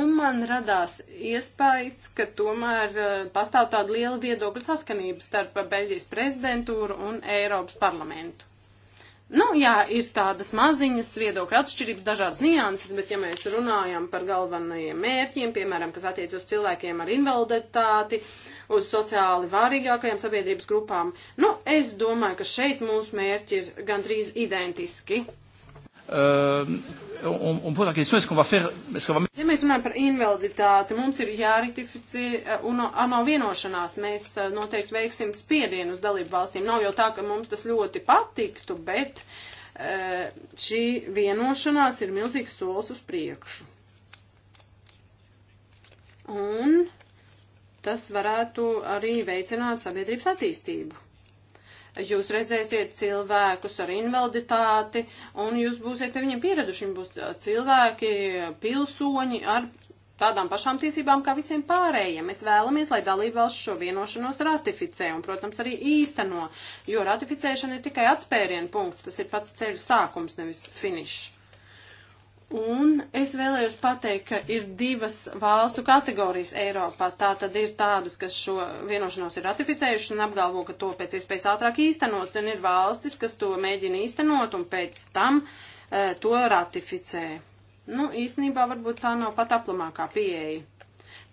Un man radās iespējas, ka tomēr eh, pastāv tāda liela viedokļu saskanība starp Beļģijas prezidentūru un Eiropas parlamentu. Nu, jā, ir tādas maziņas viedokļa atšķirības, dažādas nianses, bet ja mēs runājam par galvenajiem mērķiem, piemēram, kas attiec uz cilvēkiem ar invaliditāti, uz sociāli vārīgākajām sabiedrības grupām, nu, es domāju, ka šeit mūsu mērķi ir gandrīz identiski. Um un, un protams, ka es esmu, ka fer, es ka... Ja mēs runājam par invaliditāti, mums ir jāratificē eh, un ANO vienošanās. Mēs eh, noteikti veiksim spiedienu uz dalību valstīm. Nav jau tā, ka mums tas ļoti patiktu, bet eh, šī vienošanās ir milzīgs solis uz priekšu. Un tas varētu arī veicināt sabiedrības attīstību jūs redzēsiet cilvēkus ar invaliditāti, un jūs būsiet pie viņiem pieraduši. Viņi būs cilvēki, pilsoņi ar tādām pašām tiesībām kā visiem pārējiem. Mēs vēlamies, lai dalībvalsts šo vienošanos ratificē un, protams, arī īsteno, jo ratificēšana ir tikai atspērienu punkts, tas ir pats ceļa sākums, nevis finišs. Un es vēlējos pateikt, ka ir divas valstu kategorijas Eiropā. Tā tad ir tādas, kas šo vienošanos ir ratificējušas un apgalvo, ka to pēc iespējas ātrāk īstenos, un ir valstis, kas to mēģina īstenot un pēc tam e, to ratificē. Nu, īstenībā varbūt tā nav pat aplamākā pieeja.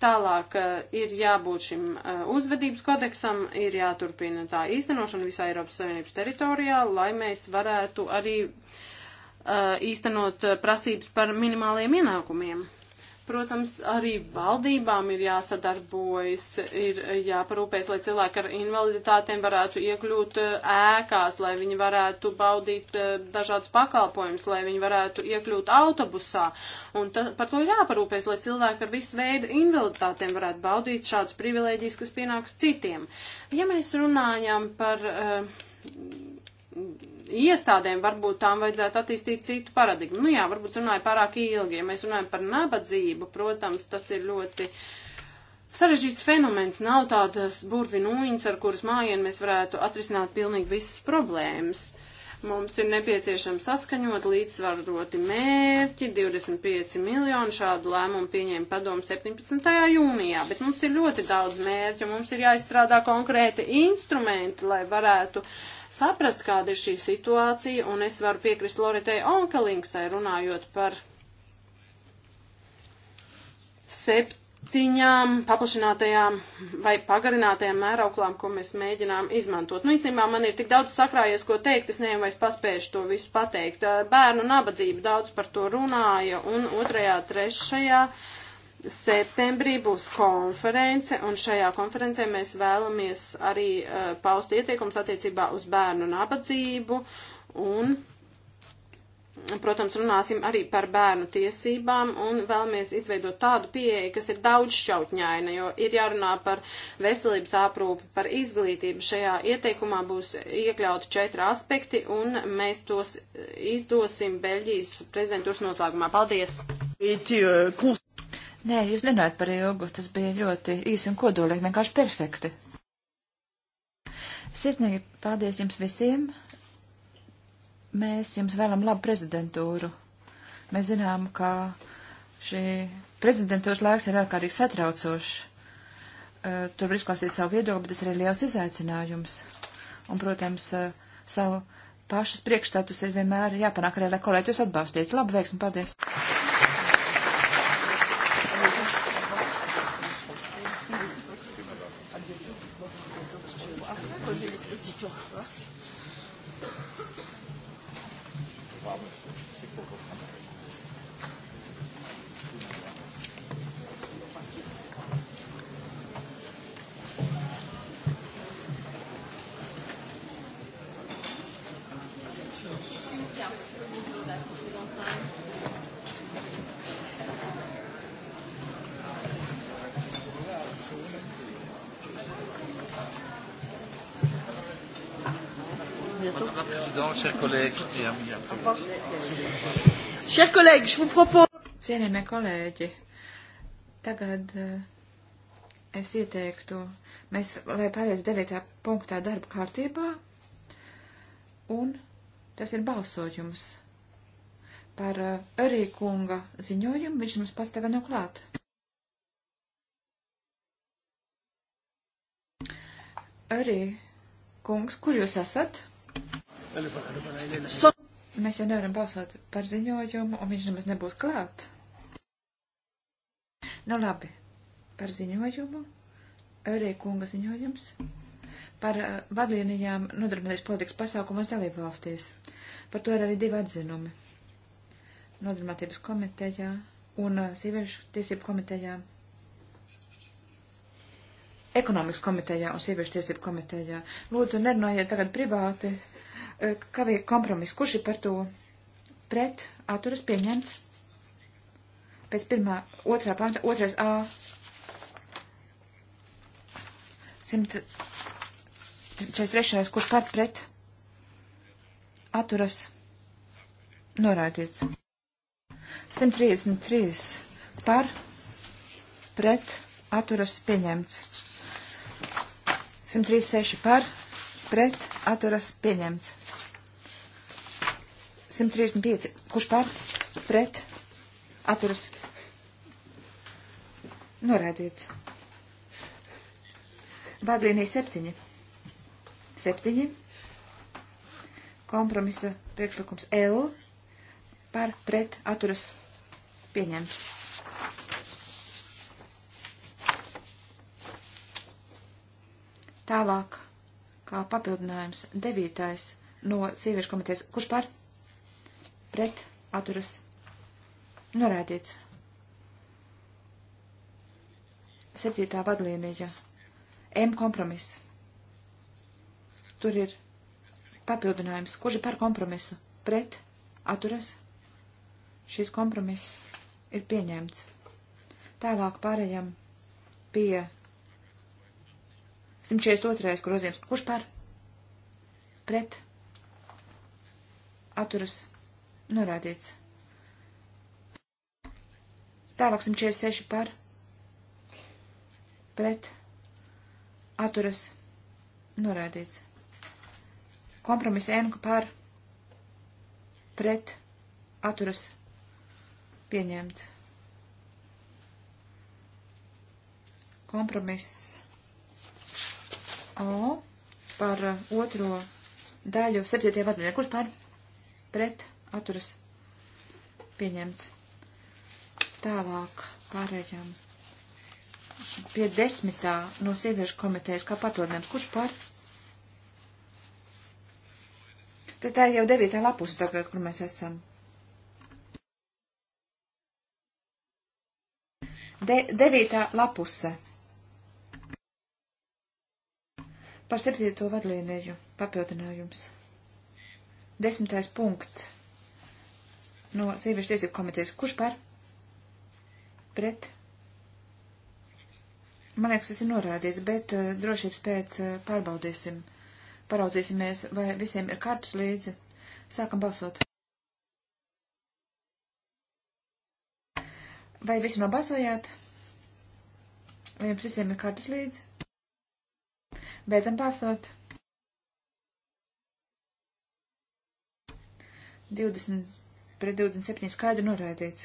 Tālāk e, ir jābūt šim e, uzvedības kodeksam, ir jāturpina tā īstenošana visā Eiropas Savienības teritorijā, lai mēs varētu arī. E, Uh, īstenot uh, prasības par minimāliem ienākumiem. Protams, arī valdībām ir jāsadarbojas, ir jāparūpēs, lai cilvēki ar invaliditātiem varētu iekļūt uh, ēkās, lai viņi varētu baudīt dažādus pakalpojumus, lai viņi varētu iekļūt autobusā. Un tad, par to jāparūpēs, lai cilvēki ar visu veidu invaliditātiem varētu baudīt šādas privilēģijas, kas pienāks citiem. Ja mēs runājam par. Uh, iestādēm varbūt tām vajadzētu attīstīt citu paradigmu. Nu jā, varbūt runāju pārāk ilgi. Ja mēs runājam par nabadzību, protams, tas ir ļoti sarežģīts fenomens. Nav tādas burvinūjiņas, ar kuras mājien mēs varētu atrisināt pilnīgi visas problēmas. Mums ir nepieciešams saskaņot līdzsvaroti mērķi, 25 miljoni šādu lēmumu pieņēma padomu 17. jūnijā, bet mums ir ļoti daudz mērķu, mums ir jāizstrādā konkrēti instrumenti, lai varētu uh, saprast, kāda ir šī situācija, un es varu piekrist Loritei Onkalinksai runājot par septiņām paplašinātajām vai pagarinātajām mērauklām, ko mēs mēģinām izmantot. Nu, īstenībā man ir tik daudz sakrājies, ko teikt, es nezinu, vai es paspēšu to visu pateikt. Bērnu nabadzība daudz par to runāja, un otrajā, trešajā. Uh, septembrī būs konference, un šajā konferencē mēs vēlamies arī uh, paust ieteikums attiecībā uz bērnu nabadzību, un, protams, runāsim arī par bērnu tiesībām, un vēlamies izveidot tādu pieeju, kas ir daudz šķautņaina, jo ir jārunā par veselības aprūpi, par izglītību. Šajā ieteikumā būs iekļauti četri aspekti, un mēs tos izdosim Beļģijas prezidentūras noslēgumā. Paldies! Et, uh, Nē, jūs nenājat par ilgu, tas bija ļoti īsi un kodolīgi, vienkārši perfekti. Sirsnīgi paldies jums visiem. Mēs jums vēlam labu prezidentūru. Mēs zinām, ka šī prezidentūras laiks ir ārkārtīgi satraucošs. Eh, tur var izklāstīt savu viedokli, bet tas ir liels izaicinājums. Un, protams, eh, savu pašas priekšstatus ir vienmēr jāpanāk arī, lai kolēģi jūs atbalstītu. Labu veiksmu, paldies! Chers collègues, je vous propose. Cienījamie kolēģi, tagad eh, es ieteiktu, mēs, lai pārietu 9. punktā darba kārtībā, un tas ir balsojums par arī eh, kunga ziņojumu, viņš mums pats tagad nav klāt. Arī kungs, kur jūs esat? Mēs jau nevaram balsot par ziņojumu, un viņš nemaz nebūs klāt. Nu labi, par ziņojumu, Eurī kunga ziņojums, par uh, vadlīnijām nodarbinātais politikas pasākumos dalību valstīs. Par to ir arī divi atzinumi. Nodarbinātības komitejā un uh, sieviešu tiesību komitejā. Ekonomikas komitejā un sieviešu tiesību komitejā. Lūdzu, nerunājiet tagad privāti Kā bija kompromiss? Kurš ir par to? Pret atturas pieņemts. Pēc pirmā, otrā panta, otrais A. 143. Kurš par pret? Atturas. Norādīts. 133. Par pret atturas pieņemts. 136 par, pret, atturas pieņemts. 135. Kurš par? Pret. Atturas. Norādīts. Vadlīnija 7. 7. Kompromisa priekšlikums L par pret atturas pieņemts. Tālāk, kā papildinājums, devītais no sieviešu komitejas, kurš par pret atturas norādīts. Septītā vadlīnija M kompromiss. Tur ir papildinājums. Kurš ir par kompromisu? Pret atturas. Šis kompromiss ir pieņemts. Tālāk pārējām pie 142. grozījums. Kurš par? Pret atturas Norādīts. Tālāk 146 par pret atturas norādīts. Kompromiss N par pret atturas pieņemts. Kompromiss O par otro daļu septītajā vadībā. Kurš par pret atturas? atturas pieņemts. Tālāk pārējām pie desmitā no sieviešu komitejas kā papildinājums. Kurš par? Tad tā jau devītā lapus tagad, kur mēs esam. De, devītā lapuse. Par septīto vadlīniju papildinājums. Desmitais punkts no sieviešu tiesību komitejas. Kurš par? Pret? Man liekas, tas ir norādīts, bet uh, drošības pēc uh, pārbaudīsim. Paraudzīsimies, vai visiem ir kartas līdzi. Sākam balsot. Vai visi nobalsojāt? Vai jums visiem ir kartas līdzi? Beidzam balsot. 20 pret 27 skaidri noraidīts.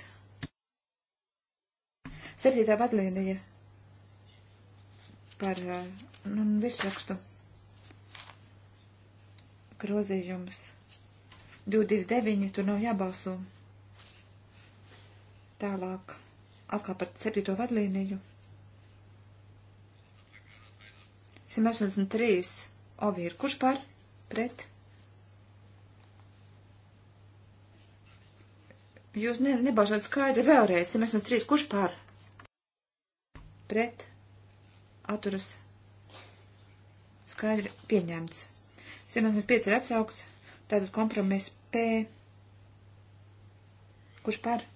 Septītā vadlīnija par uh, nu, virsrakstu grozījums. 229, tur nav jābalso. Tālāk, atkal par septīto vadlīniju. 183, Ovīr, kurš par? Pret? Jūs ne, nebalsot skaidri vēlreiz, ja mēs no trīs, kurš pār? Pret. Atturas. Skaidri pieņemts. 105 ir atsaukts. Tātad kompromiss P. Kurš par?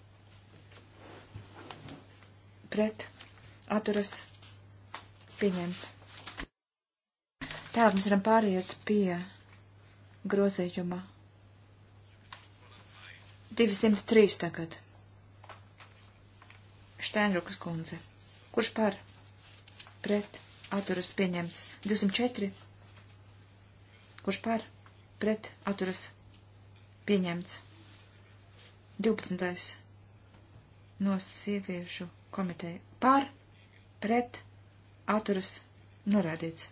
Pret. Atturas. Pieņemts. Tālāk mēs varam pāriet pie grozījuma 203 tagad. Štēnrukas kundze. Kurš par? Pret. Atturas pieņemts. 204. Kurš par? Pret. Atturas pieņemts. 12. No sieviešu komiteja. Par. Pret. Atturas norādīts.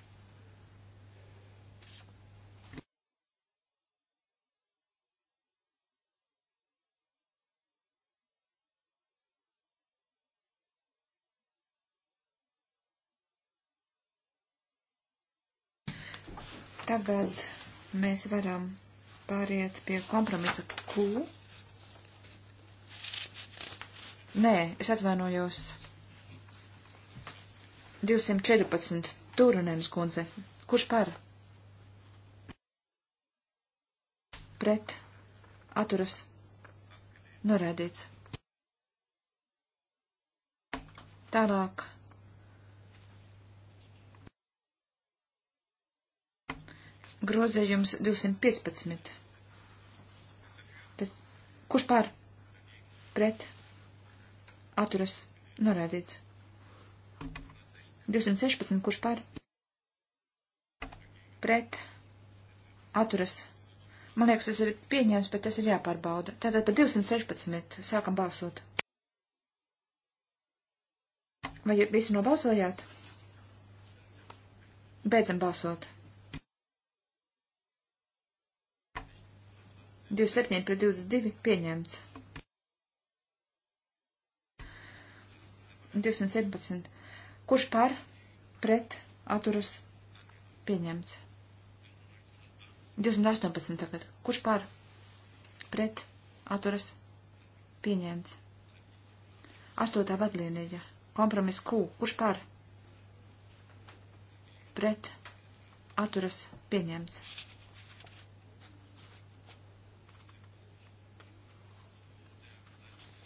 Tagad mēs varam pāriet pie kompromisa Q. Nē, es atvainojos. 214. Tūrunēnas kundze. Kurš par? Pret. Aturas. Norēdīts. Tālāk. Grozējums 215. Tas, kurš pār? Pret. Atturas. Norādīts. 216. Kurš pār? Pret. Atturas. Man liekas, tas ir pieņēmis, bet tas ir jāpārbauda. Tātad par 216 sākam balsot. Vai visi nobalsojāt? Beidzam balsot. 27 pret 22 pieņemts. 217. Kurš par pret atturas pieņemts? 218 tagad. Kurš par pret atturas pieņemts? 8. vadlīnija. Kompromiss Q. Kurš par pret atturas pieņemts?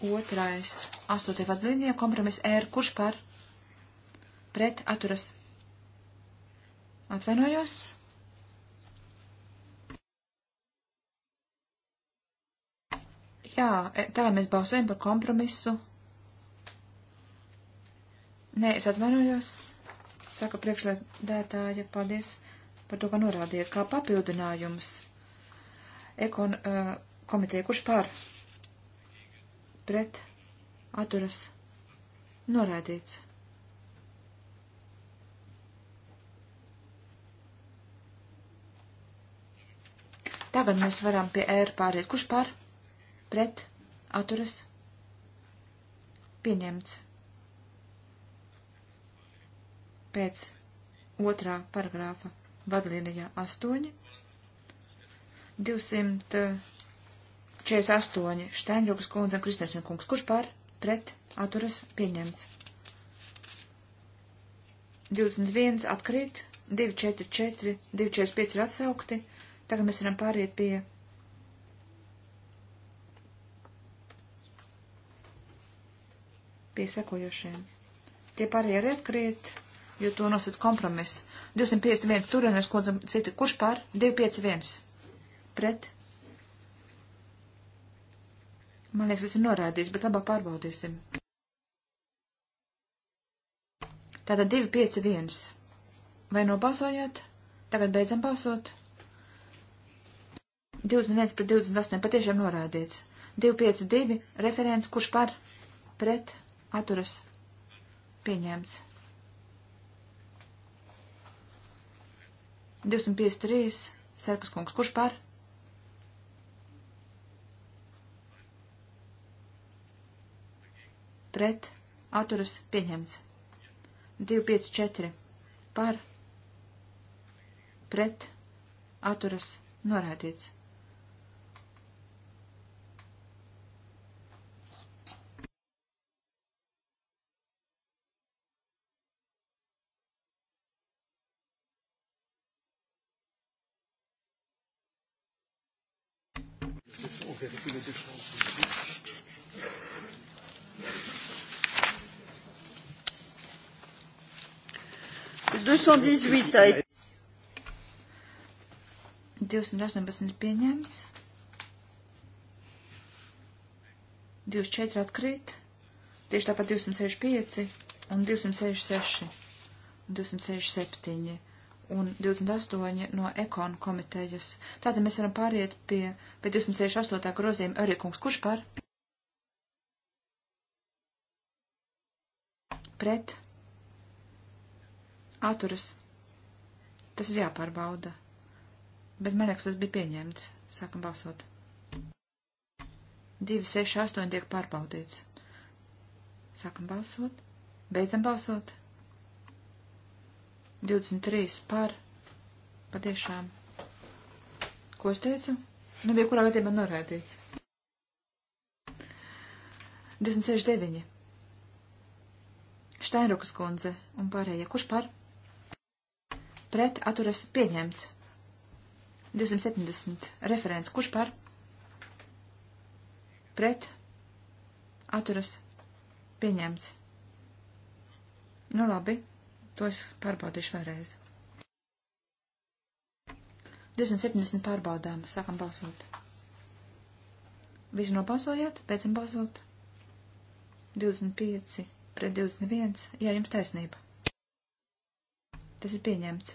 Otrais, astotie vadlīnija, kompromiss R, kurš par pret atturas. Atvainojos. Jā, e, tagad mēs balsojam par kompromisu. Nē, es atvainojos. Saka priekšlēdētāja, paldies par to, ka norādījāt kā papildinājums. Ekon uh, komiteja, kurš pār? pret atturas norādīts. Tagad mēs varam pie ēra pāriet. Kurš par? Pret? Atturas? Pieņemts. Pēc otrā paragrāfa vadlīnijā 8. 200. 48. Štainrupas kundze un Kristēsen kungs. Kurš par? Pret. Atturas. Pieņemts. 21. Atkrīt. 244. 245 ir atsaukti. Tagad mēs varam pāriet pie. Pie sekojošiem. Tie pārējie ir atkrīt, jo to nosacīts kompromiss. 251 turienes, ko citu, kurš pār? 251. Pret Man liekas, tas ir norādīts, bet labāk pārbaudīsim. Tātad 2, 5, 1. Vai nobalsojāt? Tagad beidzam balsot. 21 pret 28 patiešām norādīts. 2, 5, 2 referents, kurš par pret atturas pieņemts. 253 Serkas kungs, kurš par pret? pret, atturas pieņemts. 254 par, pret, atturas norādīts. 218 a été. 218 ir pieņemts. 24 atkrīt. Tieši tāpat 265 un 266 un 267 un 28 no ekonu komitejas. Tātad mēs varam pāriet pie, pie 268. grozījuma Erikungs. Kurš par? Pret. Atturas. Tas ir jāpārbauda. Bet man liekas, tas bija pieņemts. Sākam balsot. 2, 6, 8 tiek pārbaudīts. Sākam balsot. Beidzam balsot. 23 par. Patiešām. Ko es teicu? Nu, bija kurā gadījumā norēdīts. 269. Štainrukas kundze un pārējie. Kurš par? pret atturas pieņemts. 270 referents. Kurš par? Pret atturas pieņemts. Nu labi, to es pārbaudīšu vēlreiz. 270 pārbaudām. Sākam balsot. Visi nobalsojāt, beidzam balsot. 25 pret 21. Jā, jums taisnība. Tas ir pieņemts.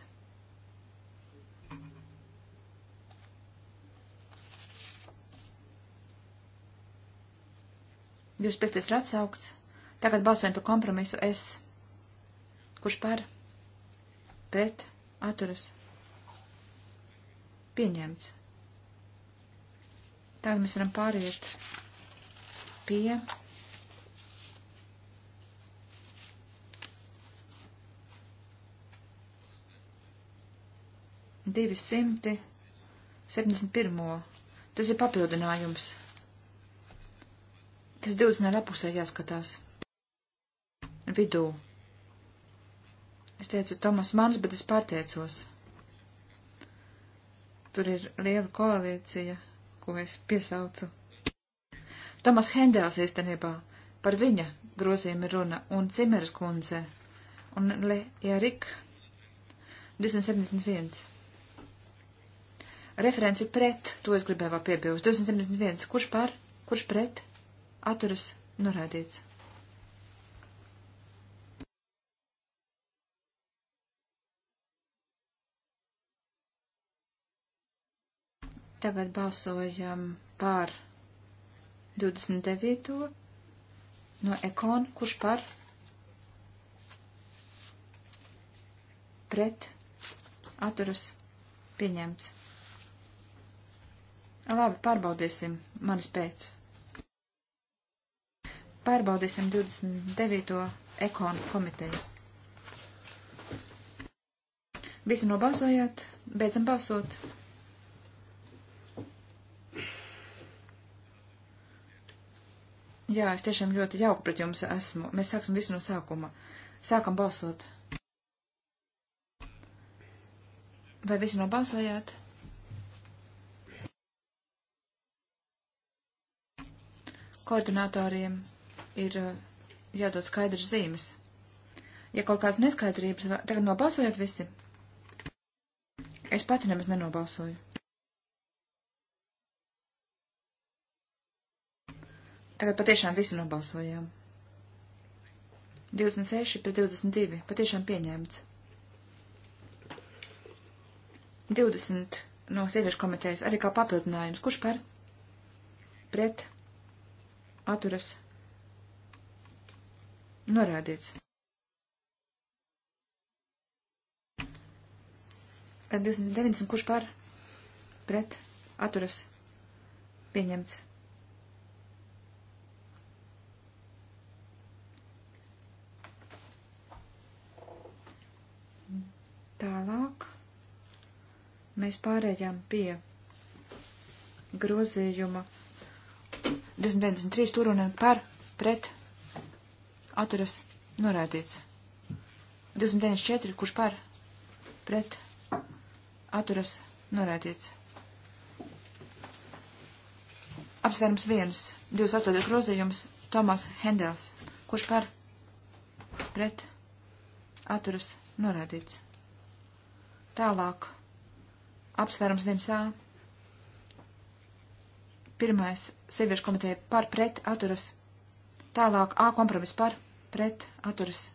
Jūs piektais ir atsaukts. Tagad balsojam par kompromisu S. Kurš par? Pret? Atturas? Pieņemts. Tagad mēs varam pāriet pie 271. Tas ir papildinājums. Tas 20 ar apusē jāskatās. Vidū. Es teicu Tomas Mans, bet es pārteicos. Tur ir liela koalīcija, ko es piesaucu. Tomas Hendels īstenībā par viņa grozījumu ir runa un Cimeras kundze un Le Jarik 271. Referents ir pret, to es gribēju vēl piebilst. 271. Kurš par? Kurš pret? Atturas norādīts. Tagad balsojam par 29. no Ekon, kurš par pret atturas pieņemts. Labi, pārbaudīsim manis pēc. Pārbaudīsim 29. ekonu komiteju. Visi nobalsojāt, beidzam balsot. Jā, es tiešām ļoti jauku pret jums esmu. Mēs sāksim visu no sākuma. Sākam balsot. Vai visi nobalsojāt? koordinatoriem ir eh, jādod skaidrs zīmes. Ja kaut kādas neskaidrības, tagad nobalsojiet visi. Es pati nemaz nenobalsoju. Tagad patiešām visi nobalsojām. 26 pret 22. Patiešām pieņemts. 20 no sieviešu komitejas arī kā papildinājums. Kurš par? Pret atturas norādīts. 29, kurš par pret atturas pieņemts. Tālāk mēs pārējām pie grozījuma 293 tur un par pret atturas norādīts. 294, kurš par pret atturas norādīts. Apsvērums 1, 28 grozījums, Tomas Hendels, kurš par pret atturas norādīts. Tālāk. Apsvērums 1a Pirmais sieviešu komiteja par pret atturas. Tālāk A kompromis par pret atturas.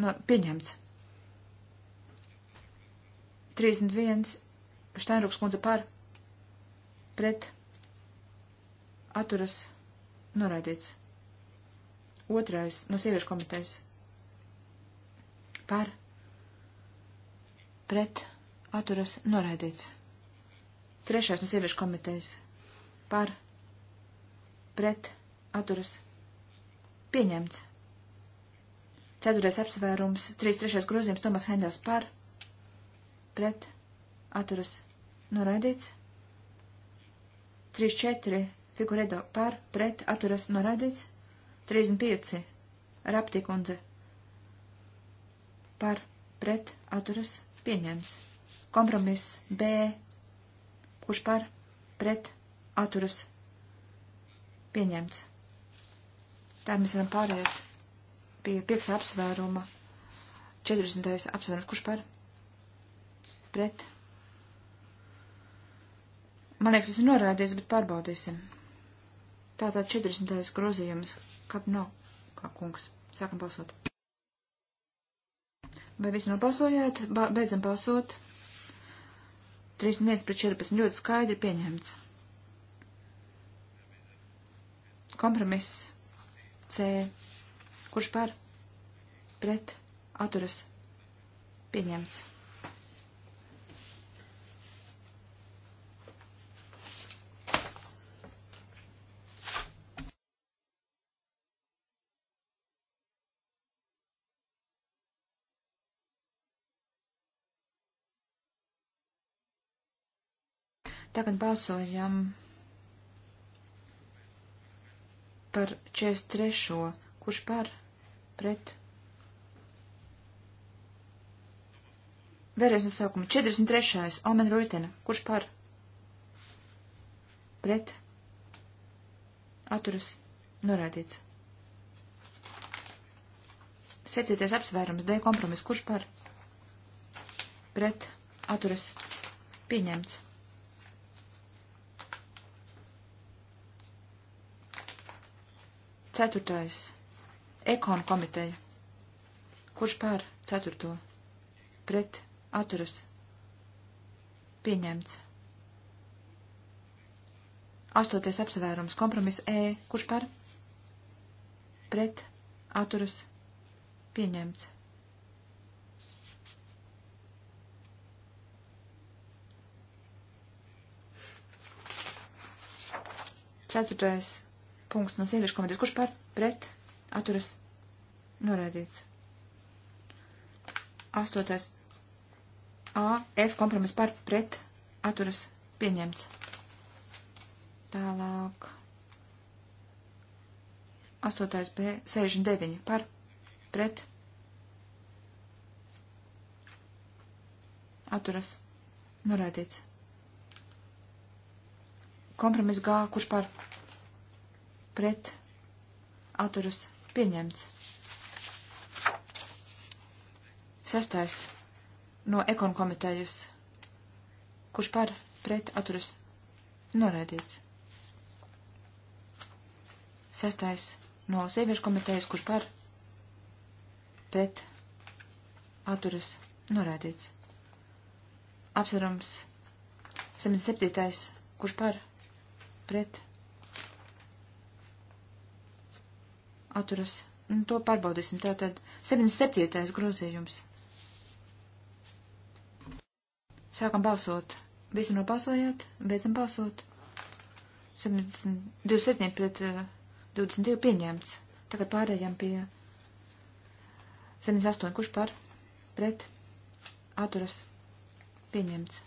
No, pieņemts. 31 Štainruks kundze par pret atturas noraidīts. Otrais no sieviešu komitejas par pret atturas noraidīts. Trešais no sieviešu komitejas par pret atturas pieņemts. Ceturtais apsvērums, 33. grozījums Tomas Hendels par, pret, atturas, noraidīts. 34. Figuredo par, pret, atturas, noraidīts. 35. Raptikundze par, pret, atturas, pieņemts. Kompromiss B, kurš par, pret, atturas pieņemts. Tā mēs varam pāriet pie 5. apsvēruma, 40. apsvērums, kurš par pret. Man liekas, esmu norādījis, bet pārbaudīsim. Tātad 40. grozījums, kāp nav, kā kungs. Sākam balsot. Vai visi nobalsojāt? Ba beidzam balsot. 31 pret 14 ļoti skaidri pieņemts. Kompromiss C. Kurš par? Pret. Atturas. Pieņemts. Tagad balsojam par 43. Kurš par? Pret. Vēlreiz no sākuma. 43. Omen Ruitena. Kurš par? Pret. Atturas. Norādīts. 7. apsvērums. D kompromis. Kurš par? Pret. Atturas. Pieņemts. Ceturtais. Ekon komiteja. Kurš pār ceturto? Pret atturas. Pieņemts. Astoties apsvērums kompromis E. Kurš par? Pret. Atturas. Pieņemts. Ceturtais punkts no sieviešu komitejas. Kurš par pret atturas norādīts? Astotais A, F kompromiss par pret atturas pieņemts. Tālāk. Astotais B, 69 par pret atturas norādīts. Kompromiss G, kurš par pret pret atturas pieņemts. Sestais no ekon komitejas, kurš par pret atturas noraidīts. Sestais no sieviešu komitejas, kurš par pret atturas noraidīts. Apsverums 77. kurš par pret atturas atturas. Nu, to pārbaudīsim. Tātad 77. grozījums. Sākam balsot. Visi nobalsojāt, beidzam balsot. 70, 27 pret 22 eh, pieņemts. Tagad pārējām pie 78. Kurš par? Pret. Atturas. Pieņemts.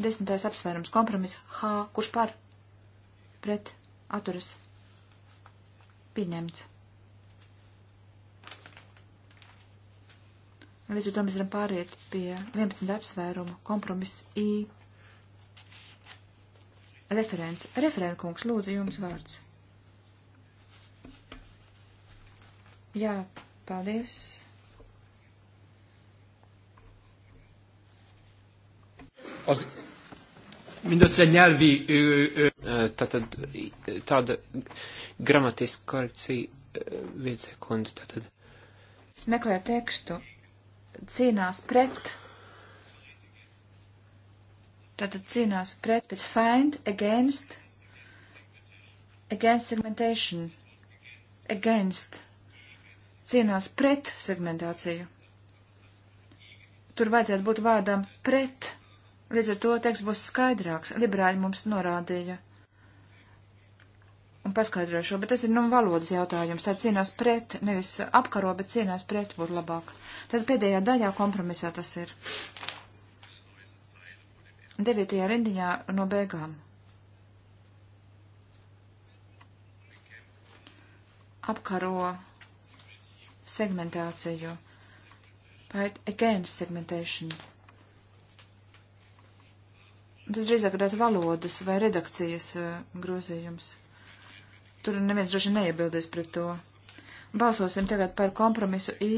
Desmitais apsvērums. Kompromis. H. Kurš par? Pret. Atturas. Pieņemts. Līdz ar to mēs varam pāriet pie 11 apsvērumu kompromiss I. Referents. Referentkungs, lūdzu, jums vārds. Jā, paldies. Az mindössze nyelvi... Ö, ö. Tātad tāda gramatiska korekcija viens sekundi, tātad. Es meklēju tekstu, cīnās pret, tātad cīnās pret, pēc find, against, against segmentation, against, cīnās pret segmentāciju. Tur vajadzētu būt vārdam pret Līdz ar to teksts būs skaidrāks. Liberāļi mums norādīja un paskaidroju šo, bet tas ir, nu, valodas jautājums. Tā cīnās pret, nevis apkaro, bet cīnās pret būtu labāk. Tad pēdējā daļā kompromisā tas ir. Devītajā rindiņā no beigām. Apkaro segmentāciju. Pēc against segmentation. Tas drīzāk ir tāds valodas vai redakcijas eh, grozījums. Tur neviens droši neiebildies pret to. Balsosim tagad par kompromisu I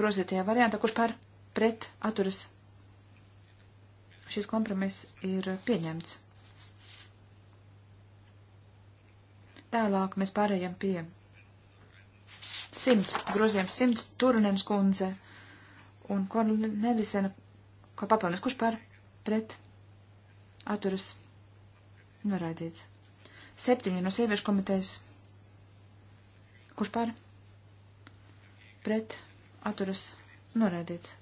grozītajā variantā, kurš par pret atturas. Šis kompromiss ir pieņemts. Tālāk mēs pārējām pie simts, grozījums simts, Turunens kundze un Kornelisena, kā papilnis, kurš par pret atturas noraidīts. Septiņi no sieviešu komitejas. Kurš par? Pret atturas noraidīts.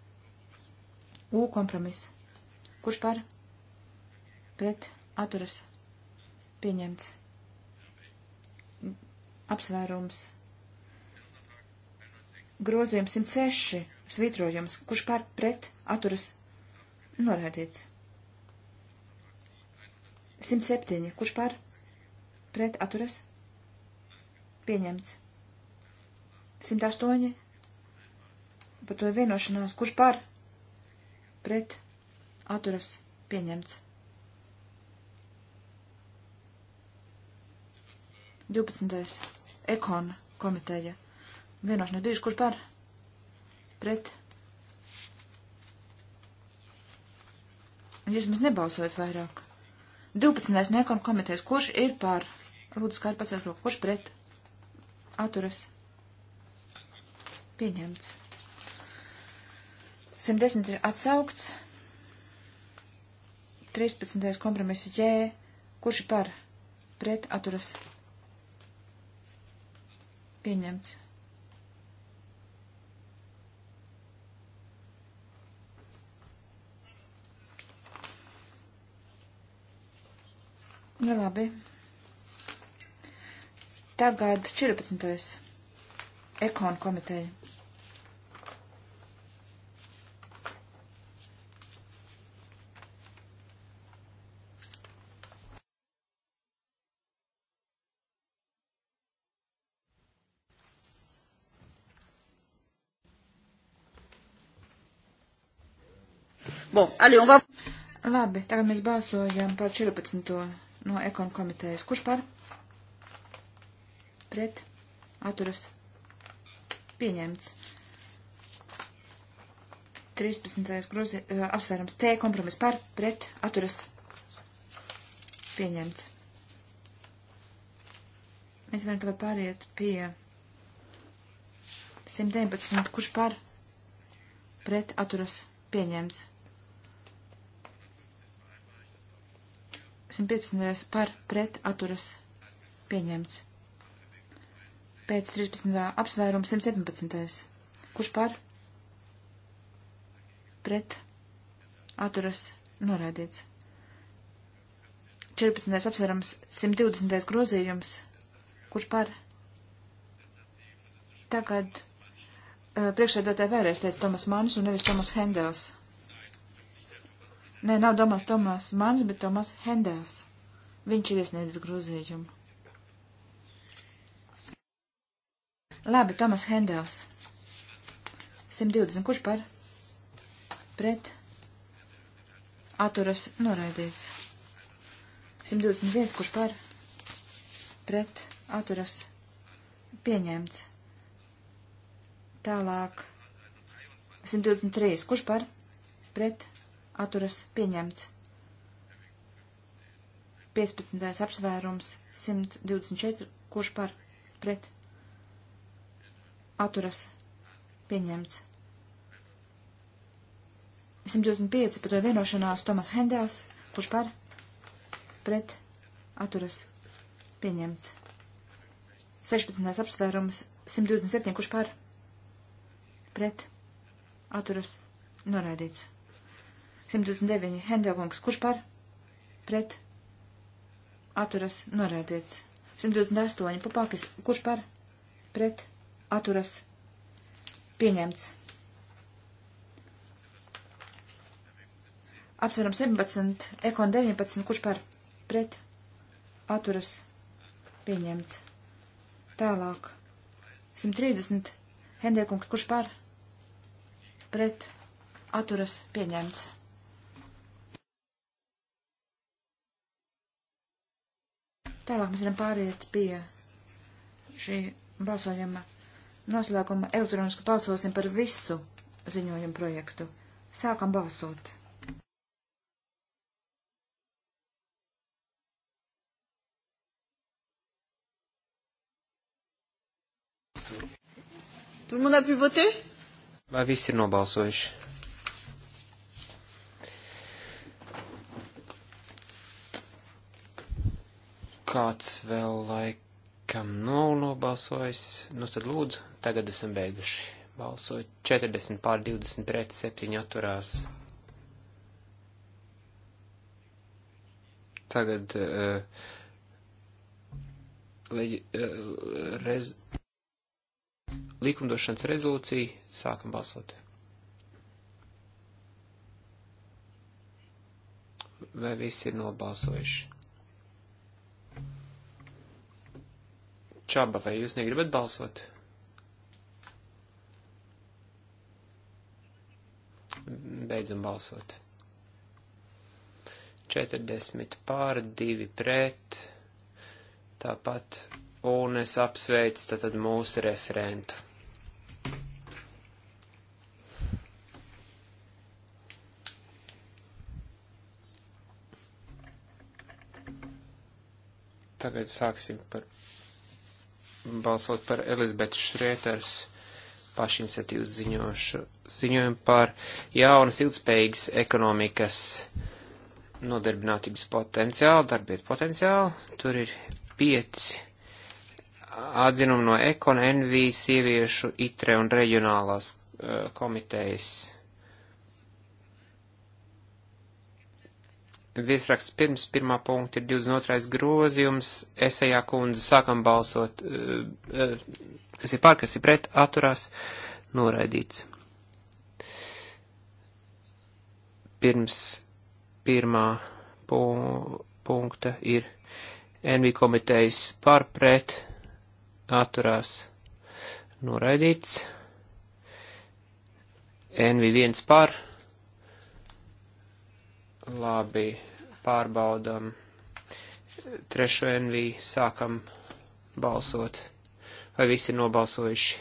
U kompromiss. Kurš par? Pret atturas pieņemts. Apsvērums. Grozījums 106. Svitrojums. Kurš par? Pret atturas noraidīts. 107. Kurš par? Pret atturas. Pieņemts. 108. Par to ir vienošanās. Kurš par? Pret atturas. Pieņemts. 12. Ekon komiteja. Vienošanās divi. Kurš par? Pret. Jūs mums nebalsojat vairāk. 12. niekam komitejas, kurš ir par? Lūdzu, kā ir pacelt roku, kurš pret? Atturas. Pieņemts. 110 ir atsaukts. 13. kompromisa J. Kurš ir par? Pret atturas. Pieņemts. Nu, labi. Tagad 14. Ekonu komiteja. Bon, allez, on va... Labi, tagad mēs balsojam par 14 no ekon komitejas. Kurš par? Pret. Atturas. Pieņemts. 13. grozi, uh, apsvērums T, kompromiss par, pret, atturas. Pieņemts. Mēs varam tagad pāriet pie 119. Kurš par? Pret, atturas. Pieņemts. 115. par pret atturas pieņemts. Pēc 13. apsvērums 117. Kurš par pret atturas norādīts. 14. apsvērums 120. grozījums. Kurš par? Tagad uh, priekšsēdētāji vēlreiz teica Tomas Manis un nevis Tomas Hendels. Nē, nav domās Tomās Mans, bet Tomās Hendels. Viņš ir iesniedzis grozījumu. Labi, Tomas Hendels. 120. Kurš par? Pret. Atturas noraidīts. 121. Kurš par? Pret. Atturas pieņemts. Tālāk. 123. Kurš par? Pret atturas pieņemts. 15. apsvērums 124, kurš par pret atturas pieņemts. 125 par to vienošanās Tomas Hendels, kurš par pret atturas pieņemts. 16. apsvērums 127, kurš par pret atturas noraidīts. 129. Hendelkungs, kurš par? Pret. Atturas norādīts. 128. Papakis, kurš par? Pret. Atturas. Pieņemts. Apsveram 17, ekon 19, kurš par pret atturas pieņemts. Tālāk. 130, Hendekungs, kurš par pret atturas pieņemts. Tālāk mēs varam pāriet pie šī balsojuma noslēguma elektroniski balsosim par visu ziņojumu projektu. Sākam balsot! Vai visi ir nobalsojuši? Kāds vēl laikam nav nobalsojis, nu tad lūdzu, tagad esam beiguši. Balsot 40 pār 20 pret 7 atturās. Tagad uh, leģi, uh, rez, likumdošanas rezolūcija, sākam balsot. Vai visi ir nobalsojuši? Čaba, vai jūs negribat balsot? Beidzam balsot. 40 pār, 2 pret, tāpat, un es apsveicu tātad mūsu referentu. Tagad sāksim par balsot par Elizabetes Šrēters pašiniciatīvas ziņošu, ziņojumu par jaunas ilgspējīgas ekonomikas nodarbinātības potenciālu, darbietu potenciālu. Tur ir pieci atzinumi no Ekon, NV, sieviešu, ITRE un reģionālās uh, komitejas. viesraksts pirms pirmā punkta ir 22. grozījums, esējā kundze sākam balsot, eh, eh, kas ir pār, kas ir pret, atturās, noraidīts. Pirms pirmā pu punkta ir NV komitejas pār, pret, atturās, noraidīts. NV1 pār, Labi, pārbaudam. Trešo NV sākam balsot. Vai visi ir nobalsojuši?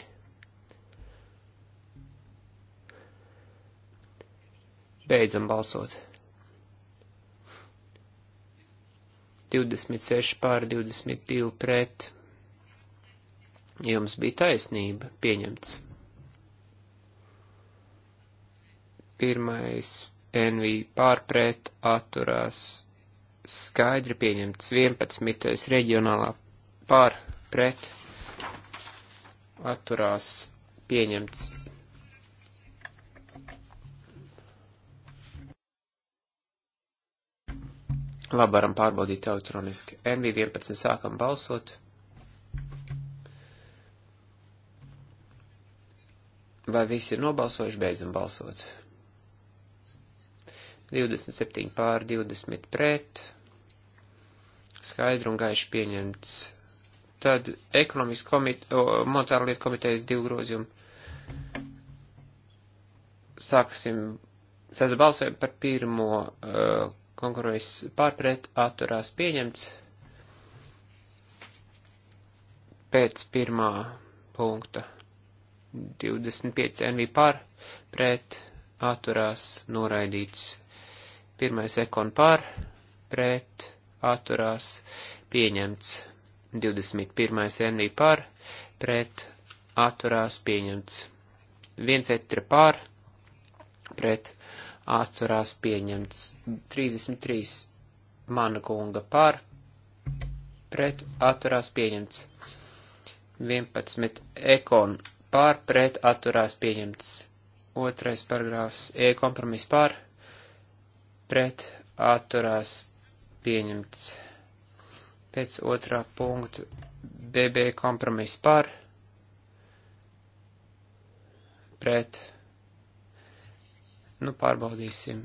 Beidzam balsot. 26 pār 22 pret. Jums bija taisnība pieņemts. Pirmais NV pārpret atturās skaidri pieņemts 11. reģionālā pārpret atturās pieņemts. Labi, varam pārbaudīt elektroniski. NV11 sākam balsot. Vai visi ir nobalsojuši, beidzam balsot? 27 pār 20 pret, skaidri un gaiši pieņemts. Tad ekonomikas komite, monetāra lieta komitejas divu grozījumu. Sāksim, tad balsojam par pirmo uh, konkurojas pārpret, atturās pieņemts. Pēc pirmā punkta 25 NV pār pret atturās noraidīts Pirmais ekon par, pret, atturās, pieņemts. 21. envī par, pret, atturās, pieņemts. 1 etra par, pret, atturās, pieņemts. 33. mana kunga par, pret, atturās, pieņemts. 11. ekon par, pret, atturās, pieņemts. 2. paragrāfs, e kompromis par, pret atturās pieņemts. Pēc otrā punkta BB kompromis par pret. Nu, pārbaudīsim.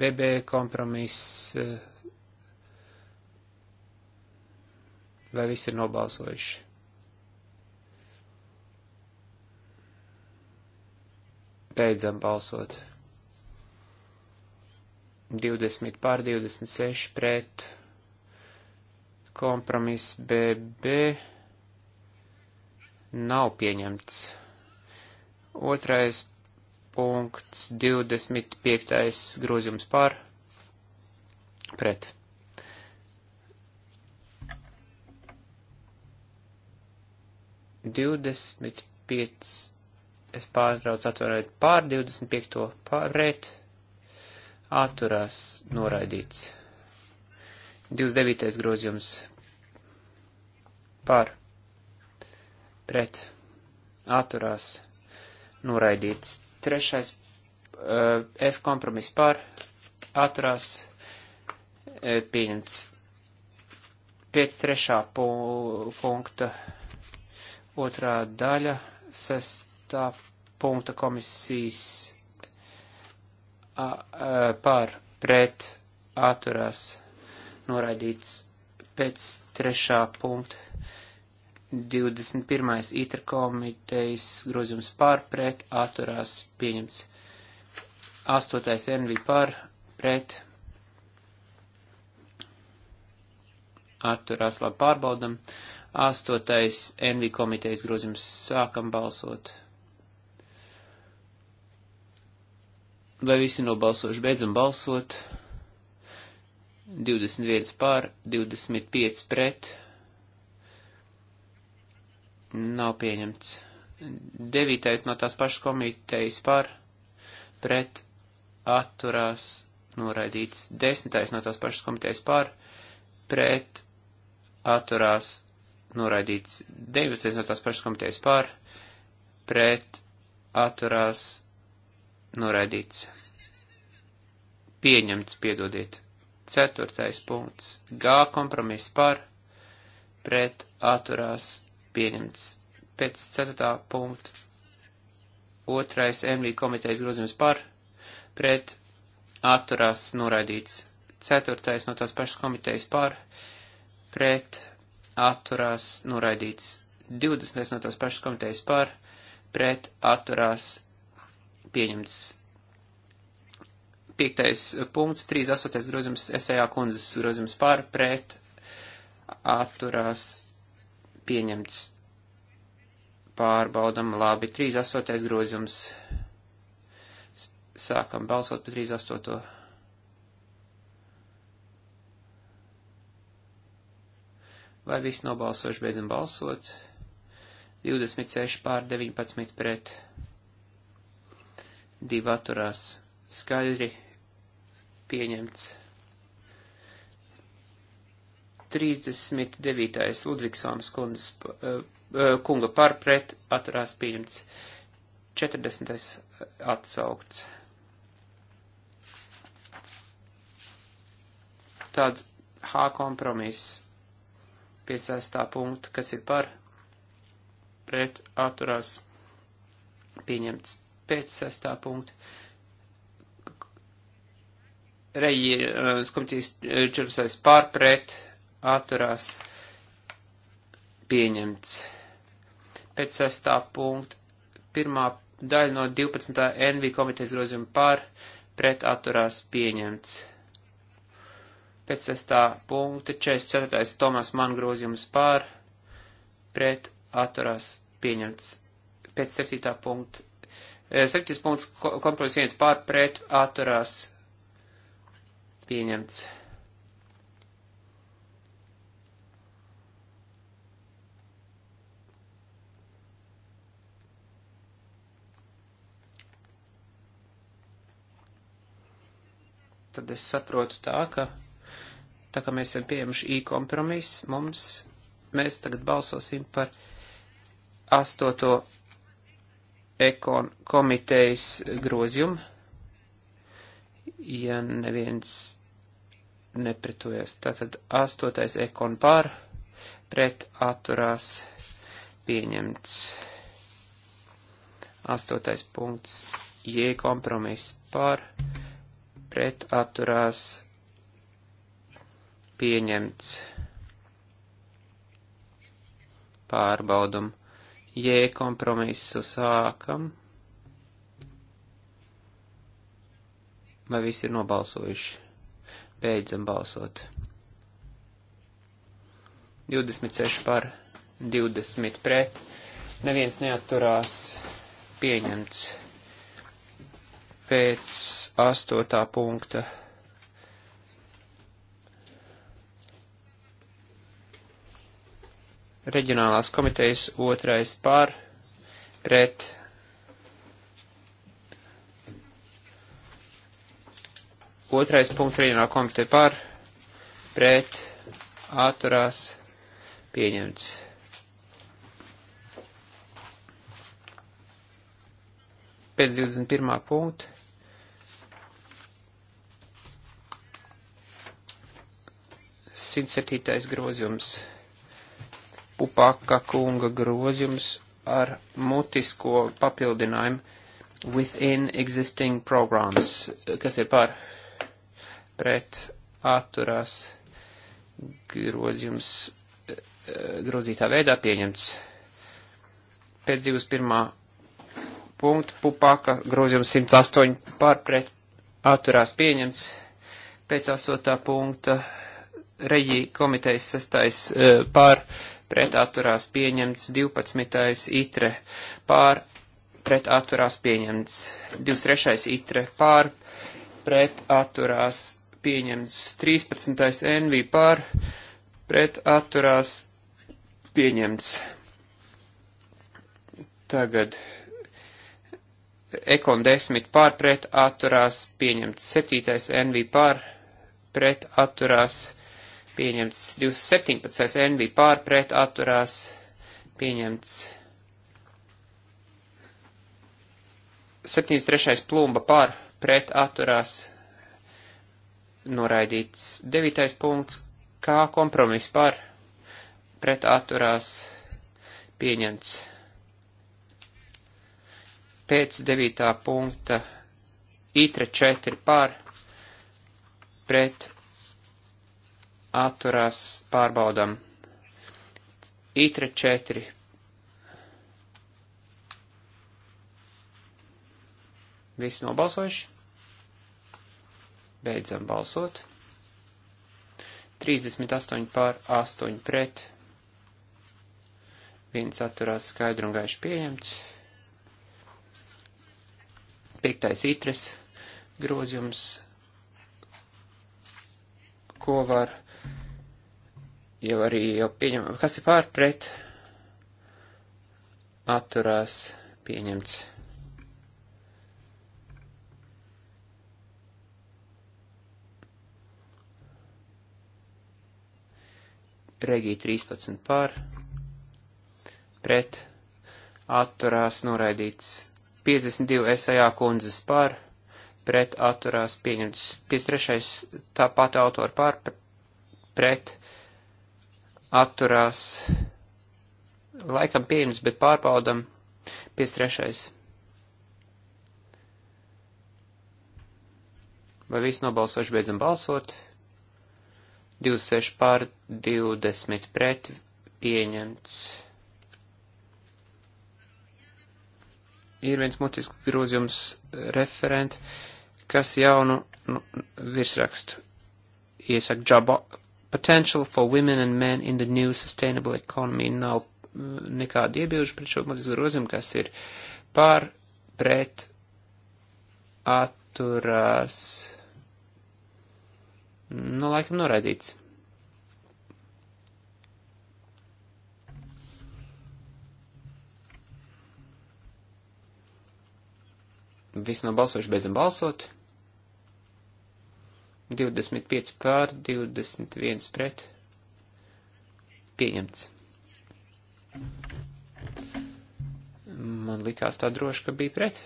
BB kompromis. Vai visi ir nobalsojuši? Beidzam balsot. 20 pār 26 pret kompromis BB nav pieņemts. Otrais punkts 25. grozījums pār pret. Divdesmit piec, es pārtraucu atvainojiet pār 25. pret atturās noraidīts. 29. grozījums par pret atturās noraidīts. 3. Eh, F kompromiss par atturās eh, pieņemts. 5. 3. punkta otrā daļa 6. punkta komisijas E, pār pret atturās noraidīts pēc trešā punkta. 21. itra komitejas grozījums pār pret atturās pieņemts. 8. NV pār pret atturās labi pārbaudam. 8. NV komitejas grozījums sākam balsot. Vai visi nobalsojuši? Beidzam balsot. 21 pār, 25 pret. Nav pieņemts. 9. no tās pašas komitejas pār, pret, atturās, noraidīts. 10. no tās pašas komitejas pār, pret, atturās, noraidīts. 19. no tās pašas komitejas pār, pret, atturās, noraidīts Noraidīts. Pieņemts, piedodiet. Ceturtais punkts. G kompromiss par, pret, atturās, pieņemts. Pēc ceturtā punkta. Otrais MV komitejas grozījums par, pret, atturās, noraidīts. Ceturtais no tās pašas komitejas par, pret, atturās, noraidīts. 20. no tās pašas komitejas par, pret, atturās, pieņemts. Piektais punkts, 38. grozījums, esējā kundzes grozījums pār, pret, atturās, pieņemts. Pārbaudam, labi, 38. grozījums. Sākam balsot par 38. Vai viss nobalsojuši beidzam balsot? 26 pār 19 pret divi atturās skaļi pieņemts. 39. Ludvigsons kundas, eh, eh, kunga par pret atturās pieņemts. 40. Eh, atsaukts. Tad H kompromiss piesaistā punktu, kas ir par pret atturās pieņemts pēc sestā punkta. Reģionālās uh, komitejas uh, 14. pārpret atturās pieņemts. Pēc sestā punkta pirmā daļa no 12. NV komitejas grozījuma pār pret atturās pieņemts. Pēc sestā punkta 44. Tomas man grozījums pār pret atturās pieņemts. Pēc septītā punkta Eh, Septis punkts kompromiss viens pār pret atturās pieņemts. Tad es saprotu tā, ka tā kā mēs esam pieņemši I kompromisu, mums mēs tagad balsosim par astoto ekon komitejas grozījumu. Ja neviens nepretojas, tātad astotais ekon pār pret atturās pieņemts. Astotais punkts. J kompromiss par pret atturās pieņemts pārbaudum. J kompromisu sākam. Vai visi ir nobalsojuši? Beidzam balsot. 26 par 20 pret. Neviens neatturās pieņemts pēc 8. punkta. reģionālās komitejas, otrais par, pret, otrais punkts reģionālā komiteja par, pret, atturās, pieņemts. Pēc 21. punkta. Simt septītais grozījums. Pupaka kunga grozījums ar mutisko papildinājumu within existing programs, kas ir par pret atturās grozījums eh, grozītā veidā pieņemts. Pēc 21. punkta pupaka grozījums 108 pārpret atturās pieņemts. Pēc 8. punkta reģī komitejas sastais eh, pār pret atturās pieņemts 12. itre pār pret atturās pieņemts 23. itre pār pret atturās pieņemts 13. envī pār pret atturās pieņemts. Tagad ekon 10 pār pret atturās pieņemts 7. envī pār pret atturās pieņemts pieņemts 217. NV pār pret atturās pieņemts 73. plumba pār pret atturās noraidīts 9. punkts, kā kompromis pār pret atturās pieņemts pēc 9. punkta itre 4 pār pret atturās pārbaudam. Itre 4. Visi nobalsojuši. Beidzam balsot. 38 pār 8 pret. Viens atturās skaidru un gaišu pieņemts. Piektais itres grozījums, ko var jau arī jau pieņem, kas ir pārpret, atturās pieņemts. Regija 13 pār, pret, atturās noraidīts 52 esajā kundzes pār, pret atturās pieņemts 53. tāpat autora pār, pret, atturās, laikam pieņems, bet pārbaudam, 53. Vai visi nobalsoši beidzam balsot? 26 pār 20 pret pieņemts. Ir viens mutisks grūzījums referent, kas jaunu nu, virsrakstu iesaka džaba potential for women and men in the new sustainable economy nav mm, nekāda iebilžu pret šo modisku grozījumu, kas ir pār, pret, atturās, nu, laikam noraidīts. Visi nav balsojuši, beidzam balsot. 25 pār, 21 pret. Pieņemts. Man likās tā droši, ka bija pret.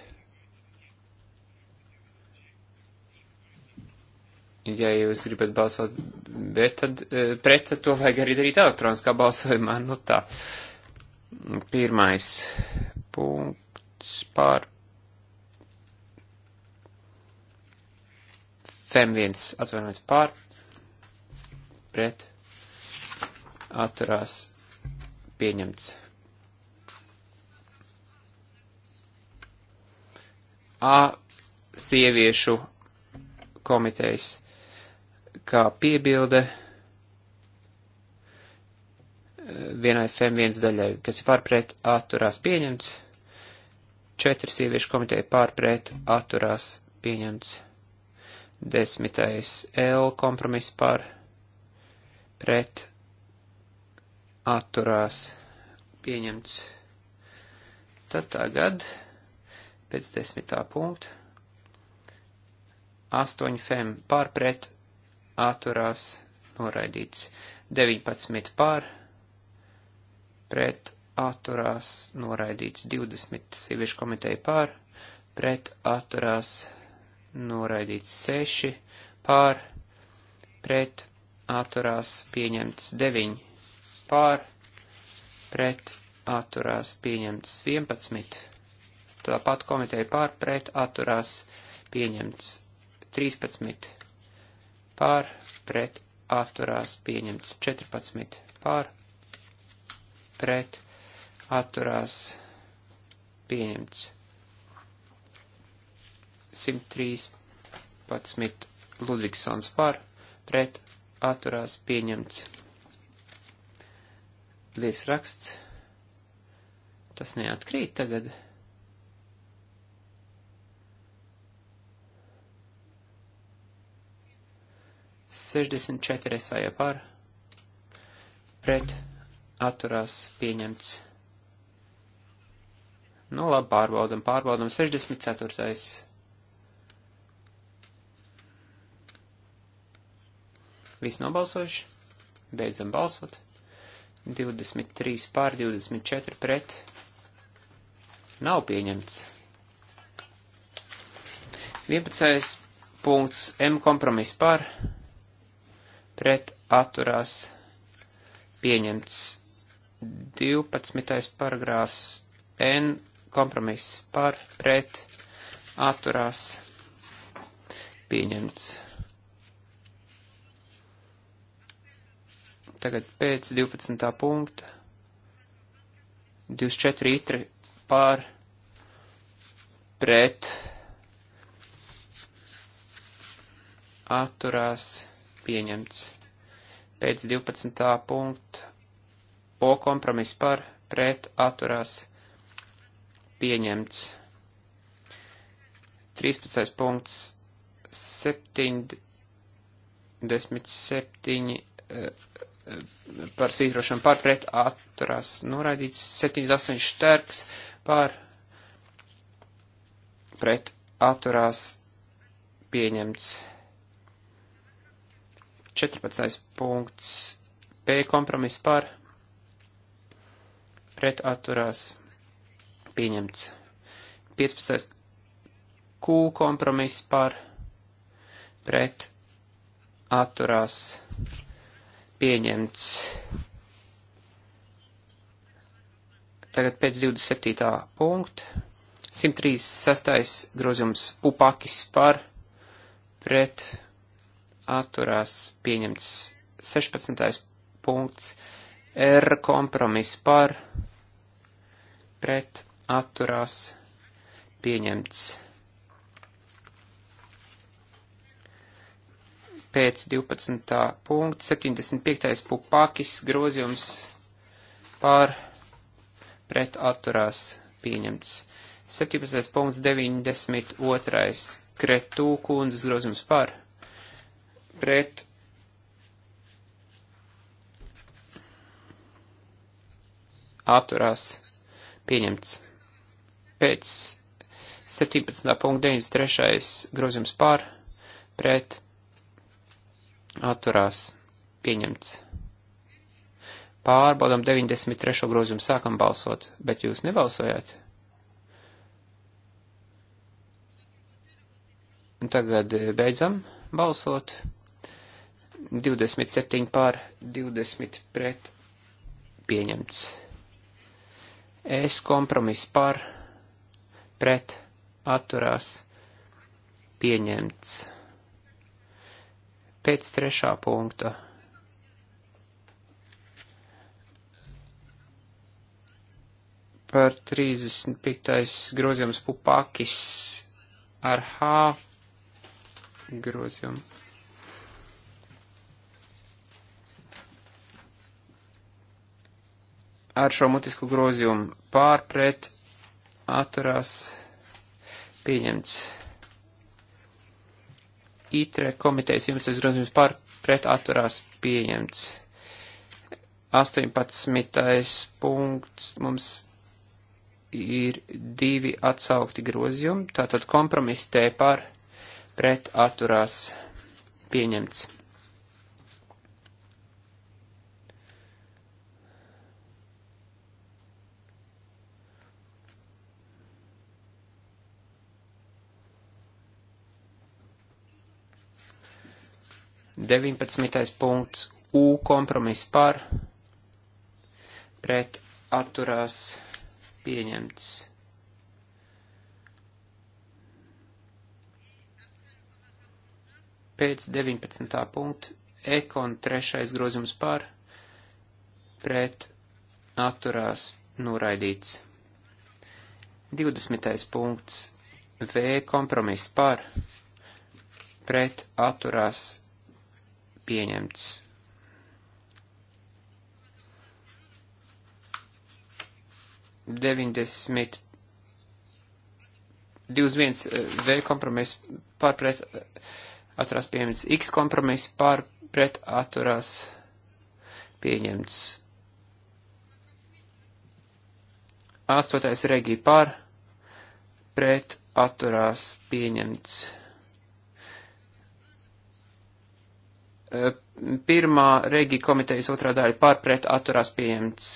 Ja jūs gribat balsot bet, tad, e, pret, tad to vajag arī darīt elektroniskā balsojumā. Nu tā. Pirmais punkts pār FEM 1 atvainojiet pār, pret, atturās, pieņemts. A sieviešu komitejas kā piebilde vienai FM1 daļai, kas ir pārpret atturās pieņemts, četri sieviešu komiteja pārpret atturās pieņemts. Desmitais L kompromiss par pret atturās pieņemts. Tad tagad pēc desmitā punkta. Astoņi fem pār pret atturās noraidīts. 19 pār pret atturās noraidīts. 20 sieviešu komiteja pār pret atturās noraidīts noraidīts 6, pār, pret, atturās pieņemts 9, pār, pret, atturās pieņemts 11, tāpat komiteja pār, pret, atturās pieņemts 13, pār, pret, atturās pieņemts 14, pār, pret, atturās pieņemts 14 113 Ludvigsons par, pret atturās pieņemts. Lies raksts. Tas neatkrīt tagad. Sešdesmit četri esāja par, pret atturās pieņemts. Nu labi, pārbaudam, pārbaudam, 64. Viss nobalsojuši. Beidzam balsot. 23 pār 24 pret. Nav pieņemts. 11. punkts M kompromis par. Pret atturās pieņemts. 12. paragrāfs N kompromiss par pret atturās pieņemts. tagad pēc 12. punkta 24 itri pār pret atturās pieņemts. Pēc 12. punkta O kompromis par pret atturās pieņemts. 13. punkts 77. Uh, par svītrošanu pār pret atturās noraidīts 78 štērks pār pret atturās pieņemts 14. punkts P kompromis pār pret atturās pieņemts 15. Q kompromis pār pret atturās pieņemts pieņemts. Tagad pēc 27. punkta 136. grozījums pupakis par pret atturās pieņemts 16. punkts R kompromis par pret atturās pieņemts pēc 12. punkta 75. pupakis grozījums pār pret atturās pieņemts. 17. punkts 92. kretū kundzes grozījums pār pret atturās pieņemts. Pēc 17.93. grozījums pār pret atturās pieņemts. Pārbaudam 93. grozījumu, sākam balsot, bet jūs nebalsojāt. Tagad eh, beidzam balsot. 27 pār 20 pret pieņemts. Es kompromis par pret atturās pieņemts. Pēc trešā punkta. Par 35. grozījums pupakis ar H grozījumu. Ar šo mutisku grozījumu pārpret atturās pieņemts. ITRE komitejas 11. grozījums par pret atturās pieņemts. 18. punkts mums ir divi atsaukti grozījumi, tātad kompromiss T par pret atturās pieņemts. 19. punkts U kompromiss par, pret atturās pieņemts. Pēc 19. punkta ekon trešais grozījums par, pret atturās noraidīts. 20. punkts V kompromiss par, pret atturās pieņemts. Deviņdesmit divas viens eh, V kompromiss par pret eh, atturās pieņemts, X kompromiss par pret atturās pieņemts. Astotais regija par pret atturās pieņemts. Pirmā Regi komitejas otrā daļa pār pret atturās pieņemts.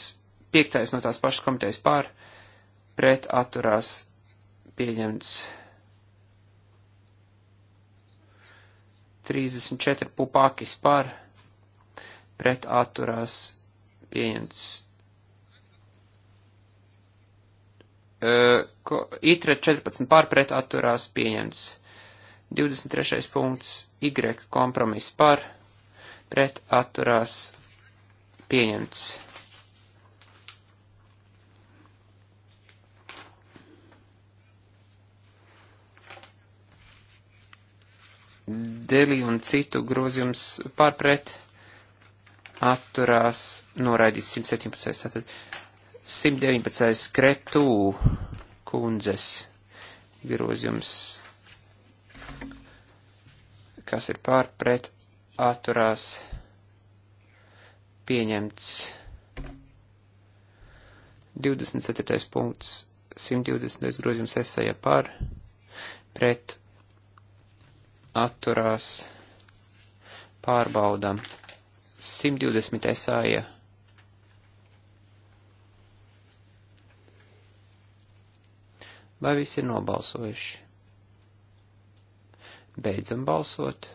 Piektais no tās pašas komitejas pār pret atturās pieņemts. 34 pupākis pār pret atturās pieņemts. Uh, itre 14 pār pret atturās pieņemts. 23. punkts Y kompromiss par pret atturās pieņemts. Deli un citu grozījums pārpret atturās noraidīts 117. Tātad 119. kretū kundzes grozījums, kas ir pārpret atturās pieņemts 27. punkts 120. grozījums esēja par pret atturās pārbaudam 120 esēja. Vai visi ir nobalsojuši? Beidzam balsot.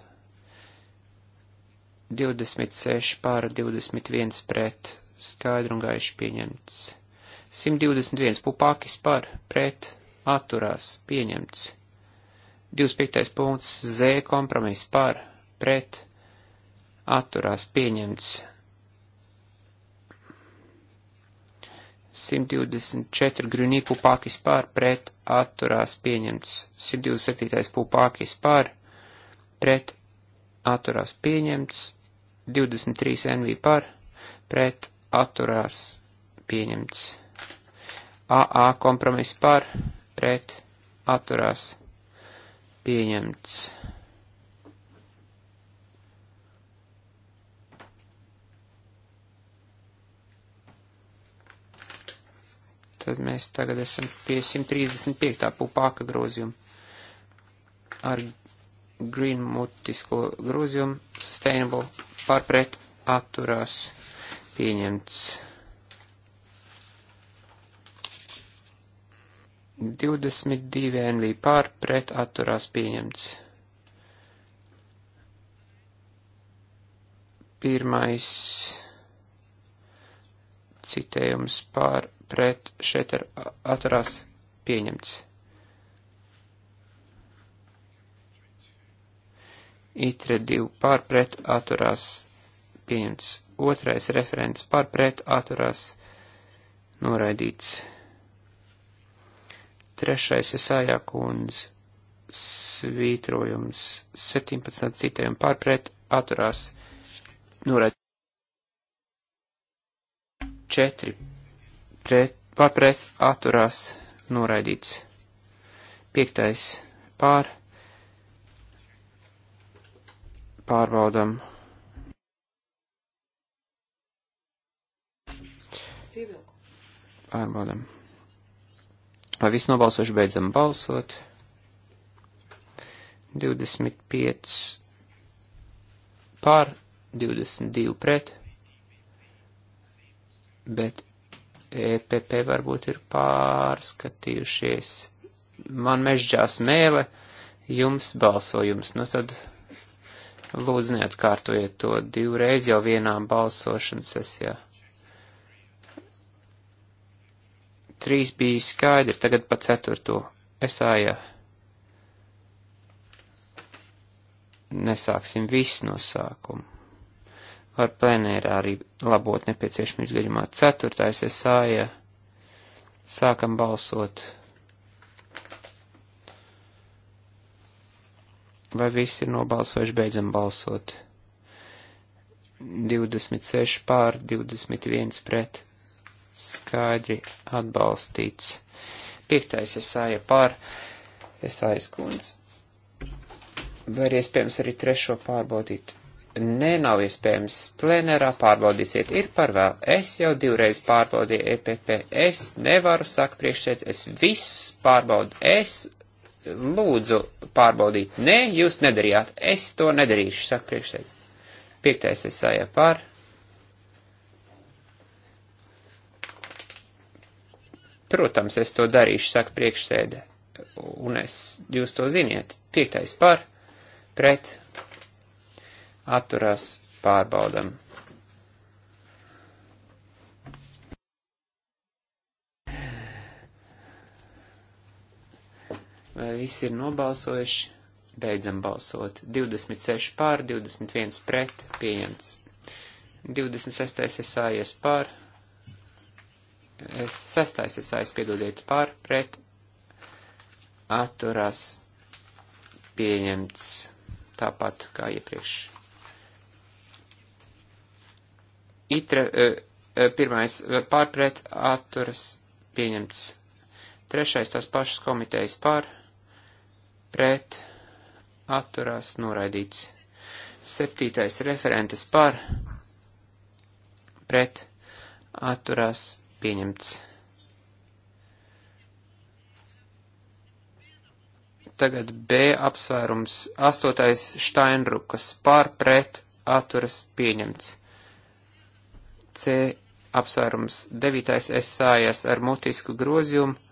26 pār 21 pret, skaidru un gaišu pieņemts. 121 pupākis par, pret, atturās, pieņemts. 25. punkts Z kompromiss par, pret, atturās, pieņemts. 124 grunī pupākis pār, pret atturās pieņemts. 127 pupākis pār, pret atturās pieņemts. 23 NV par, pret atturās pieņemts. AA kompromiss par, pret atturās pieņemts. Tad mēs tagad esam pie 135. pupāka grozījuma ar green mutisko grozījumu Sustainable pārpret atturās pieņemts. 22 NV pārpret atturās pieņemts. Pirmais citējums pārpret šeit ir atturās pieņemts. itre 2 pār pret atturās pieņemts. Otrais referents pār pret atturās noraidīts. Trešais esājā kundz svītrojums 17 citiem pār pret atturās noraidīts. Četri pret, pār pret atturās noraidīts. Piektais pār pret pārbaudam. Pārbaudam. Vai viss nobalsoši beidzam balsot? 25 pār, 22 pret, bet EPP varbūt ir pārskatījušies. Man mežģā smēle, jums balsojums, nu tad Lūdzu, neatkārtojiet to divreiz jau vienā balsošanas sesijā. Trīs bija skaidri, tagad pa ceturto. Esāja. Nesāksim visu no sākuma. Var plenērā arī labot nepieciešamības gadījumā. Ceturtais esāja. Sākam balsot. Vai visi ir nobalsojuši, beidzam balsot? 26 pār, 21 pret. Skaidri atbalstīts. Piektais esāja pār, esājas kundz. Vai ir iespējams arī trešo pārbaudīt? Nē, nav iespējams. Plēnērā pārbaudīsiet, ir par vēl. Es jau divreiz pārbaudīju EPP. Es nevaru, saka priekšsēdz, es viss pārbaudu. Es lūdzu pārbaudīt. Nē, jūs nedarījāt, es to nedarīšu, saka priekšsēd. Piektais es sāja par. Protams, es to darīšu, saka priekšsēde. Un es, jūs to ziniet. Piektais par, pret, atturās, pārbaudam. Vai visi ir nobalsojuši? Beidzam balsot. 26 pār, 21 pret, pieņemts. 26. es sājies pār, 6. es sājies piedodiet pār, pret, atturās, pieņemts tāpat kā iepriekš. Itre, eh, eh, pirmais eh, pārpret atturas pieņemts. Trešais tās pašas komitejas pārpret pret, atturās noraidīts. Septītais referentes par, pret, atturās pieņemts. Tagad B apsvērums. Astotais Steinrukas par, pret, atturas pieņemts. C apsvērums. Devītais esājas ar mutisku grozījumu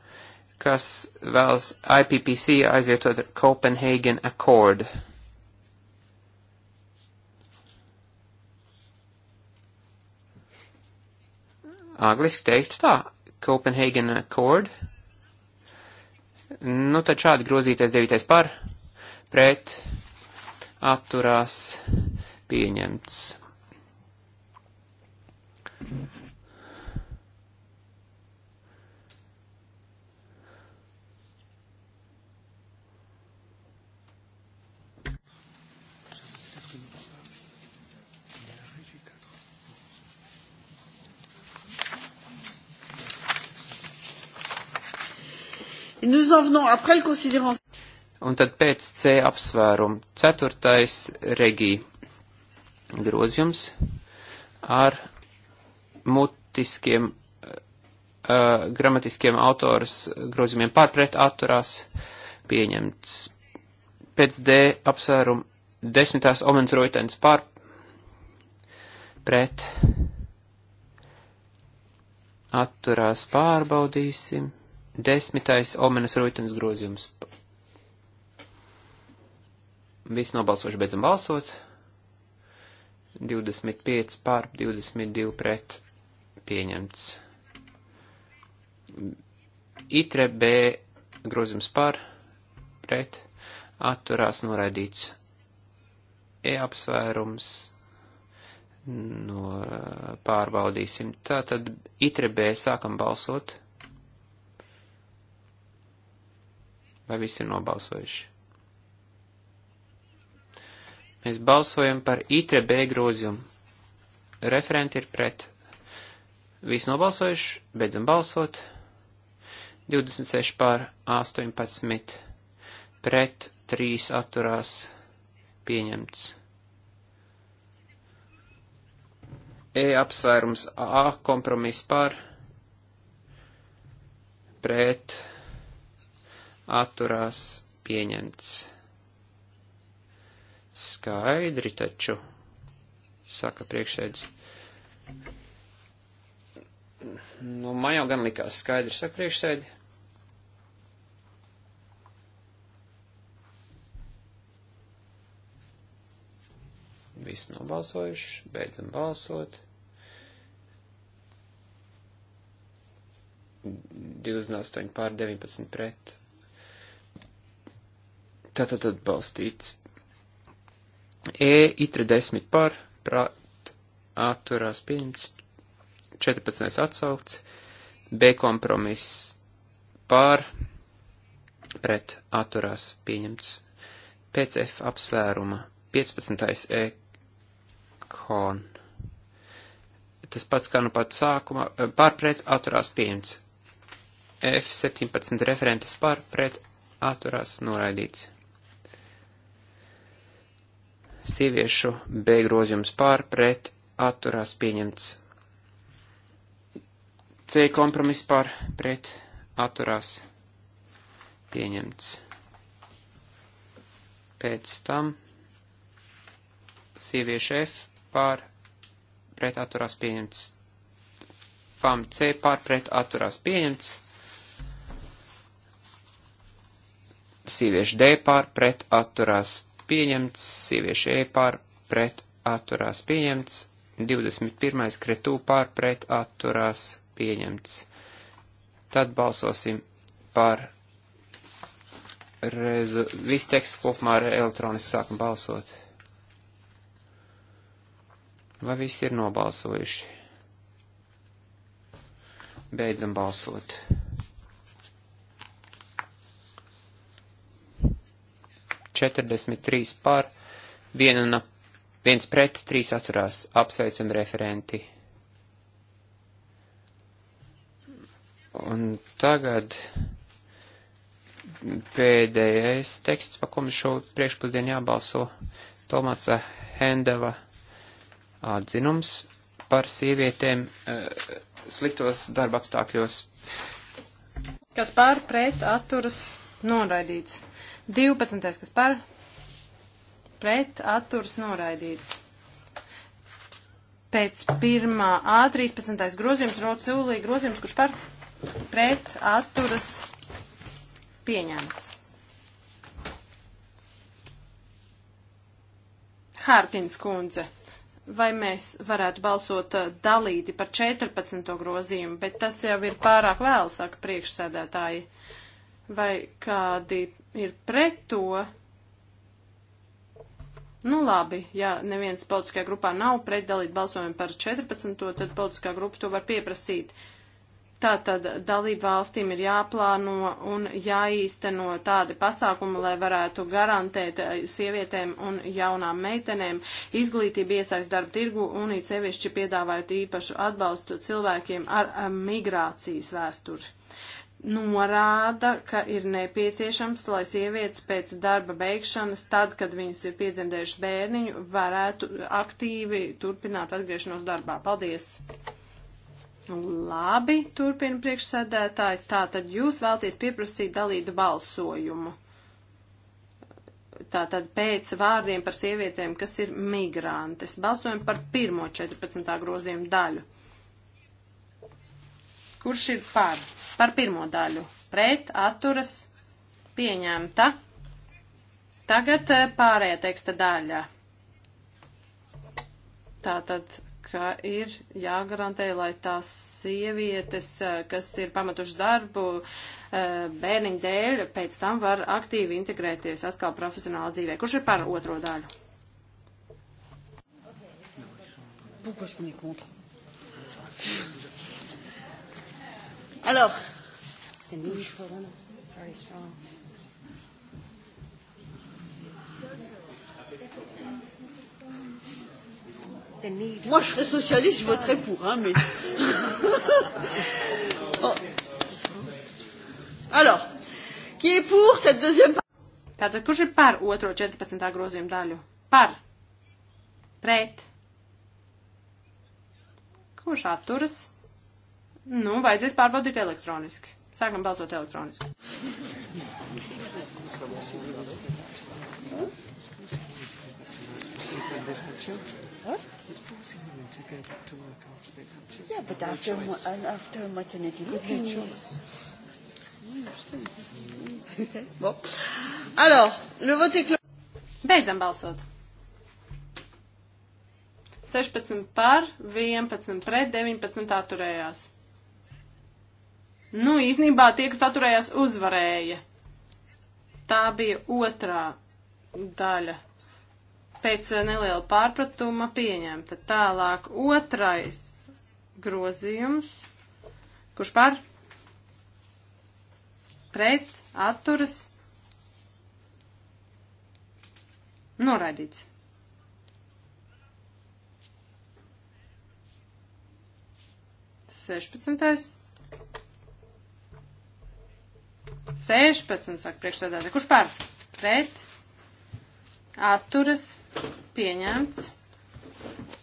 kas vēlas IPPC aizvietot ar Copenhagen Accord. Angliski teiktu tā, Copenhagen Accord. Nu, tad šādi grozītais devītais par, pret, atturās, pieņemts. Un tad pēc C apsvērumu ceturtais regī grozījums ar mutiskiem uh, gramatiskiem autoras grozījumiem pārpret atturās pieņemts. Pēc D apsvērumu desmitās omens roitens pār pret atturās pārbaudīsim. Desmitais Omenas Rūtens grozījums. Viss nobalsoši beidzam balsot. 25 pār, 22 pret pieņemts. Itre B grozījums pār, pret, atturās noraidīts. E apsvērums no pārbaudīsim. Tātad itre B sākam balsot. Vai visi ir nobalsojuši? Mēs balsojam par ITB grozījumu. Referenti ir pret. Visi nobalsojuši, beidzam balsot. 26 pār 18. Pret 3 atturās pieņemts. E apsvērums A kompromiss pār. Pret atturās pieņemts. Skaidri taču, saka priekšēdz. Nu, man jau gan likās skaidrs, saka priekšsēdi. Visi nobalsojuši, beidzam balsot. 28 pār 19 pret Tātad atbalstīts. E itra 10 par, prāt, atturās pieņemts, 14 atsaukts, B kompromiss par, pret, atturās pieņemts, pēc F apsvēruma 15. E kon. Tas pats kā nu pat sākuma, eh, par, pret, atturās pieņemts. F17 referentes par, pret, atturās noraidīts sieviešu B grozījums pār pret atturās pieņemts. C kompromiss pār pret atturās pieņemts. Pēc tam sieviešu F pār pret atturās pieņemts. FAM C pār pret atturās pieņemts. Sieviešu D pār pret atturās pieņemts pieņemts, sieviešu E pār pret atturās pieņemts, 21. kretū pār pret atturās pieņemts. Tad balsosim par rezu, visu tekstu kopumā ar elektroniski sākam balsot. Vai visi ir nobalsojuši? Beidzam balsot. 43 pār, 1, un, 1 pret, 3 atturās. Apsveicam referenti. Un tagad pēdējais teksts, pa ko mums šo priekšpusdienu jābalso, Tomasa Hendela atzinums par sievietēm uh, sliktos darba apstākļos. Kas pārpret atturas noraidīts. 12. kas par pret atturs noraidīts. Pēc pirmā A13. grozījums Rotsūlī grozījums, kurš par pret atturas pieņemts. Hārkins kundze, vai mēs varētu balsot uh, dalīti par 14. grozījumu, bet tas jau ir pārāk vēl, saka priekšsēdētāji. Vai kādi ir pret to. Nu labi, ja neviens politiskajā grupā nav pret dalīt balsojumu par 14, tad politiskā grupa to var pieprasīt. Tātad dalību valstīm ir jāplāno un jāīsteno tādi pasākumi, lai varētu garantēt eh, sievietēm un jaunām meitenēm izglītību iesaist darba tirgu un it sevišķi piedāvājot īpašu atbalstu cilvēkiem ar eh, migrācijas vēsturi norāda, ka ir nepieciešams, lai sievietes pēc darba beigšanas, tad, kad viņas ir piedzemdējušas bērniņu, varētu aktīvi turpināt atgriešanos darbā. Paldies! Labi, turpina priekšsēdētāji. Tātad jūs vēlties pieprasīt dalītu balsojumu. Tātad pēc vārdiem par sievietēm, kas ir migrantes. Balsojam par pirmo 14. grozījumu daļu. Kurš ir par? par pirmo daļu. Pret atturas pieņemta. Tagad eh, pārējā teksta daļa. Tātad ka ir jāgarantē, lai tās sievietes, eh, kas ir pamatušas darbu eh, bērniņu dēļ, pēc tam var aktīvi integrēties atkal profesionāla dzīvē. Kurš ir par otro daļu? Alors, unusual, isn't it? Very strong. Moi, je serais socialiste, je voterais pour, hein, mais. bon. Alors, qui est pour cette deuxième partie? Tātad, kurš ir par otro 14. grozījumu daļu? Par. Pret. Kurš atturas? Nu, vajadzēs pārbaudīt elektroniski. Sākam balsot elektroniski. Yeah, but after, uh, after maternity leave, you choose. bon. Alors, le vote est clos. Beidzam balsot. 16 par, 11 pret, 19 atturējās. Nu, īsnībā tie, kas atturējās, uzvarēja. Tā bija otrā daļa. Pēc eh, neliela pārpratuma pieņemta. Tālāk otrais grozījums. Kurš par? Pret, atturas. Noraidīts. Sešpadsmitais. 16, saka priekšsēdētāji. Kurš par? Pret. Atturas. Pieņemts.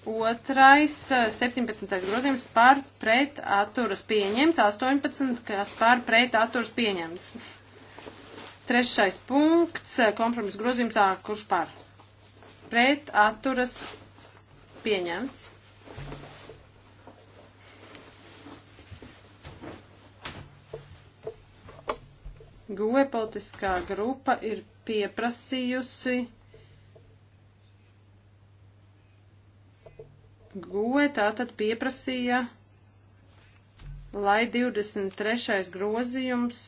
Otrais, 17. Eh, grozījums par pret atturas pieņemts, 18, kas par pret atturas pieņemts. Trešais punkts, eh, kompromis grozījums A, kurš par pret atturas pieņemts. Goe politiskā grupa ir pieprasījusi Goe tātad pieprasīja, lai 23. grozījums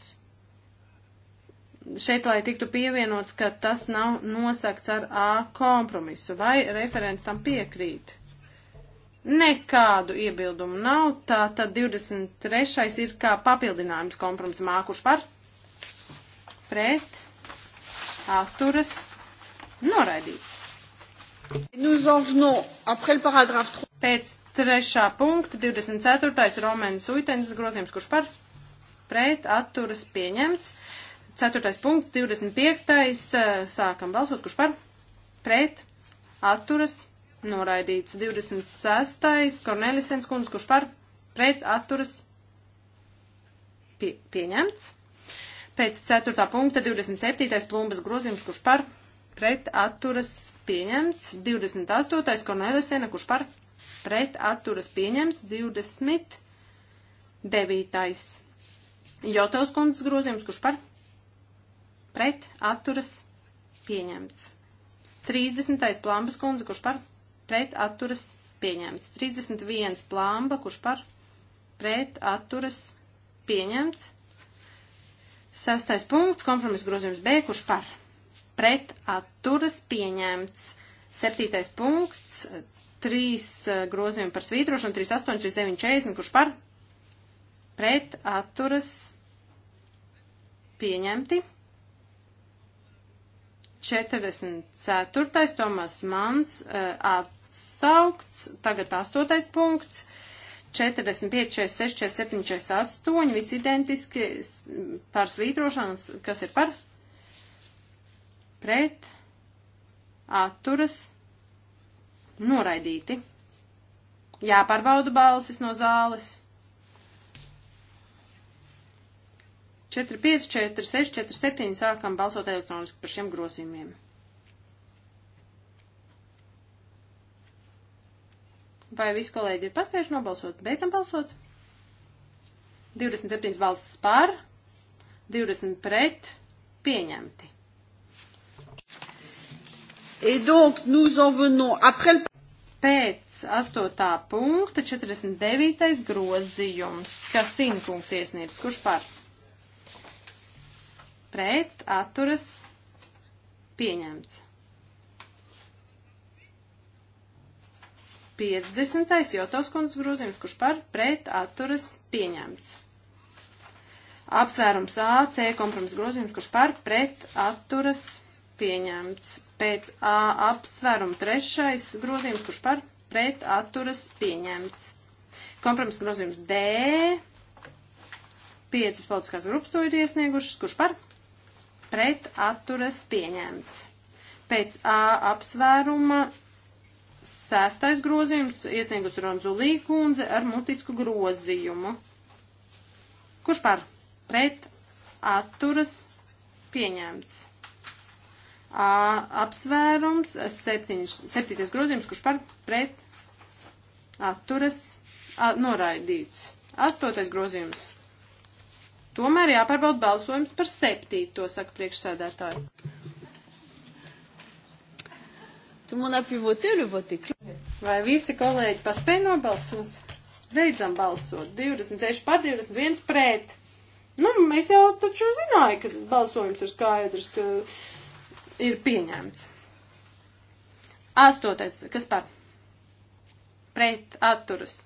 šeit, lai tiktu pievienots, ka tas nav nosakts ar A kompromisu. Vai referents tam piekrīt? Nekādu iebildumu nav, tā tad 23. ir kā papildinājums kompromisam A, kurš par? pret, atturas, noraidīts. Nous en venons après le paragraphe 3. Pēc trešā punkta 24. Romēns Uitens grozījums, kurš par pret atturas pieņemts. Ceturtais punkts 25. Eh, sākam balsot, kurš par pret atturas noraidīts. 26. Kornelisens kundz, kurš par pret atturas pie, pieņemts. Pēc 4. punkta 27. plumbas grozījums, kurš par pret atturas pieņemts. 28. Kornelisena, kurš par pret atturas pieņemts. 29. Jotavas kundzes grozījums, kurš par pret atturas pieņemts. 30. plāmbas kundze, kurš par pret atturas pieņemts. 31. plāmba, kurš par pret atturas pieņemts. Sastais punkts, kompromiss grozījums B, kurš par pret atturas pieņemts. Septītais punkts, trīs eh, grozījumi par svītrošanu, 38, 39, 40, kurš par pret atturas pieņemti. 44. Tomas Mans eh, atsaukts, tagad 8. punkts. Uh, 45, 46, 47, 48, visi identiski par svītrošanas, kas ir par, pret, atturas, noraidīti. Jāpārbauda balsis no zāles. 4, 5, 4, 6, 4, 7 sākam balsot elektroniski par šiem grozījumiem. Vai visi kolēģi ir paspējuši nobalsot? Beidzam balsot. 27 balsis par, 20 pret, pieņemti. Et donc, nous en venons après le... Pēc 8. punkta 49. grozījums, kas Sinkungs iesniedz, kurš par? Pret, atturas, pieņemts. 50. Jotovs kundzes grozījums, kurš par pret atturas pieņemts. Apsvērums A, C kompromiss grozījums, kurš par pret atturas pieņemts. Pēc A apsvērumu trešais grozījums, kurš par pret atturas pieņemts. Kompromiss grozījums D. Piecas politiskās grupas to ir iesniegušas, kurš par pret atturas pieņemts. Pēc A apsvēruma Sestais grozījums iesniegus Ronzulī kundze ar mutisku grozījumu. Kurš par? Pret atturas pieņemts. A, apsvērums, septiņš, septītais grozījums, kurš par pret atturas a, noraidīts. Astotais grozījums. Tomēr jāpārbauda balsojums par septīto, saka priekšsēdētāju. Tout le monde a pu voter, le vote est clos. Vai visi kolēģi paspēja nobalsot? Beidzam balsot. 26 par 21 pret. Nu, mēs jau taču zināju, ka balsojums ir skaidrs, ka ir pieņemts. Astotais, kas par? Pret atturas.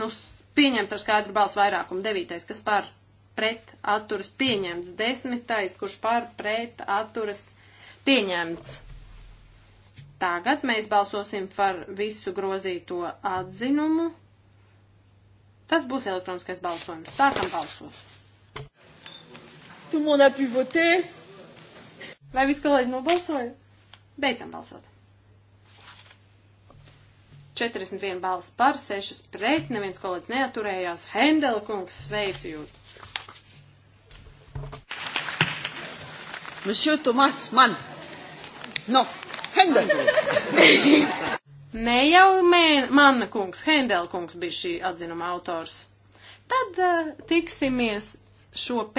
Nu, pieņemts ar skaidru balsu vairākumu. Devītais, kas par? Pret atturas pieņemts. Desmitais, kurš par? Pret atturas pieņemts. Tagad mēs balsosim par visu grozīto atzinumu. Tas būs elektroniskais balsojums. Sākam balsot. Tu man api votē. Vai viss kolēģi nobalsoja? Beidzam balsot. 41 balss par, 6 pret, neviens kolēģis neaturējās. Hendela kungs, sveicu jūs! Monsieur Thomas Mann. Non. Hendel. ne jau mēn, manna kungs, Hendel kungs bija šī atzinuma autors. Tad uh, tiksimies šo